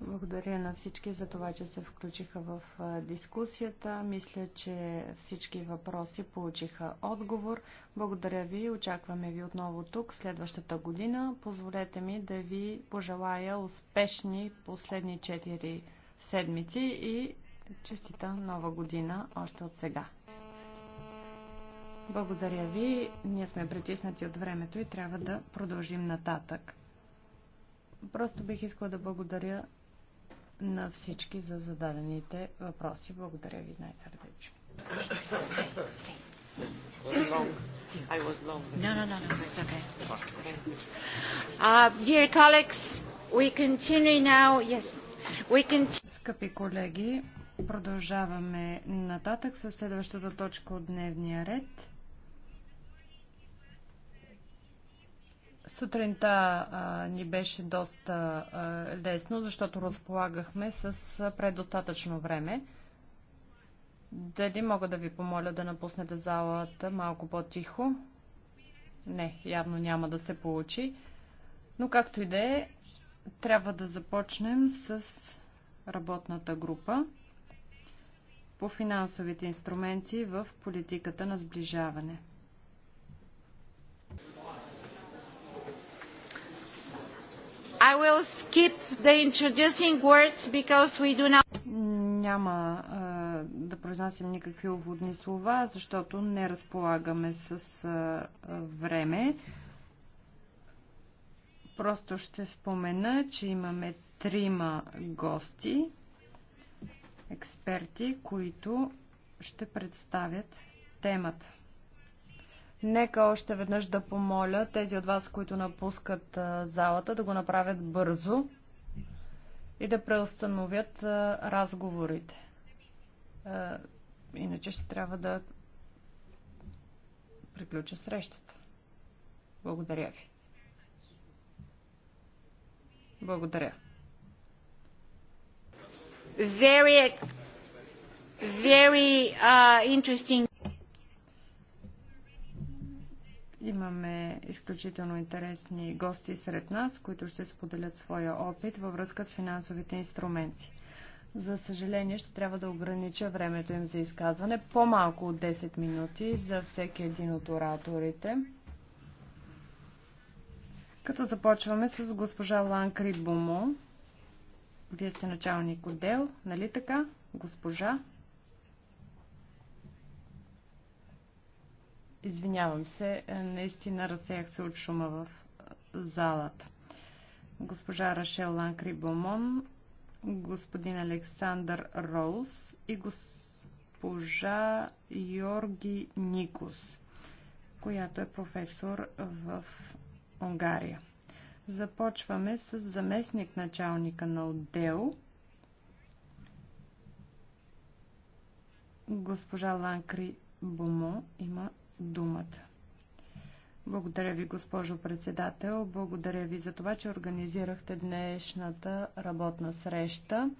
Благодаря на всички за това, че се включиха в дискусията. Мисля, че всички въпроси получиха отговор. Благодаря ви. Очакваме ви отново тук следващата година. Позволете ми да ви пожелая успешни последни 4 седмици и Честита нова година още от сега. Благодаря ви. Ние сме притиснати от времето и трябва да продължим нататък. Просто бих искала да благодаря на всички за зададените въпроси. Благодаря ви най-сърдечно. Uh, Скъпи колеги, Продължаваме нататък със следващата точка от дневния ред. Сутринта а, ни беше доста а, лесно, защото разполагахме с предостатъчно време. Дали мога да ви помоля да напуснете залата малко по-тихо? Не, явно няма да се получи. Но както и да е, трябва да започнем с работната група по финансовите инструменти в политиката на сближаване. I will skip the introducing words because we do not... Няма а, да произнасям никакви уводни слова, защото не разполагаме с а, а, време. Просто ще спомена, че имаме трима гости експерти, които ще представят темата. Нека още веднъж да помоля тези от вас, които напускат залата, да го направят бързо и да преустановят разговорите. Иначе ще трябва да приключа срещата. Благодаря ви. Благодаря very, very uh, interesting. Имаме изключително интересни гости сред нас, които ще споделят своя опит във връзка с финансовите инструменти. За съжаление ще трябва да огранича времето им за изказване по-малко от 10 минути за всеки един от ораторите. Като започваме с госпожа Лан Крибумо. Вие сте началник отдел, нали така, госпожа? Извинявам се, е, наистина разсеях се от шума в е, залата. Госпожа Рашел Ланкри Бомон, господин Александър Роуз и госпожа Йорги Никос, която е професор в Унгария. Започваме с заместник началника на отдел, госпожа Ланкри Бомо има думата. Благодаря ви, госпожо председател. Благодаря ви за това, че организирахте днешната работна среща.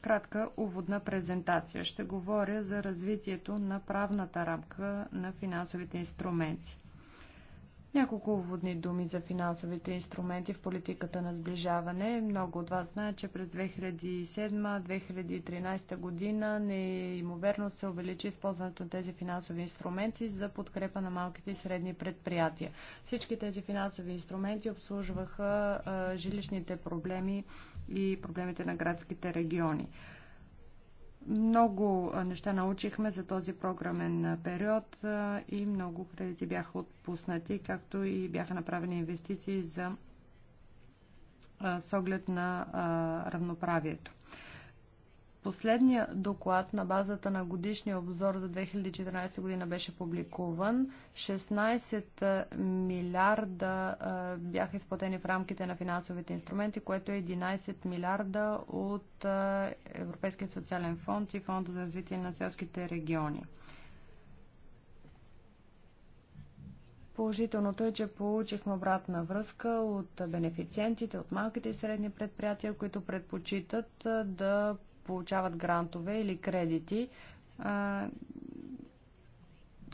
Кратка уводна презентация. Ще говоря за развитието на правната рамка на финансовите инструменти. Няколко уводни думи за финансовите инструменти в политиката на сближаване. Много от вас знаят, че през 2007-2013 година неимоверно се увеличи използването на тези финансови инструменти за подкрепа на малките и средни предприятия. Всички тези финансови инструменти обслужваха жилищните проблеми и проблемите на градските региони. Много неща научихме за този програмен период и много кредити бяха отпуснати, както и бяха направени инвестиции за с оглед на равноправието. Последния доклад на базата на годишния обзор за 2014 година беше публикуван. 16 милиарда бяха изплатени в рамките на финансовите инструменти, което е 11 милиарда от Европейския социален фонд и Фонда за развитие на селските региони. Положителното е, че получихме обратна връзка от бенефициентите, от малките и средни предприятия, които предпочитат да получават грантове или кредити,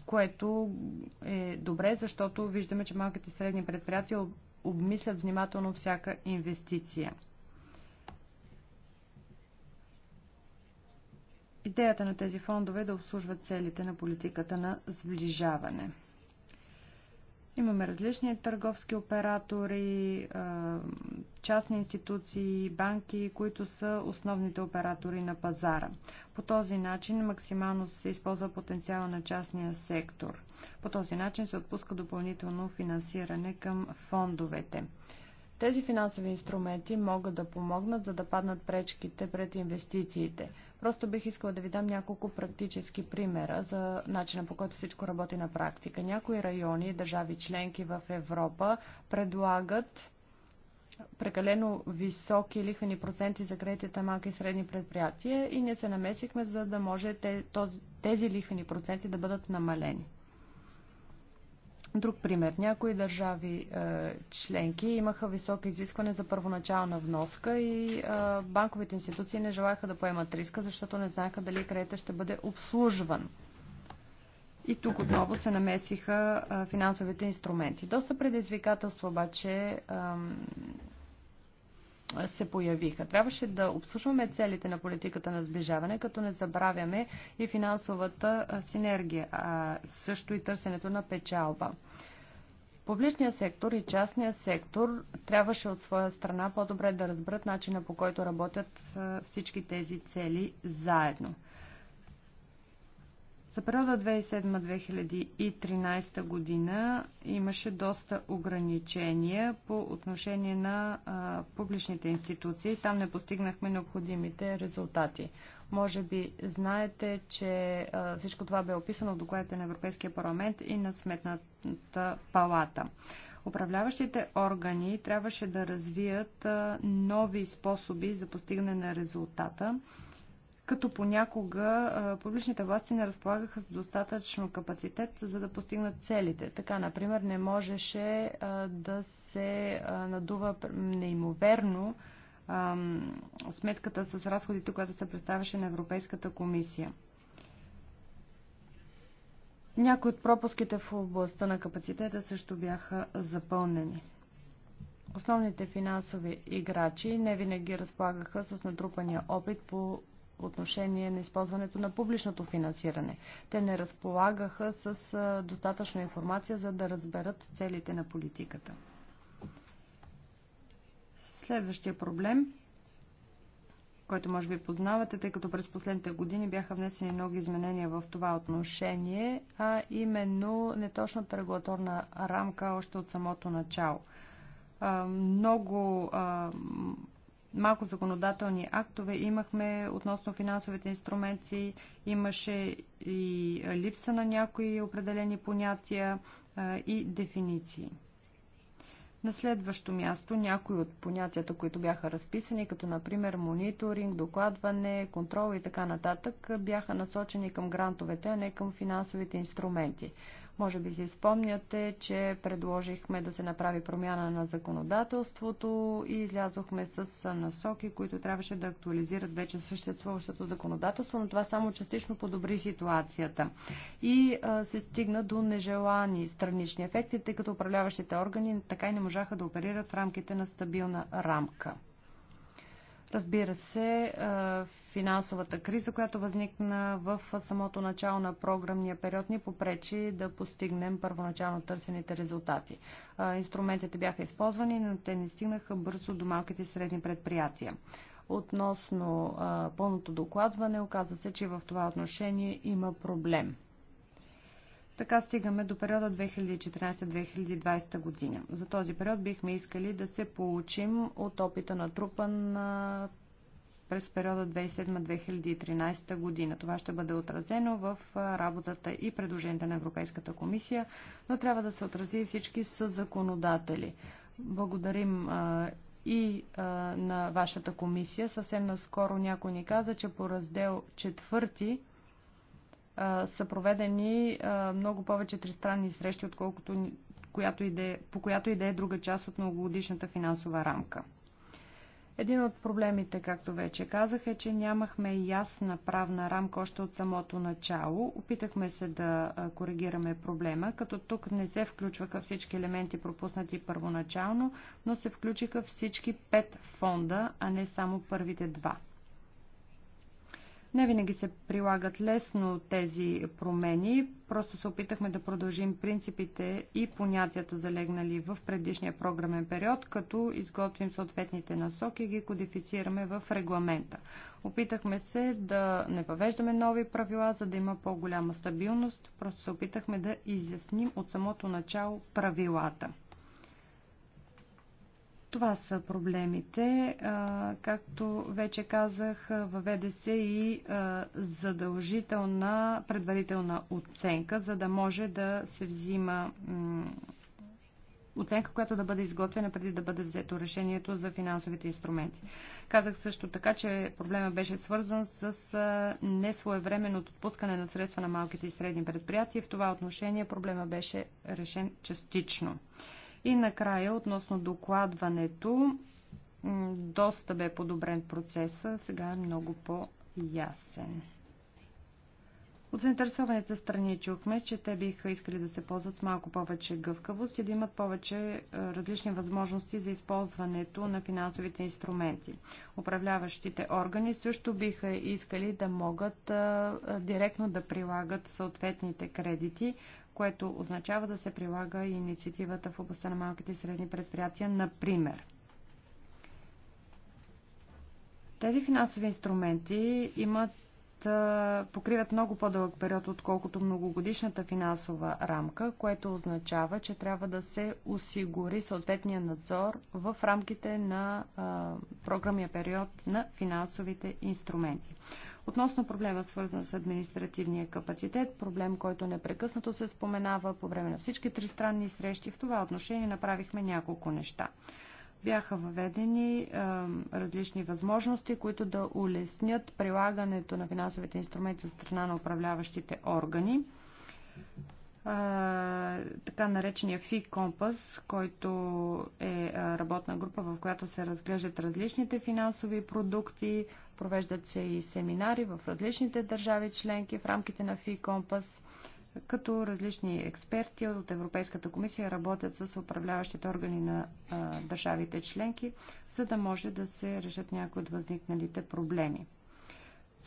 което е добре, защото виждаме, че малките и средни предприятия обмислят внимателно всяка инвестиция. Идеята на тези фондове е да обслужват целите на политиката на сближаване. Имаме различни търговски оператори, частни институции, банки, които са основните оператори на пазара. По този начин максимално се използва потенциала на частния сектор. По този начин се отпуска допълнително финансиране към фондовете. Тези финансови инструменти могат да помогнат, за да паднат пречките пред инвестициите. Просто бих искала да ви дам няколко практически примера за начина по който всичко работи на практика. Някои райони, държави членки в Европа предлагат прекалено високи лихвени проценти за кредитите малки и средни предприятия и ние се намесихме, за да може тези лихвени проценти да бъдат намалени. Друг пример. Някои държави е, членки имаха високо изискване за първоначална вноска и е, банковите институции не желаяха да поемат риска, защото не знаеха дали кредита ще бъде обслужван. И тук отново се намесиха е, финансовите инструменти. Доста предизвикателства обаче се появиха. Трябваше да обслужваме целите на политиката на сближаване, като не забравяме и финансовата синергия, а също и търсенето на печалба. Публичният сектор и частният сектор трябваше от своя страна по-добре да разберат начина по който работят всички тези цели заедно. За периода 2007-2013 година имаше доста ограничения по отношение на а, публичните институции. Там не постигнахме необходимите резултати. Може би знаете, че а, всичко това бе описано в докладите на Европейския парламент и на Сметната палата. Управляващите органи трябваше да развият а, нови способи за постигане на резултата като понякога публичните власти не разполагаха с достатъчно капацитет, за да постигнат целите. Така, например, не можеше да се надува неимоверно сметката с разходите, която се представяше на Европейската комисия. Някои от пропуските в областта на капацитета също бяха запълнени. Основните финансови играчи не винаги разполагаха с натрупания опит по отношение на използването на публичното финансиране. Те не разполагаха с достатъчно информация, за да разберат целите на политиката. Следващия проблем, който може би познавате, тъй като през последните години бяха внесени много изменения в това отношение, а именно неточната регулаторна рамка още от самото начало. Много малко законодателни актове имахме относно финансовите инструменти, имаше и липса на някои определени понятия и дефиниции. На следващо място някои от понятията, които бяха разписани, като например мониторинг, докладване, контрол и така нататък, бяха насочени към грантовете, а не към финансовите инструменти. Може би си спомняте, че предложихме да се направи промяна на законодателството и излязохме с насоки, които трябваше да актуализират вече съществуващото законодателство, но това само частично подобри ситуацията. И а, се стигна до нежелани странични ефекти, тъй като управляващите органи така и не можаха да оперират в рамките на стабилна рамка. Разбира се, финансовата криза, която възникна в самото начало на програмния период, ни попречи да постигнем първоначално търсените резултати. Инструментите бяха използвани, но те не стигнаха бързо до малките и средни предприятия. Относно пълното докладване, оказва се, че в това отношение има проблем. Така стигаме до периода 2014-2020 година. За този период бихме искали да се получим от опита на трупа на през периода 2007-2013 година. Това ще бъде отразено в работата и предложенията на Европейската комисия, но трябва да се отрази всички с законодатели. Благодарим и а, на вашата комисия. Съвсем наскоро някой ни каза, че по раздел четвърти са проведени много повече тристранни срещи, отколкото която иде, по която и да е друга част от многогодишната финансова рамка. Един от проблемите, както вече казах, е, че нямахме ясна правна рамка още от самото начало. Опитахме се да коригираме проблема, като тук не се включваха всички елементи пропуснати първоначално, но се включиха всички пет фонда, а не само първите два. Не винаги се прилагат лесно тези промени, просто се опитахме да продължим принципите и понятията залегнали в предишния програмен период, като изготвим съответните насоки и ги кодифицираме в регламента. Опитахме се да не въвеждаме нови правила, за да има по-голяма стабилност, просто се опитахме да изясним от самото начало правилата. Това са проблемите. Както вече казах, въведе се и задължителна предварителна оценка, за да може да се взима оценка, която да бъде изготвена преди да бъде взето решението за финансовите инструменти. Казах също така, че проблема беше свързан с несвоевременното отпускане на средства на малките и средни предприятия. В това отношение проблема беше решен частично. И накрая, относно докладването, доста бе подобрен процеса, сега е много по-ясен. От заинтересованите страни чухме, че те биха искали да се ползват с малко повече гъвкавост и да имат повече е, различни възможности за използването на финансовите инструменти. Управляващите органи също биха искали да могат е, е, директно да прилагат съответните кредити което означава да се прилага и инициативата в областта на малките и средни предприятия, например. Тези финансови инструменти имат покриват много по-дълъг период, отколкото многогодишната финансова рамка, което означава, че трябва да се осигури съответния надзор в рамките на а, програмния период на финансовите инструменти. Относно проблема, свързан с административния капацитет, проблем, който непрекъснато се споменава по време на всички тристранни срещи, в това отношение направихме няколко неща бяха въведени е, различни възможности, които да улеснят прилагането на финансовите инструменти от страна на управляващите органи така наречения ФИ Компас, който е работна група, в която се разглеждат различните финансови продукти, провеждат се и семинари в различните държави членки в рамките на ФИ Компас, като различни експерти от Европейската комисия работят с управляващите органи на държавите членки, за да може да се решат някои от възникналите проблеми.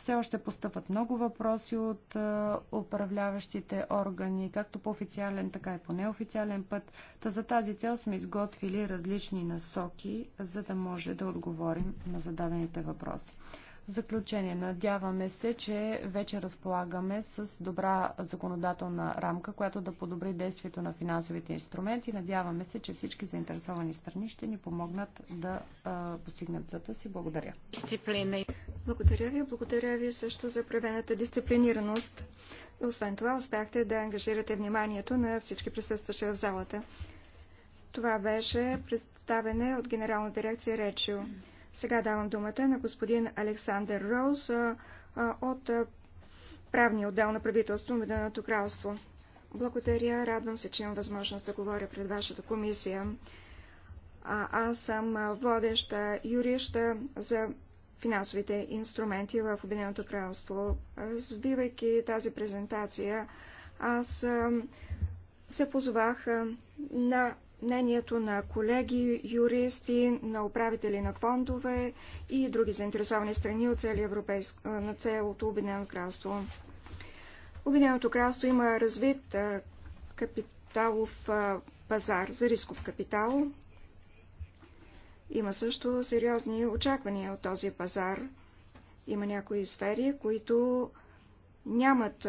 Все още постъпват много въпроси от е, управляващите органи, както по официален, така и по неофициален път. Та за тази цел сме изготвили различни насоки, за да може да отговорим на зададените въпроси. Заключение. Надяваме се, че вече разполагаме с добра законодателна рамка, която да подобри действието на финансовите инструменти. Надяваме се, че всички заинтересовани страни ще ни помогнат да а, постигнат зата си. Благодаря. Дисциплина. Благодаря ви. Благодаря ви също за проявената дисциплинираност. Освен това, успяхте да ангажирате вниманието на всички присъстващи в залата. Това беше представене от Генерална дирекция Речио. Сега давам думата на господин Александър Роуз от правния отдел на правителство на Меденото кралство. Благодаря, радвам се, че имам възможност да говоря пред вашата комисия. А, аз съм водеща юрища за финансовите инструменти в Обединеното кралство. Сбивайки тази презентация, аз се позовах на мнението на колеги, юристи, на управители на фондове и други заинтересовани страни от цели европейск... на цялото Обединено кралство. Обединеното кралство има развит капиталов пазар за рисков капитал. Има също сериозни очаквания от този пазар. Има някои сфери, които нямат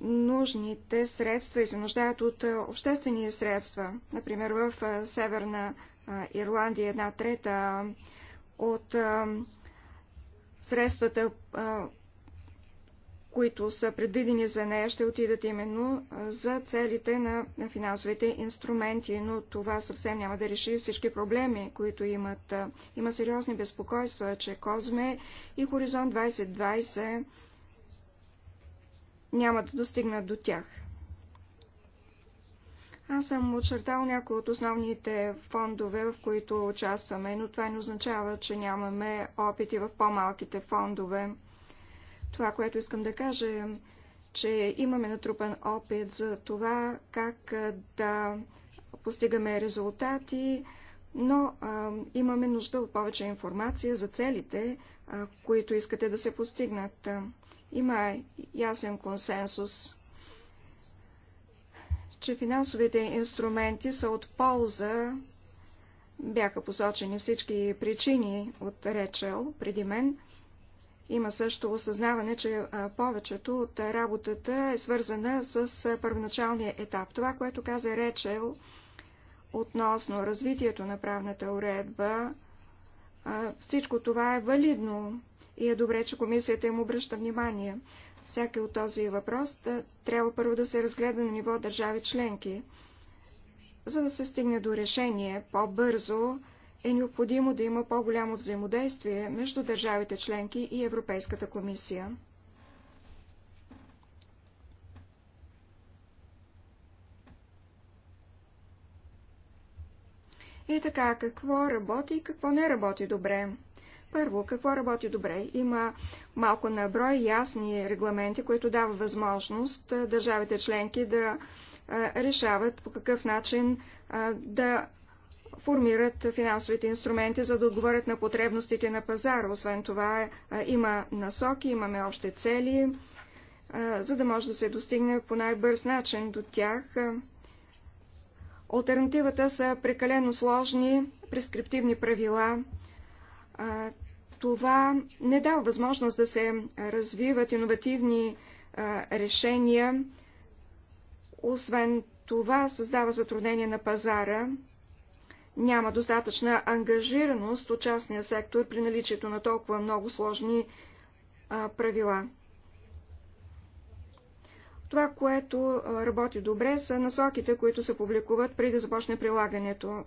нужните средства и се нуждаят от обществени средства. Например, в Северна Ирландия една трета от средствата, които са предвидени за нея, ще отидат именно за целите на финансовите инструменти, но това съвсем няма да реши всички проблеми, които имат. Има сериозни безпокойства, че Козме и Хоризонт 2020 няма да достигнат до тях. Аз съм очертал някои от основните фондове, в които участваме, но това не означава, че нямаме опити в по-малките фондове. Това, което искам да кажа е, че имаме натрупан опит за това как да постигаме резултати, но а, имаме нужда от повече информация за целите, а, които искате да се постигнат. Има ясен консенсус, че финансовите инструменти са от полза. Бяха посочени всички причини от Речел преди мен. Има също осъзнаване, че повечето от работата е свързана с първоначалния етап. Това, което каза Речел относно развитието на правната уредба, всичко това е валидно и е добре, че комисията им обръща внимание. Всяки от този въпрос е, трябва първо да се разгледа на ниво държави членки. За да се стигне до решение по-бързо, е необходимо да има по-голямо взаимодействие между държавите членки и Европейската комисия. И така, какво работи и какво не работи добре? Първо, какво работи добре? Има малко на брой ясни регламенти, които дава възможност държавите членки да решават по какъв начин да формират финансовите инструменти, за да отговорят на потребностите на пазара. Освен това има насоки, имаме общи цели, за да може да се достигне по най-бърз начин до тях. Альтернативата са прекалено сложни, прескриптивни правила, това не дава възможност да се развиват иновативни решения. Освен това, създава затруднение на пазара. Няма достатъчна ангажираност от частния сектор при наличието на толкова много сложни правила. Това, което работи добре, са насоките, които се публикуват преди да започне прилагането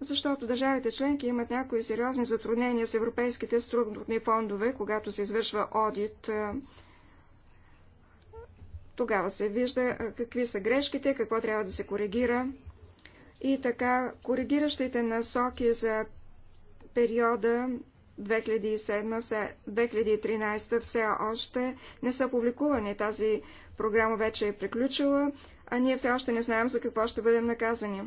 защото държавите членки имат някои сериозни затруднения с европейските структурни фондове, когато се извършва одит. Тогава се вижда какви са грешките, какво трябва да се коригира. И така, коригиращите насоки за периода 2007-2013 все още не са публикувани. Тази програма вече е приключила, а ние все още не знаем за какво ще бъдем наказани.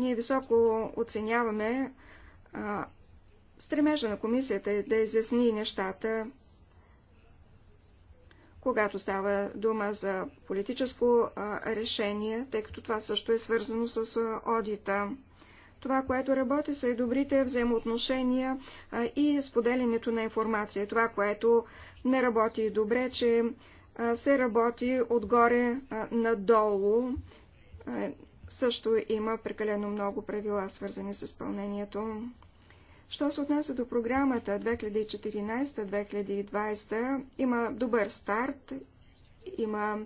Ние високо оценяваме а, стремежа на комисията е да изясни нещата, когато става дума за политическо а, решение, тъй като това също е свързано с а, одита. Това, което работи, са и добрите взаимоотношения а, и споделянето на информация. Това, което не работи добре, че а, се работи отгоре а, надолу. А, също има прекалено много правила, свързани с изпълнението. Що се отнася до програмата 2014-2020, има добър старт, има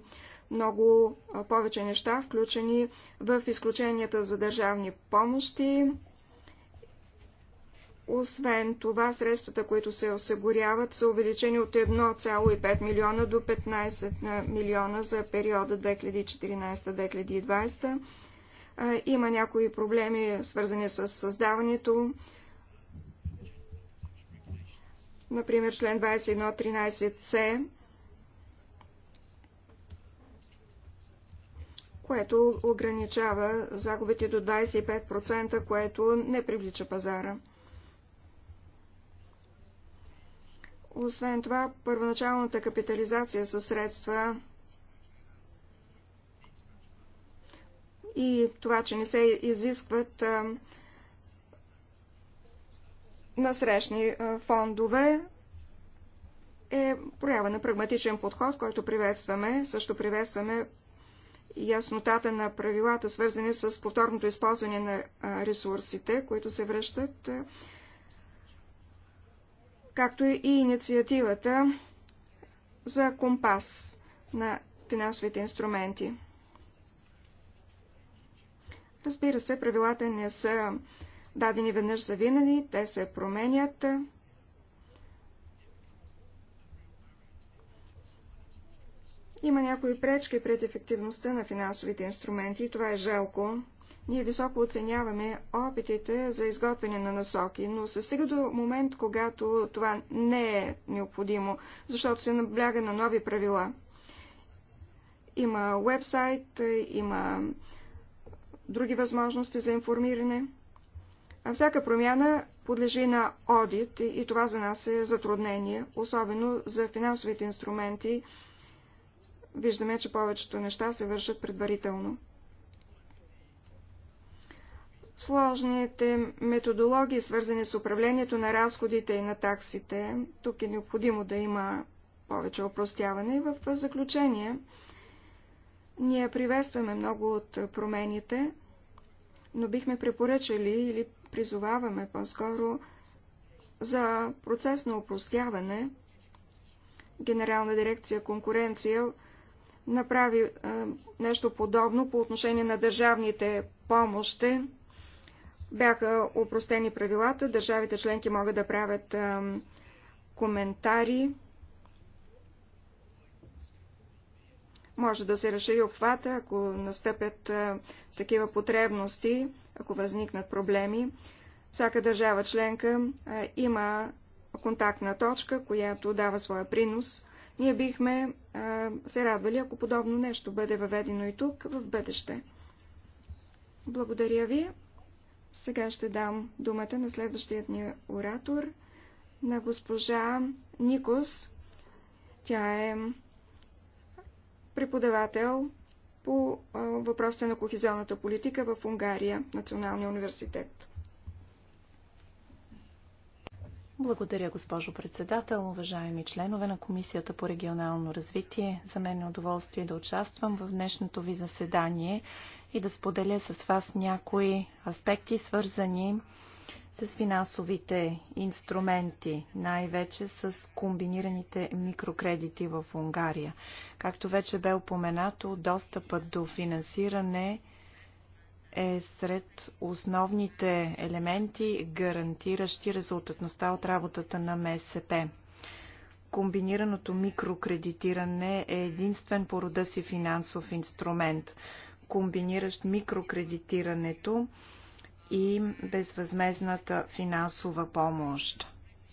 много повече неща, включени в изключенията за държавни помощи. Освен това, средствата, които се осигуряват, са увеличени от 1,5 милиона до 15 милиона за периода 2014-2020. Има някои проблеми, свързани с създаването. Например, член 21.13c, което ограничава загубите до 25%, което не привлича пазара. Освен това, първоначалната капитализация със средства и това, че не се изискват насрещни фондове, е проява на прагматичен подход, който приветстваме. Също приветстваме яснотата на правилата, свързани с повторното използване на ресурсите, които се връщат, както и инициативата за компас на финансовите инструменти. Разбира се, правилата не са дадени веднъж за винаги, те се променят. Има някои пречки пред ефективността на финансовите инструменти и това е жалко. Ние високо оценяваме опитите за изготвяне на насоки, но се стига до момент, когато това не е необходимо, защото се набляга на нови правила. Има вебсайт, има други възможности за информиране. А всяка промяна подлежи на одит и това за нас е затруднение, особено за финансовите инструменти. Виждаме, че повечето неща се вършат предварително. Сложните методологии, свързани с управлението на разходите и на таксите, тук е необходимо да има повече опростяване. в заключение, ние приветстваме много от промените, но бихме препоръчали или призоваваме по-скоро за процес на упростяване. Генерална дирекция конкуренция направи е, нещо подобно по отношение на държавните помощи. Бяха упростени правилата, държавите членки могат да правят е, коментари Може да се разшири обхвата, ако настъпят такива потребности, ако възникнат проблеми. Всяка държава членка има контактна точка, която дава своя принос. Ние бихме се радвали, ако подобно нещо бъде въведено и тук, в бъдеще. Благодаря ви. Сега ще дам думата на следващият ни оратор, на госпожа Никос. Тя е преподавател по въпросите на кохезионната политика в Унгария, Националния университет. Благодаря, госпожо председател, уважаеми членове на Комисията по регионално развитие. За мен е удоволствие да участвам в днешното ви заседание и да споделя с вас някои аспекти, свързани с с финансовите инструменти, най-вече с комбинираните микрокредити в Унгария. Както вече бе упоменато, достъпът до финансиране е сред основните елементи, гарантиращи резултатността от работата на МСП. Комбинираното микрокредитиране е единствен по рода си финансов инструмент, комбиниращ микрокредитирането и безвъзмезната финансова помощ.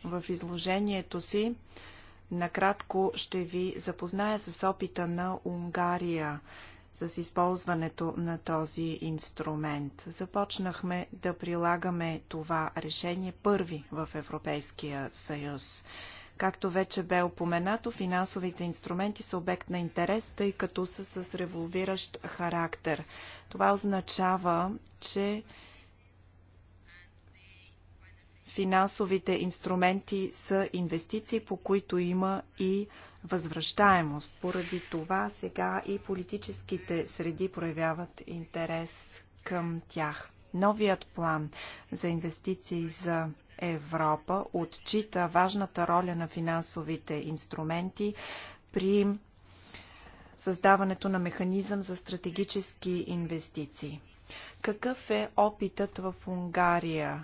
В изложението си накратко ще ви запозная с опита на Унгария с използването на този инструмент. Започнахме да прилагаме това решение първи в Европейския съюз. Както вече бе упоменато, финансовите инструменти са обект на интерес, тъй като са с револвиращ характер. Това означава, че финансовите инструменти са инвестиции, по които има и възвръщаемост. Поради това сега и политическите среди проявяват интерес към тях. Новият план за инвестиции за Европа отчита важната роля на финансовите инструменти при създаването на механизъм за стратегически инвестиции. Какъв е опитът в Унгария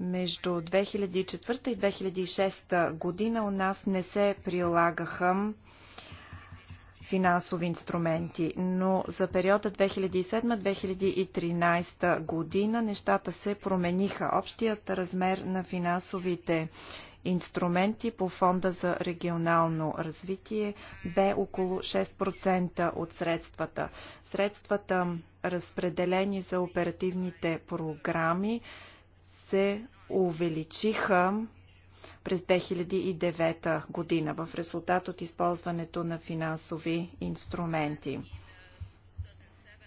Между 2004 и 2006 година у нас не се прилагаха финансови инструменти, но за периода 2007-2013 година нещата се промениха. Общият размер на финансовите инструменти по Фонда за регионално развитие бе около 6% от средствата. Средствата, разпределени за оперативните програми, се увеличиха през 2009 година в резултат от използването на финансови инструменти.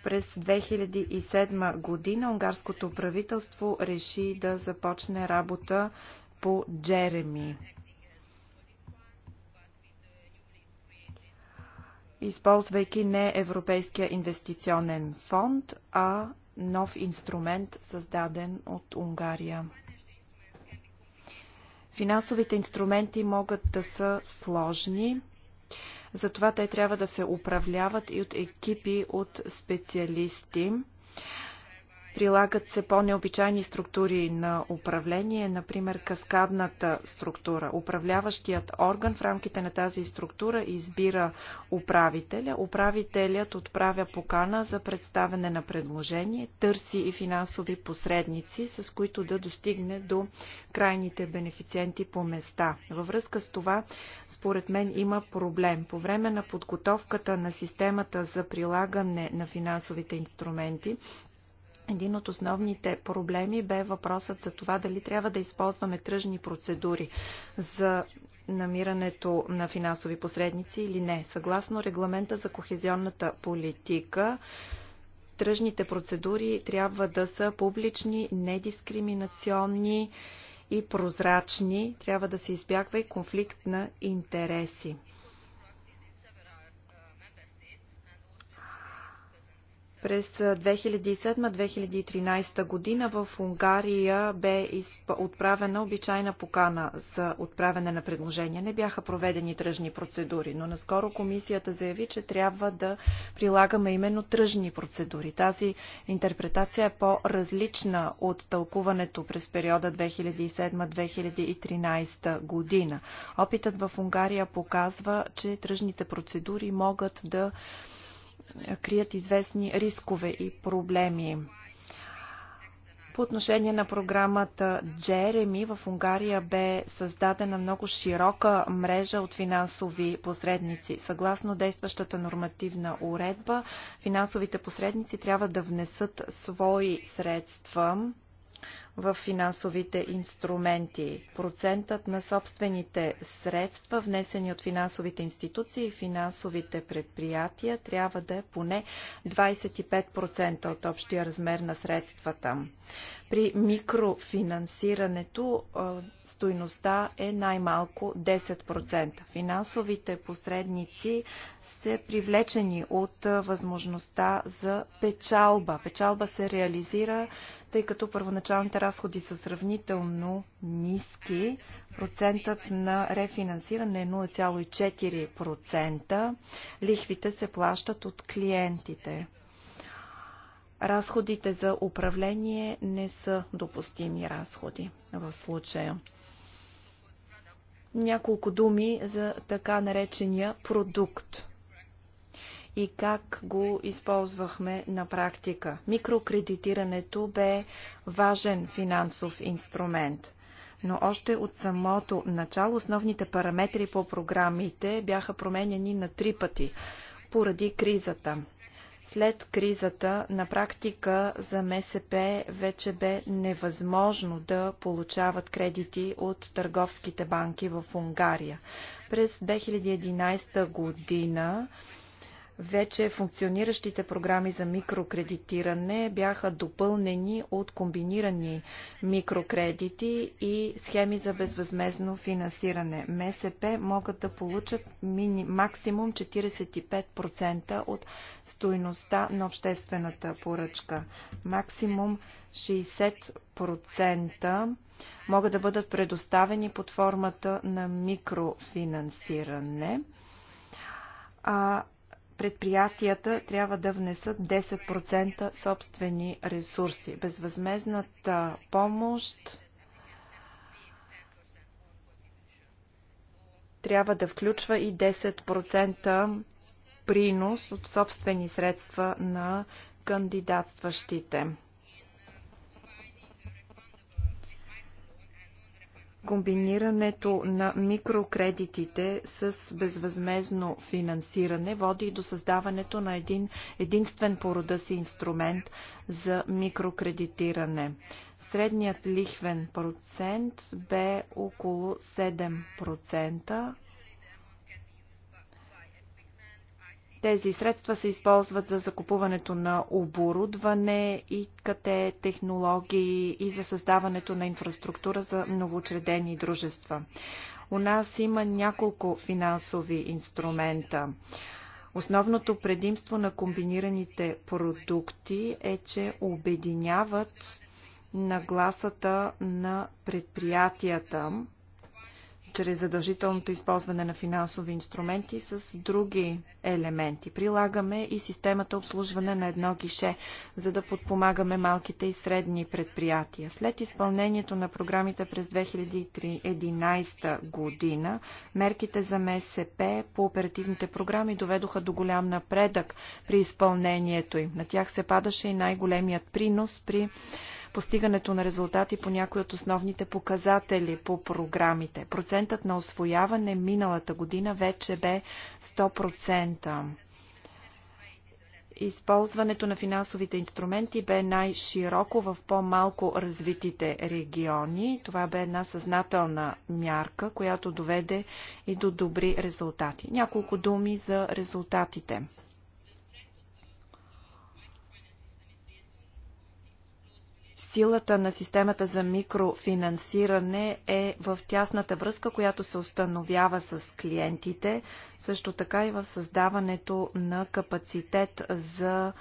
През 2007 година унгарското правителство реши да започне работа по Джереми. Използвайки не Европейския инвестиционен фонд, а нов инструмент, създаден от Унгария. Финансовите инструменти могат да са сложни, затова те трябва да се управляват и от екипи от специалисти. Прилагат се по-необичайни структури на управление, например каскадната структура. Управляващият орган в рамките на тази структура избира управителя. Управителят отправя покана за представене на предложение, търси и финансови посредници, с които да достигне до крайните бенефициенти по места. Във връзка с това, според мен има проблем. По време на подготовката на системата за прилагане на финансовите инструменти, един от основните проблеми бе въпросът за това дали трябва да използваме тръжни процедури за намирането на финансови посредници или не. Съгласно регламента за кохезионната политика, тръжните процедури трябва да са публични, недискриминационни и прозрачни. Трябва да се избягва и конфликт на интереси. През 2007-2013 година в Унгария бе отправена обичайна покана за отправяне на предложения. Не бяха проведени тръжни процедури, но наскоро комисията заяви, че трябва да прилагаме именно тръжни процедури. Тази интерпретация е по-различна от тълкуването през периода 2007-2013 година. Опитът в Унгария показва, че тръжните процедури могат да е, крият известни рискове и проблеми. По отношение на програмата Джереми в Унгария бе създадена много широка мрежа от финансови посредници. Съгласно действащата нормативна уредба, финансовите посредници трябва да внесат свои средства в финансовите инструменти. Процентът на собствените средства, внесени от финансовите институции и финансовите предприятия, трябва да е поне 25% от общия размер на средствата. При микрофинансирането стойността е най-малко 10%. Финансовите посредници са привлечени от възможността за печалба. Печалба се реализира, тъй като първоначалните разходи са сравнително ниски. Процентът на рефинансиране е 0,4%. Лихвите се плащат от клиентите. Разходите за управление не са допустими разходи в случая. Няколко думи за така наречения продукт и как го използвахме на практика. Микрокредитирането бе важен финансов инструмент – но още от самото начало основните параметри по програмите бяха променени на три пъти поради кризата. След кризата на практика за МСП вече бе невъзможно да получават кредити от търговските банки в Унгария. През 2011 година вече функциониращите програми за микрокредитиране бяха допълнени от комбинирани микрокредити и схеми за безвъзмезно финансиране. МСП могат да получат мини, максимум 45% от стоиността на обществената поръчка. Максимум 60% могат да бъдат предоставени под формата на микрофинансиране. А предприятията трябва да внесат 10% собствени ресурси. Безвъзмезната помощ трябва да включва и 10% принос от собствени средства на кандидатстващите. Комбинирането на микрокредитите с безвъзмезно финансиране води и до създаването на един единствен по рода си инструмент за микрокредитиране. Средният лихвен процент бе около 7%, Тези средства се използват за закупуването на оборудване и къде технологии и за създаването на инфраструктура за новоочредени дружества. У нас има няколко финансови инструмента. Основното предимство на комбинираните продукти е, че обединяват нагласата на предприятията чрез задължителното използване на финансови инструменти с други елементи. Прилагаме и системата обслужване на едно гише, за да подпомагаме малките и средни предприятия. След изпълнението на програмите през 2011 година, мерките за МСП по оперативните програми доведоха до голям напредък при изпълнението им. На тях се падаше и най-големият принос при постигането на резултати по някои от основните показатели по програмите. Процентът на освояване миналата година вече бе 100%. Използването на финансовите инструменти бе най-широко в по-малко развитите региони. Това бе една съзнателна мярка, която доведе и до добри резултати. Няколко думи за резултатите. Силата на системата за микрофинансиране е в тясната връзка, която се установява с клиентите, също така и в създаването на капацитет за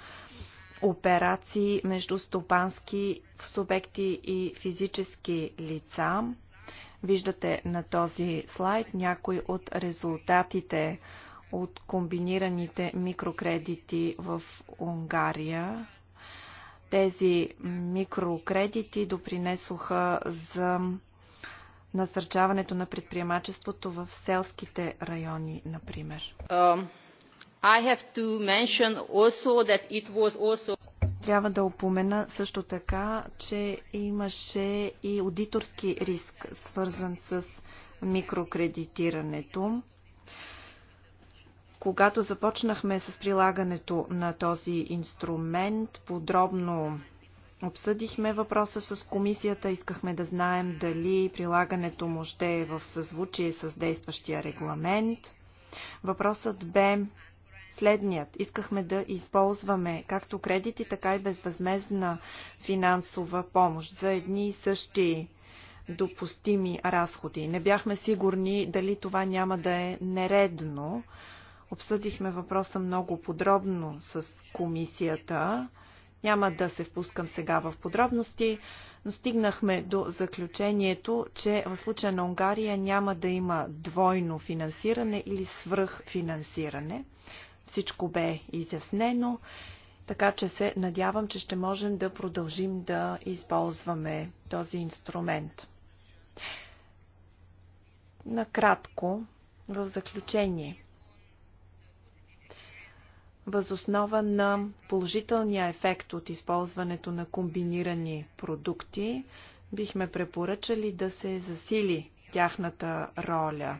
операции между стопански субекти и физически лица. Виждате на този слайд някои от резултатите от комбинираните микрокредити в Унгария. Тези микрокредити допринесоха за насърчаването на предприемачеството в селските райони, например. Um, also... Трябва да опомена също така, че имаше и аудиторски риск, свързан с микрокредитирането. Когато започнахме с прилагането на този инструмент, подробно обсъдихме въпроса с комисията. Искахме да знаем дали прилагането му ще е в съзвучие с действащия регламент. Въпросът бе следният. Искахме да използваме както кредити, така и безвъзмезна финансова помощ за едни и същи допустими разходи. Не бяхме сигурни дали това няма да е нередно. Обсъдихме въпроса много подробно с комисията. Няма да се впускам сега в подробности, но стигнахме до заключението, че в случая на Унгария няма да има двойно финансиране или свръхфинансиране. Всичко бе изяснено, така че се надявам, че ще можем да продължим да използваме този инструмент. Накратко, в заключение – Възоснова на положителния ефект от използването на комбинирани продукти, бихме препоръчали да се засили тяхната роля.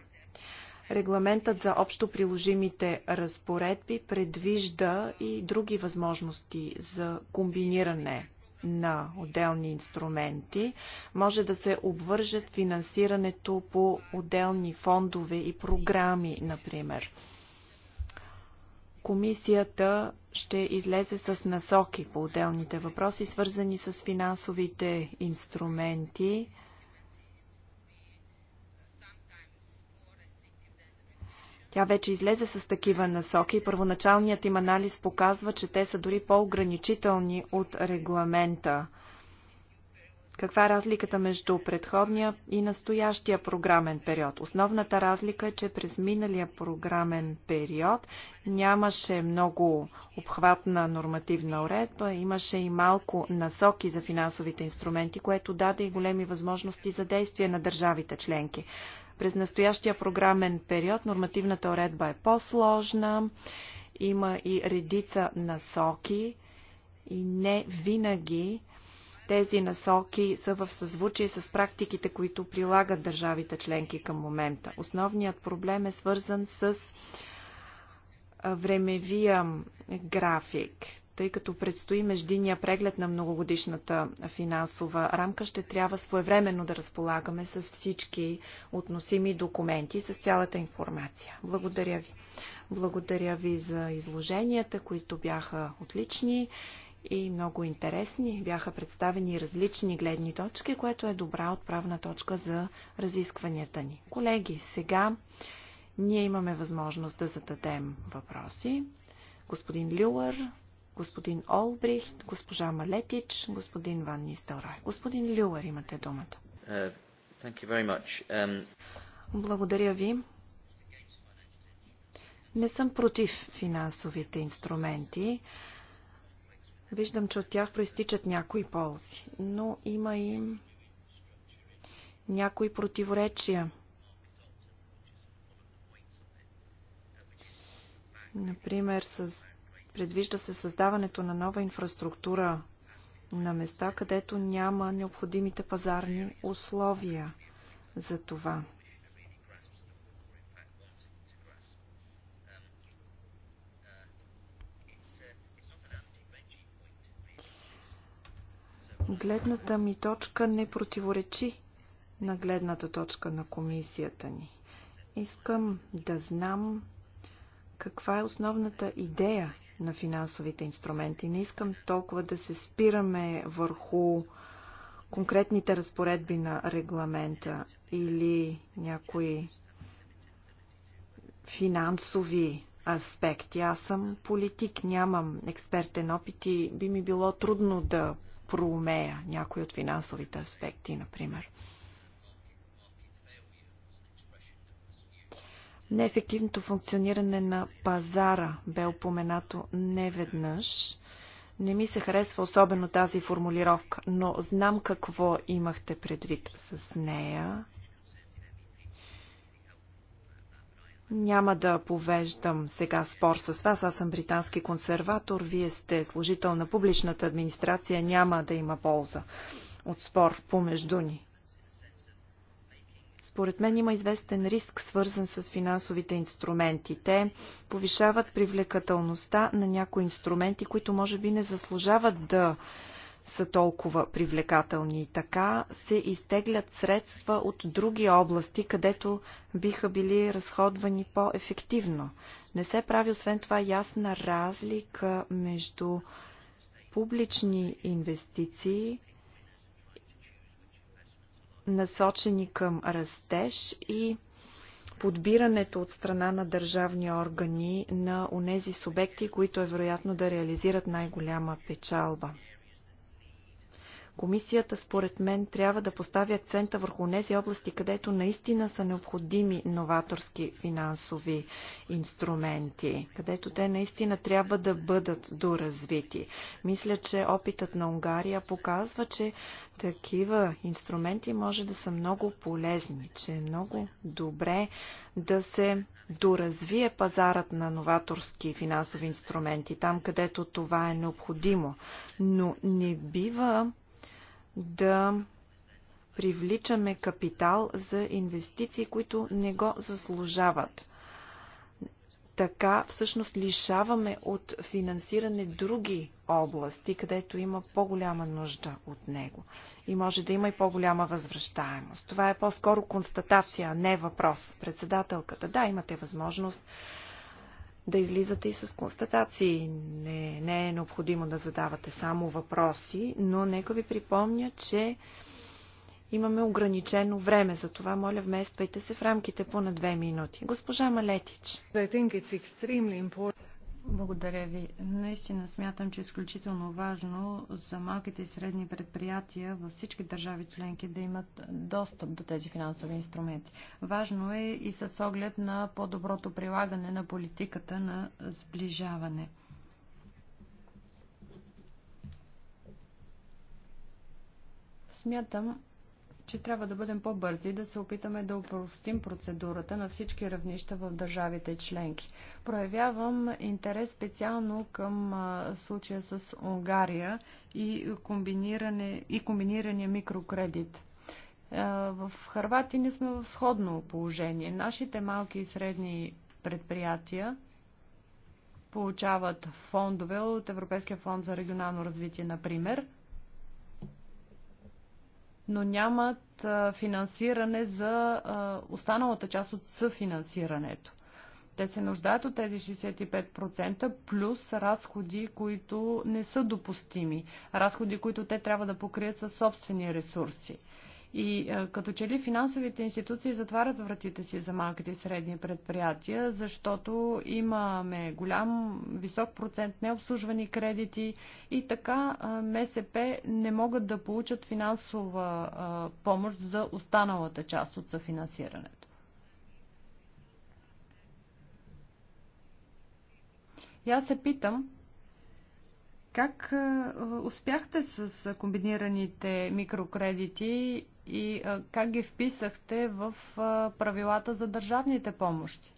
Регламентът за общо приложимите разпоредби предвижда и други възможности за комбиниране на отделни инструменти. Може да се обвържат финансирането по отделни фондове и програми, например. Комисията ще излезе с насоки по отделните въпроси, свързани с финансовите инструменти. Тя вече излезе с такива насоки. Първоначалният им анализ показва, че те са дори по-ограничителни от регламента. Каква е разликата между предходния и настоящия програмен период? Основната разлика е, че през миналия програмен период нямаше много обхватна нормативна уредба, имаше и малко насоки за финансовите инструменти, което даде и големи възможности за действие на държавите членки. През настоящия програмен период нормативната уредба е по-сложна, има и редица насоки и не винаги тези насоки са в съзвучие с практиките, които прилагат държавите членки към момента. Основният проблем е свързан с времевия график. Тъй като предстои междиния преглед на многогодишната финансова рамка, ще трябва своевременно да разполагаме с всички относими документи, с цялата информация. Благодаря ви. Благодаря ви за изложенията, които бяха отлични и много интересни. Бяха представени различни гледни точки, което е добра отправна точка за разискванията ни. Колеги, сега ние имаме възможност да зададем въпроси. Господин Люър, господин Олбрихт, госпожа Малетич, господин Ван Нистелрай. Господин Люър, имате думата. Uh, um... Благодаря ви. Не съм против финансовите инструменти. Uh, Виждам, че от тях проистичат някои ползи, но има и някои противоречия. Например, с... предвижда се създаването на нова инфраструктура на места, където няма необходимите пазарни условия за това. Гледната ми точка не противоречи на гледната точка на комисията ни. Искам да знам каква е основната идея на финансовите инструменти. Не искам толкова да се спираме върху конкретните разпоредби на регламента или някои финансови аспекти. Аз съм политик, нямам експертен опит и би ми било трудно да проумея някои от финансовите аспекти, например. Неефективното функциониране на пазара бе упоменато неведнъж. Не ми се харесва особено тази формулировка, но знам какво имахте предвид с нея. Няма да повеждам сега спор с вас. Аз съм британски консерватор. Вие сте служител на публичната администрация. Няма да има полза от спор помежду ни. Според мен има известен риск, свързан с финансовите инструменти. Те повишават привлекателността на някои инструменти, които може би не заслужават да са толкова привлекателни. И така се изтеглят средства от други области, където биха били разходвани по-ефективно. Не се прави освен това ясна разлика между публични инвестиции, насочени към растеж и подбирането от страна на държавни органи на онези субекти, които е вероятно да реализират най-голяма печалба. Комисията, според мен, трябва да постави акцента върху тези области, където наистина са необходими новаторски финансови инструменти, където те наистина трябва да бъдат доразвити. Мисля, че опитът на Унгария показва, че такива инструменти може да са много полезни, че е много добре да се доразвие пазарът на новаторски финансови инструменти там, където това е необходимо. Но не бива да привличаме капитал за инвестиции, които не го заслужават. Така всъщност лишаваме от финансиране други области, където има по-голяма нужда от него. И може да има и по-голяма възвръщаемост. Това е по-скоро констатация, не въпрос. Председателката, да, имате възможност да излизате и с констатации. Не, не е необходимо да задавате само въпроси, но нека ви припомня, че имаме ограничено време. За това, моля, вмествайте се в рамките по на две минути. Госпожа Малетич. Благодаря ви. Наистина смятам, че е изключително важно за малките и средни предприятия във всички държави членки да имат достъп до тези финансови инструменти. Важно е и с оглед на по-доброто прилагане на политиката на сближаване. Смятам, че трябва да бъдем по-бързи, да се опитаме да упростим процедурата на всички равнища в държавите членки. Проявявам интерес специално към случая с Унгария и, комбиниране, и комбинирания микрокредит. В Харватия ние сме в сходно положение. Нашите малки и средни предприятия получават фондове от Европейския фонд за регионално развитие, например – но нямат финансиране за останалата част от съфинансирането. Те се нуждаят от тези 65% плюс разходи, които не са допустими, разходи, които те трябва да покрият със собствени ресурси. И като че ли финансовите институции затварят вратите си за малките и средни предприятия, защото имаме голям, висок процент необслужвани кредити и така МСП не могат да получат финансова помощ за останалата част от съфинансирането. И аз се питам, как успяхте с комбинираните микрокредити и как ги вписахте в правилата за държавните помощи?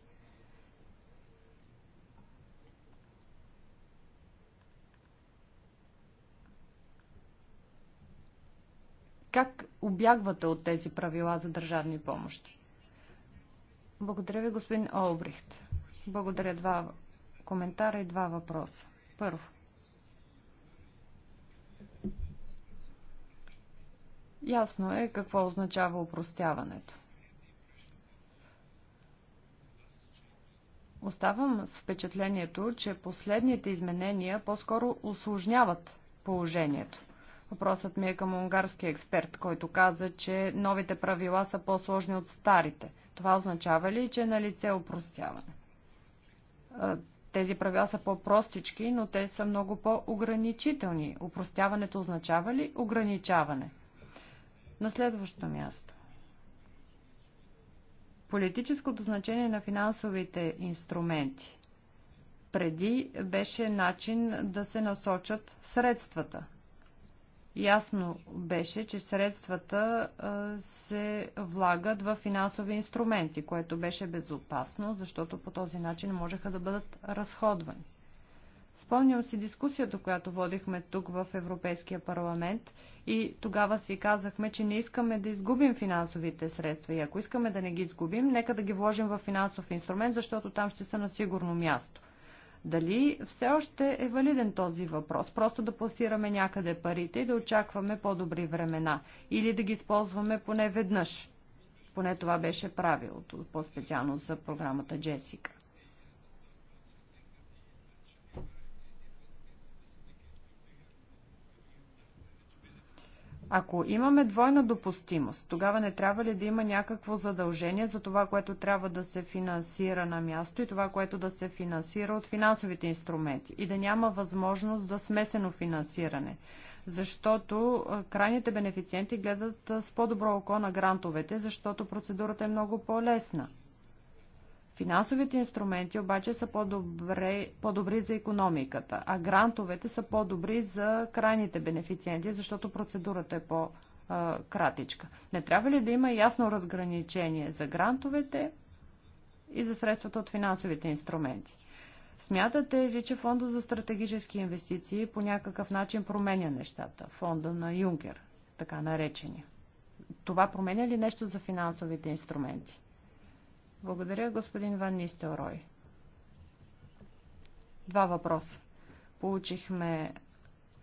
Как обягвате от тези правила за държавни помощи? Благодаря ви, господин Олбрихт. Благодаря два коментара и два въпроса. Първо, Ясно е какво означава упростяването. Оставам с впечатлението, че последните изменения по-скоро осложняват положението. Въпросът ми е към унгарския експерт, който каза, че новите правила са по-сложни от старите. Това означава ли, че е на лице упростяване? Тези правила са по-простички, но те са много по-ограничителни. Упростяването означава ли ограничаване? На следващо място. Политическото значение на финансовите инструменти преди беше начин да се насочат средствата. Ясно беше, че средствата се влагат в финансови инструменти, което беше безопасно, защото по този начин можеха да бъдат разходвани. Спомням си дискусията, която водихме тук в Европейския парламент и тогава си казахме, че не искаме да изгубим финансовите средства и ако искаме да не ги изгубим, нека да ги вложим в финансов инструмент, защото там ще са на сигурно място. Дали все още е валиден този въпрос? Просто да пласираме някъде парите и да очакваме по-добри времена или да ги използваме поне веднъж. Поне това беше правилото, по-специално за програмата Джесика. Ако имаме двойна допустимост, тогава не трябва ли да има някакво задължение за това, което трябва да се финансира на място и това, което да се финансира от финансовите инструменти и да няма възможност за смесено финансиране? Защото крайните бенефициенти гледат с по-добро око на грантовете, защото процедурата е много по-лесна. Финансовите инструменти обаче са по-добре, по-добри за економиката, а грантовете са по-добри за крайните бенефициенти, защото процедурата е по-кратичка. Не трябва ли да има ясно разграничение за грантовете и за средствата от финансовите инструменти? Смятате ли, че фонда за стратегически инвестиции по някакъв начин променя нещата? Фонда на Юнкер, така наречени. Това променя ли нещо за финансовите инструменти? Благодаря, господин Ван Нистелрой. Два въпроса. Получихме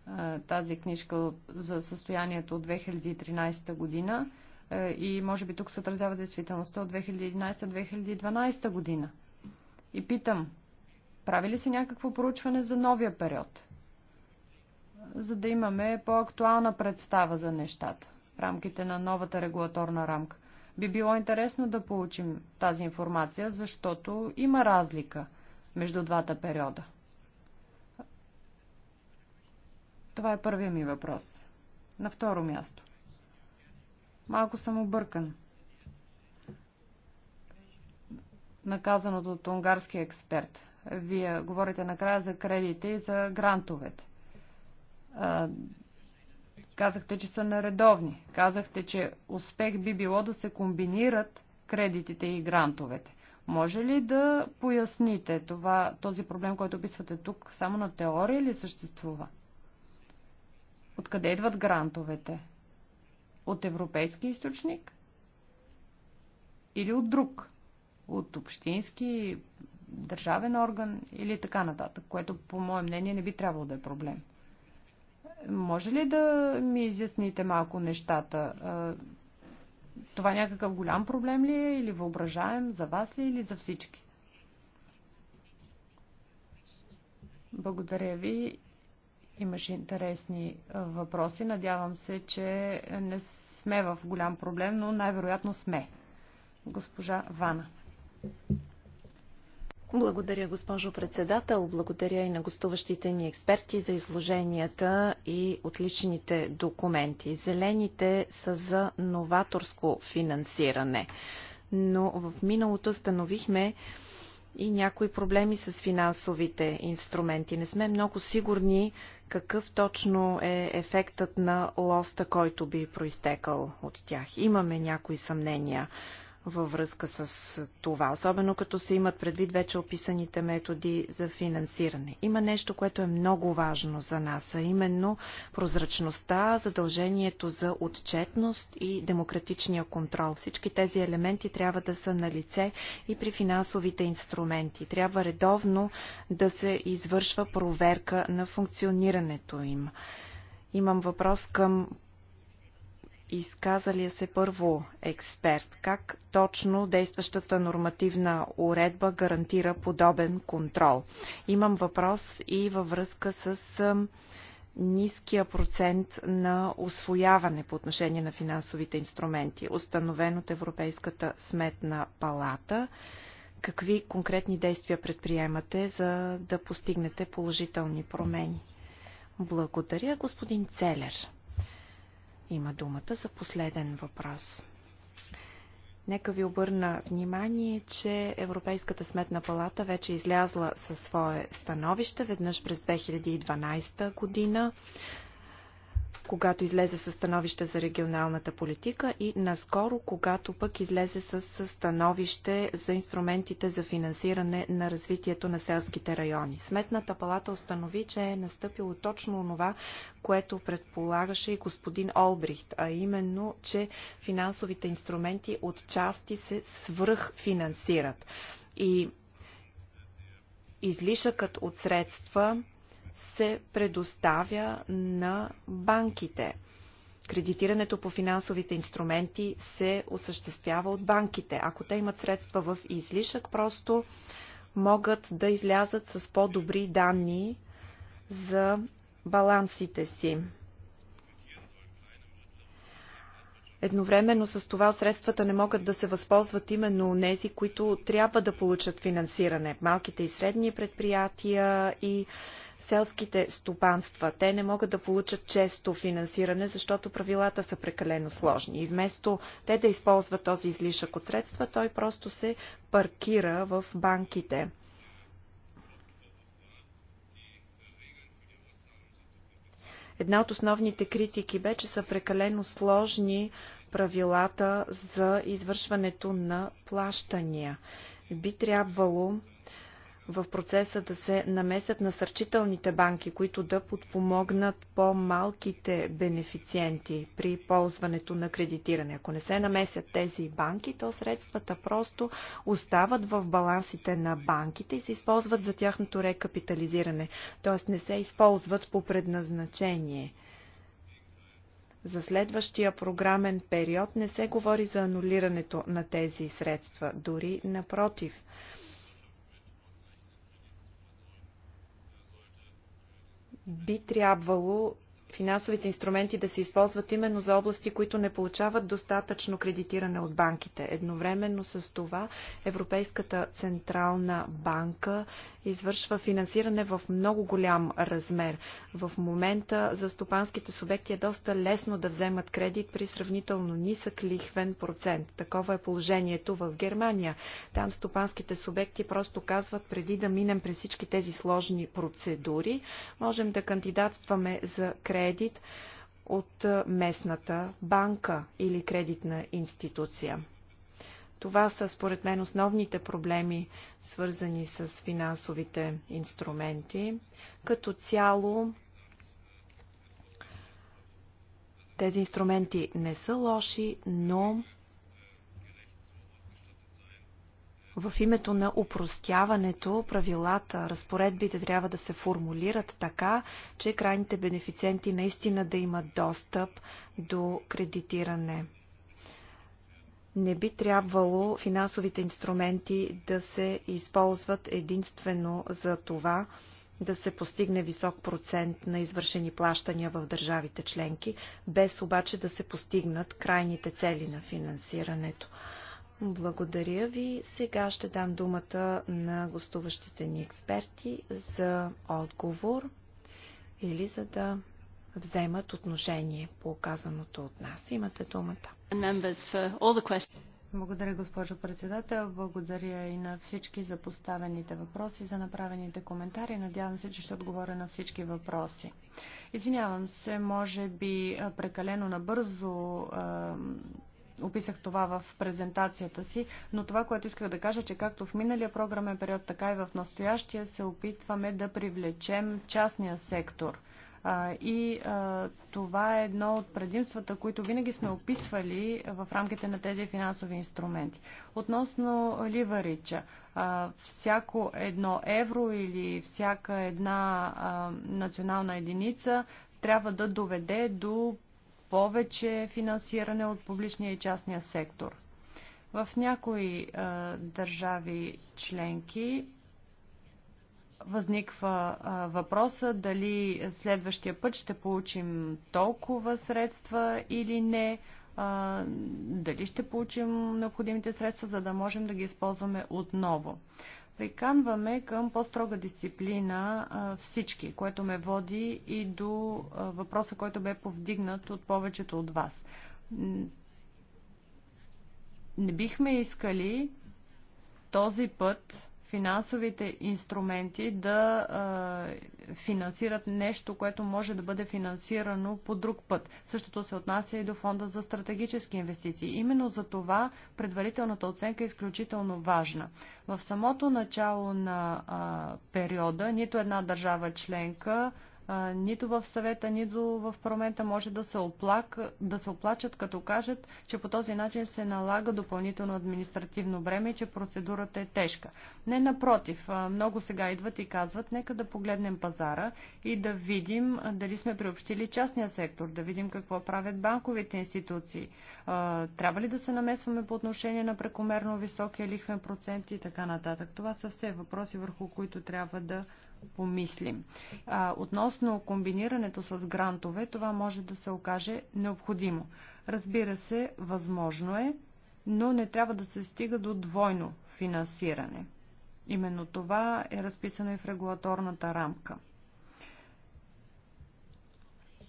а, е, тази книжка за състоянието от 2013 година а, е, и може би тук се отразява действителността от 2011-2012 година. И питам, прави ли се някакво проучване за новия период? За да имаме по-актуална представа за нещата в рамките на новата регулаторна рамка. Би било интересно да получим тази информация, защото има разлика между двата периода. Това е първият ми въпрос. На второ място. Малко съм объркан. Наказаното от унгарски експерт. Вие говорите накрая за кредите и за грантовете. Казахте, че са наредовни. Казахте, че успех би било да се комбинират кредитите и грантовете. Може ли да поясните това, този проблем, който описвате тук, само на теория или съществува? Откъде идват грантовете? От европейски източник? Или от друг? От общински, държавен орган или така нататък, което по мое мнение не би трябвало да е проблем. Може ли да ми изясните малко нещата? Това някакъв голям проблем ли е или въображаем за вас ли или за всички? Благодаря ви. Имаше интересни въпроси. Надявам се, че не сме в голям проблем, но най-вероятно сме. Госпожа Вана. Благодаря, госпожо председател. Благодаря и на гостуващите ни експерти за изложенията и отличните документи. Зелените са за новаторско финансиране, но в миналото становихме, и някои проблеми с финансовите инструменти. Не сме много сигурни какъв точно е ефектът на лоста, който би произтекал от тях. Имаме някои съмнения във връзка с това, особено като се имат предвид вече описаните методи за финансиране. Има нещо, което е много важно за нас, а именно прозрачността, задължението за отчетност и демократичния контрол. Всички тези елементи трябва да са на лице и при финансовите инструменти. Трябва редовно да се извършва проверка на функционирането им. Имам въпрос към изказалия се първо експерт. Как точно действащата нормативна уредба гарантира подобен контрол? Имам въпрос и във връзка с ниския процент на освояване по отношение на финансовите инструменти, установен от Европейската сметна палата. Какви конкретни действия предприемате, за да постигнете положителни промени? Благодаря, господин Целер има думата за последен въпрос. Нека ви обърна внимание, че Европейската сметна палата вече излязла със свое становище веднъж през 2012 година когато излезе със становище за регионалната политика и наскоро, когато пък излезе с становище за инструментите за финансиране на развитието на селските райони. Сметната палата установи, че е настъпило точно това, което предполагаше и господин Олбрихт, а именно, че финансовите инструменти от части се свръхфинансират. И излишъкът от средства се предоставя на банките. Кредитирането по финансовите инструменти се осъществява от банките. Ако те имат средства в излишък, просто могат да излязат с по-добри данни за балансите си. Едновременно с това средствата не могат да се възползват именно нези, които трябва да получат финансиране. Малките и средни предприятия и селските стопанства. Те не могат да получат често финансиране, защото правилата са прекалено сложни. И вместо те да използват този излишък от средства, той просто се паркира в банките. Една от основните критики бе, че са прекалено сложни правилата за извършването на плащания. Би трябвало в процеса да се намесят насърчителните банки, които да подпомогнат по-малките бенефициенти при ползването на кредитиране. Ако не се намесят тези банки, то средствата просто остават в балансите на банките и се използват за тяхното рекапитализиране, т.е. не се използват по предназначение. За следващия програмен период не се говори за анулирането на тези средства, дори напротив – би трябвало финансовите инструменти да се използват именно за области, които не получават достатъчно кредитиране от банките. Едновременно с това Европейската централна банка извършва финансиране в много голям размер. В момента за стопанските субекти е доста лесно да вземат кредит при сравнително нисък лихвен процент. Такова е положението в Германия. Там стопанските субекти просто казват преди да минем през всички тези сложни процедури, можем да кандидатстваме за кредит кредит от местната банка или кредитна институция. Това са според мен основните проблеми, свързани с финансовите инструменти. Като цяло тези инструменти не са лоши, но В името на упростяването правилата, разпоредбите трябва да се формулират така, че крайните бенефициенти наистина да имат достъп до кредитиране. Не би трябвало финансовите инструменти да се използват единствено за това, да се постигне висок процент на извършени плащания в държавите членки, без обаче да се постигнат крайните цели на финансирането. Благодаря ви. Сега ще дам думата на гостуващите ни експерти за отговор или за да вземат отношение по оказаното от нас. Имате думата. Благодаря, госпожо председател. Благодаря и на всички за поставените въпроси, за направените коментари. Надявам се, че ще отговоря на всички въпроси. Извинявам се, може би прекалено набързо описах това в презентацията си, но това, което исках да кажа, че както в миналия програмен период, така и в настоящия се опитваме да привлечем частния сектор. И това е едно от предимствата, които винаги сме описвали в рамките на тези финансови инструменти. Относно ливарича, всяко едно евро или всяка една национална единица трябва да доведе до повече финансиране от публичния и частния сектор. В някои а, държави членки възниква а, въпроса дали следващия път ще получим толкова средства или не, а, дали ще получим необходимите средства, за да можем да ги използваме отново приканваме към по-строга дисциплина всички, което ме води и до въпроса, който бе повдигнат от повечето от вас. Не бихме искали този път финансовите инструменти да а, финансират нещо, което може да бъде финансирано по друг път. Същото се отнася и до фонда за стратегически инвестиции. Именно за това предварителната оценка е изключително важна. В самото начало на а, периода нито една държава членка а, нито в съвета, нито в парламента може да се, оплак, да се оплачат, като кажат, че по този начин се налага допълнително административно време и че процедурата е тежка. Не, напротив, а, много сега идват и казват, нека да погледнем пазара и да видим дали сме приобщили частния сектор, да видим какво правят банковите институции. А, трябва ли да се намесваме по отношение на прекомерно високия лихвен процент и така нататък? Това са все въпроси, върху които трябва да помислим. Относно комбинирането с грантове, това може да се окаже необходимо. Разбира се, възможно е, но не трябва да се стига до двойно финансиране. Именно това е разписано и в регулаторната рамка.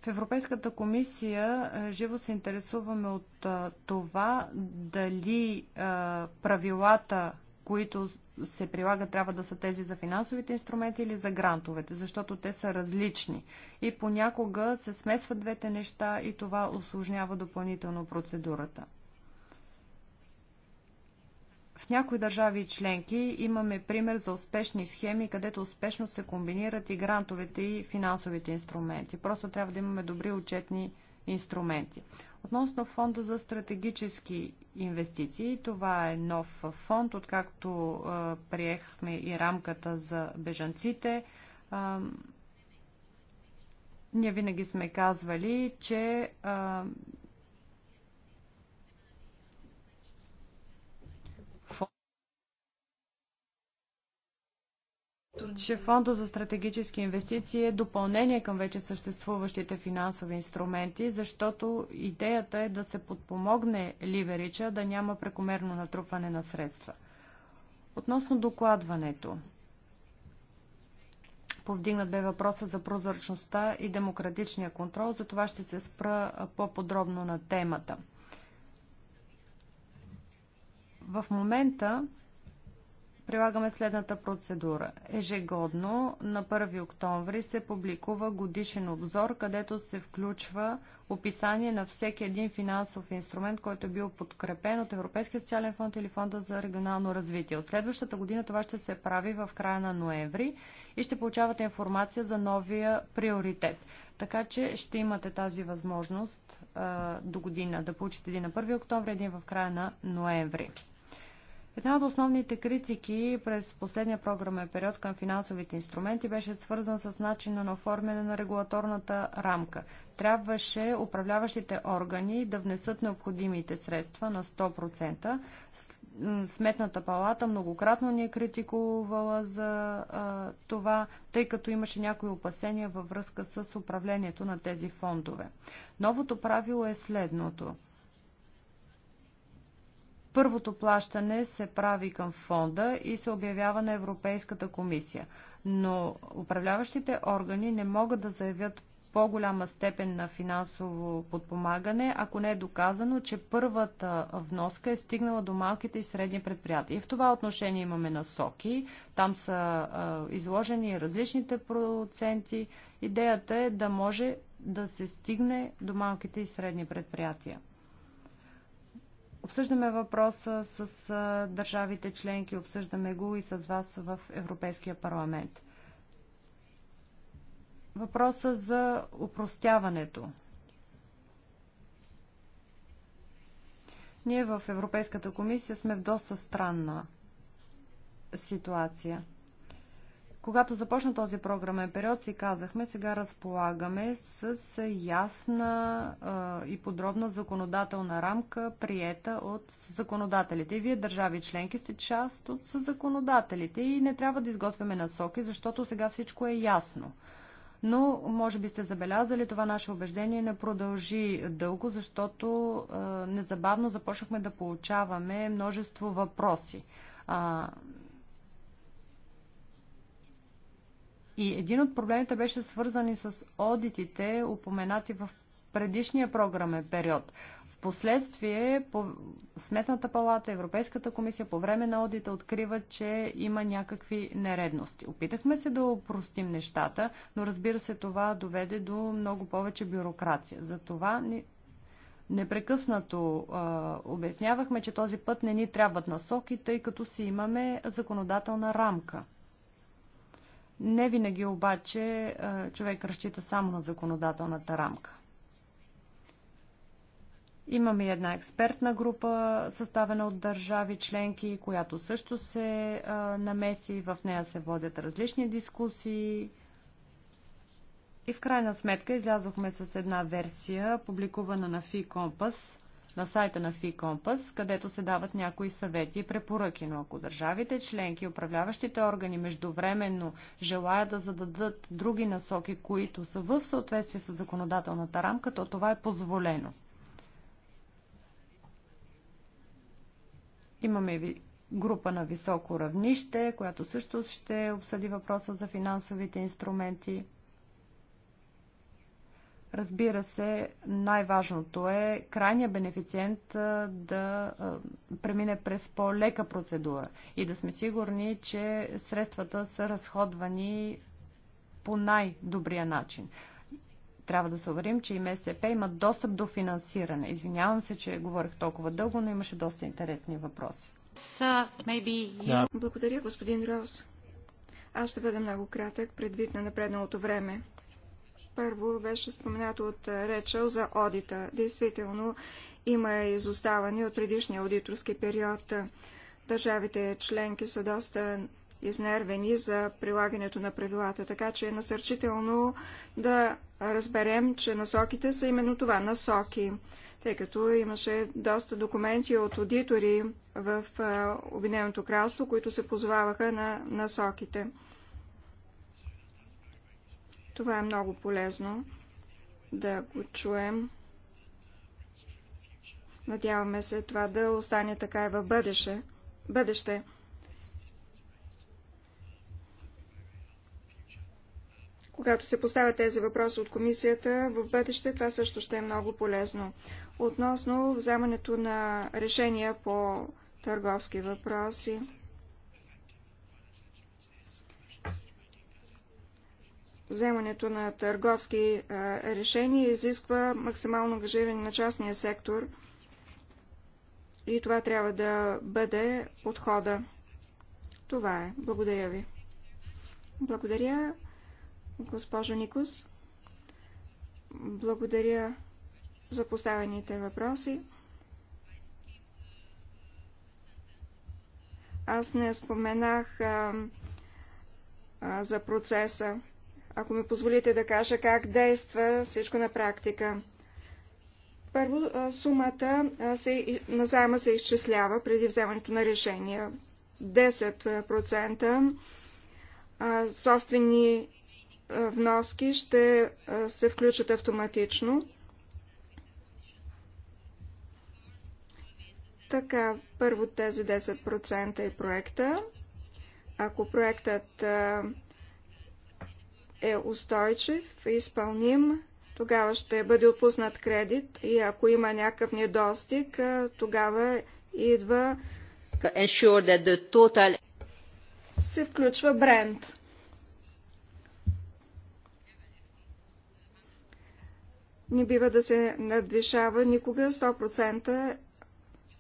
В Европейската комисия живо се интересуваме от това дали правилата, които се прилагат, трябва да са тези за финансовите инструменти или за грантовете, защото те са различни. И понякога се смесват двете неща и това осложнява допълнително процедурата. В някои държави и членки имаме пример за успешни схеми, където успешно се комбинират и грантовете и финансовите инструменти. Просто трябва да имаме добри отчетни инструменти. Относно фонда за стратегически инвестиции, това е нов фонд, откакто приехме и рамката за бежанците. ние винаги сме казвали, че че Фонда за стратегически инвестиции е допълнение към вече съществуващите финансови инструменти, защото идеята е да се подпомогне ливерича да няма прекомерно натрупване на средства. Относно докладването, повдигнат бе въпроса за прозрачността и демократичния контрол, за това ще се спра по-подробно на темата. В момента прилагаме следната процедура. Ежегодно на 1 октомври се публикува годишен обзор, където се включва описание на всеки един финансов инструмент, който е бил подкрепен от Европейския социален фонд или Фонда за регионално развитие. От следващата година това ще се прави в края на ноември и ще получавате информация за новия приоритет. Така че ще имате тази възможност а, до година да получите един на 1 октомври, един в края на ноември. Една от основните критики през последния програмен период към финансовите инструменти беше свързан с начина на оформяне на регулаторната рамка. Трябваше управляващите органи да внесат необходимите средства на 100%. Сметната палата многократно ни е критикувала за а, това, тъй като имаше някои опасения във връзка с управлението на тези фондове. Новото правило е следното – Първото плащане се прави към фонда и се обявява на Европейската комисия, но управляващите органи не могат да заявят по-голяма степен на финансово подпомагане, ако не е доказано, че първата вноска е стигнала до малките и средни предприятия. И в това отношение имаме насоки. Там са а, изложени различните проценти. Идеята е да може да се стигне до малките и средни предприятия. Обсъждаме въпроса с държавите членки, обсъждаме го и с вас в Европейския парламент. Въпроса за упростяването. Ние в Европейската комисия сме в доста странна ситуация – когато започна този програмен период, си казахме, сега разполагаме с ясна а, и подробна законодателна рамка, приета от законодателите. И вие, държави членки, сте част от законодателите и не трябва да изготвяме насоки, защото сега всичко е ясно. Но, може би сте забелязали, това наше убеждение не продължи дълго, защото а, незабавно започнахме да получаваме множество въпроси. А, И един от проблемите беше свързани с одитите, упоменати в предишния програмен период. Впоследствие по Сметната палата, Европейската комисия по време на одита открива, че има някакви нередности. Опитахме се да опростим нещата, но разбира се това доведе до много повече бюрокрация. Затова ни... непрекъснато а, обяснявахме, че този път не ни трябват насоки, тъй като си имаме законодателна рамка. Не винаги обаче човек разчита само на законодателната рамка. Имаме една експертна група, съставена от държави членки, която също се намеси. В нея се водят различни дискусии. И в крайна сметка излязохме с една версия, публикувана на FI Compass – на сайта на FICOMPAS, където се дават някои съвети и препоръки, но ако държавите членки и управляващите органи междувременно желаят да зададат други насоки, които са в съответствие с законодателната рамка, то това е позволено. Имаме ви група на високо равнище, която също ще обсъди въпроса за финансовите инструменти. Разбира се, най-важното е крайният бенефициент да премине през по-лека процедура и да сме сигурни, че средствата са разходвани по най-добрия начин. Трябва да се уверим, че и МСП има достъп до финансиране. Извинявам се, че говорих толкова дълго, но имаше доста интересни въпроси. So, maybe... Благодаря, господин Роуз. Аз ще бъда много кратък, предвид на напредналото време. Първо беше споменато от Речел за одита. Действително има изоставане от предишния аудиторски период. Държавите членки са доста изнервени за прилагането на правилата, така че е насърчително да разберем, че насоките са именно това – насоки, тъй като имаше доста документи от аудитори в Обединеното кралство, които се позоваваха на насоките. Това е много полезно да го чуем. Надяваме се това да остане така и в бъдеще. бъдеще. Когато се поставят тези въпроси от комисията в бъдеще, това също ще е много полезно. Относно вземането на решения по търговски въпроси. вземането на търговски е, решения изисква максимално ангажиране на частния сектор и това трябва да бъде подхода. Това е. Благодаря ви. Благодаря, госпожо Никос. Благодаря за поставените въпроси. Аз не споменах а, а, за процеса ако ми позволите да кажа как действа всичко на практика. Първо, сумата се, на заема се изчислява преди вземането на решения. 10% собствени вноски ще се включат автоматично. Така, първо тези 10% е проекта. Ако проектът е устойчив и изпълним, тогава ще бъде отпуснат кредит и ако има някакъв недостиг, тогава идва total... се включва бренд. Не бива да се надвишава никога 100%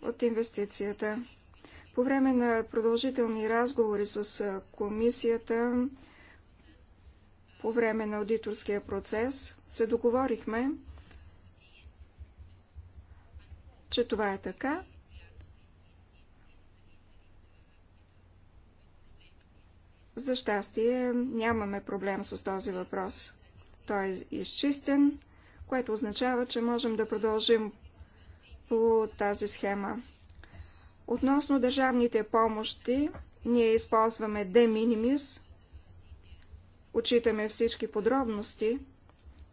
от инвестицията. По време на продължителни разговори с комисията по време на аудиторския процес се договорихме, че това е така. За щастие нямаме проблем с този въпрос. Той е изчистен, което означава, че можем да продължим по тази схема. Относно държавните помощи, ние използваме de minimis, Отчитаме всички подробности,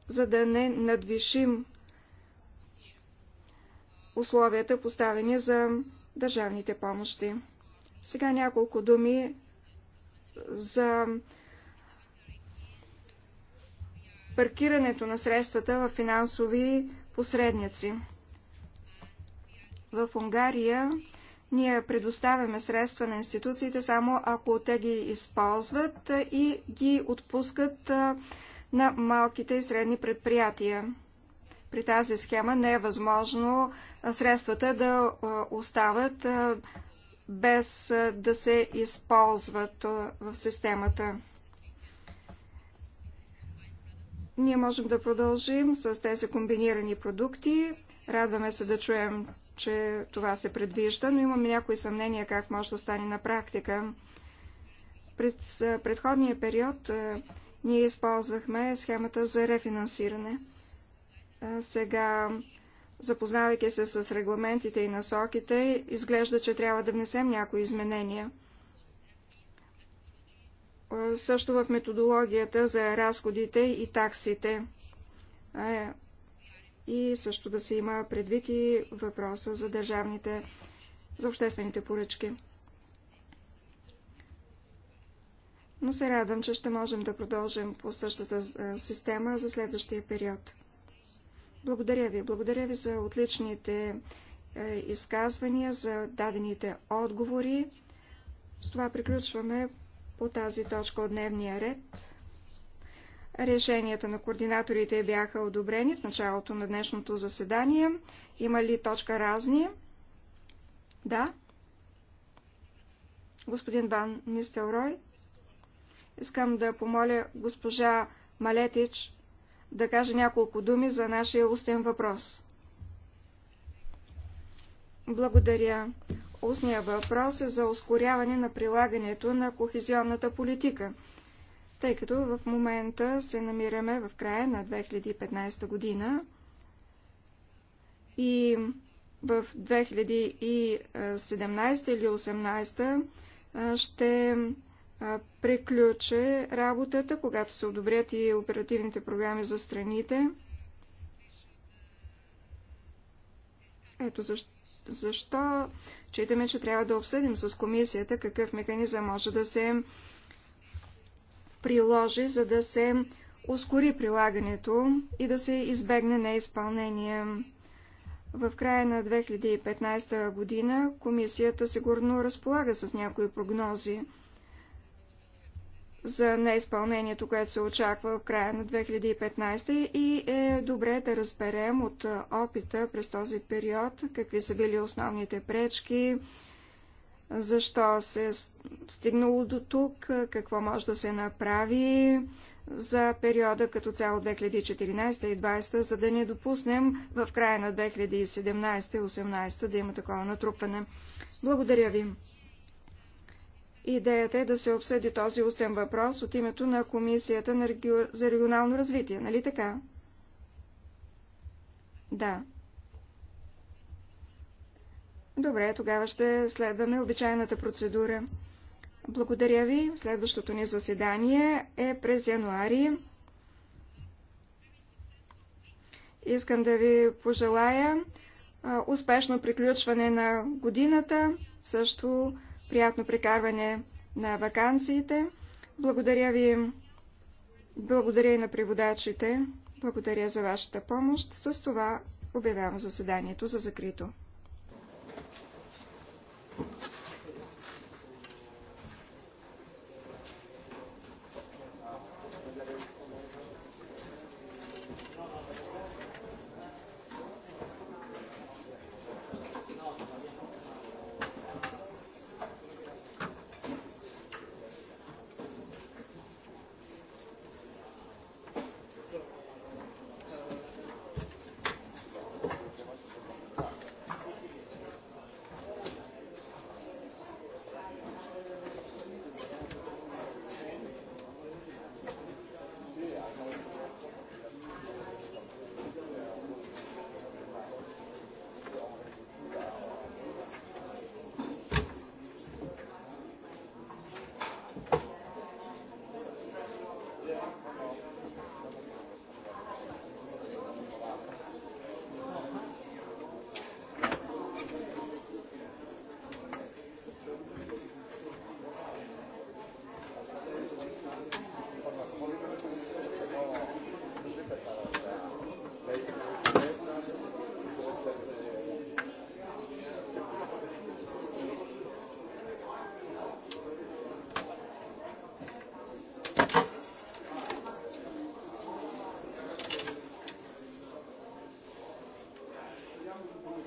за да не надвишим условията поставени за държавните помощи. Сега няколко думи за паркирането на средствата в финансови посредници. В Унгария ние предоставяме средства на институциите само ако те ги използват и ги отпускат на малките и средни предприятия. При тази схема не е възможно средствата да остават без да се използват в системата. Ние можем да продължим с тези комбинирани продукти. Радваме се да чуем че това се предвижда, но имаме някои съмнения как може да стане на практика. През предходния период ние използвахме схемата за рефинансиране. Сега, запознавайки се с регламентите и насоките, изглежда, че трябва да внесем някои изменения. Също в методологията за разходите и таксите и също да се има предвид и въпроса за държавните, за обществените поръчки. Но се радвам, че ще можем да продължим по същата е, система за следващия период. Благодаря ви. Благодаря ви за отличните е, изказвания, за дадените отговори. С това приключваме по тази точка от дневния ред. Решенията на координаторите бяха одобрени в началото на днешното заседание. Има ли точка разни? Да. Господин бан Нистелрой. Искам да помоля госпожа Малетич да каже няколко думи за нашия устен въпрос. Благодаря. Устният въпрос е за ускоряване на прилагането на кохезионната политика – тъй като в момента се намираме в края на 2015 година и в 2017 или 2018 ще приключи работата, когато се одобрят и оперативните програми за страните. Ето защо, защо читаме, че трябва да обсъдим с комисията какъв механизъм може да се приложи, за да се ускори прилагането и да се избегне неизпълнение. В края на 2015 година комисията сигурно разполага с някои прогнози за неизпълнението, което се очаква в края на 2015 и е добре да разберем от опита през този период какви са били основните пречки, защо се е стигнало до тук, какво може да се направи за периода като цяло 2014 и 2020, за да не допуснем в края на 2017 и 2018 да има такова натрупване. Благодаря ви. Идеята е да се обсъди този устен въпрос от името на Комисията за регионално развитие, нали така? Да. Добре, тогава ще следваме обичайната процедура. Благодаря ви. Следващото ни заседание е през януари. Искам да ви пожелая успешно приключване на годината, също приятно прекарване на вакансиите. Благодаря ви. Благодаря и на преводачите. Благодаря за вашата помощ. С това обявявам заседанието за закрито.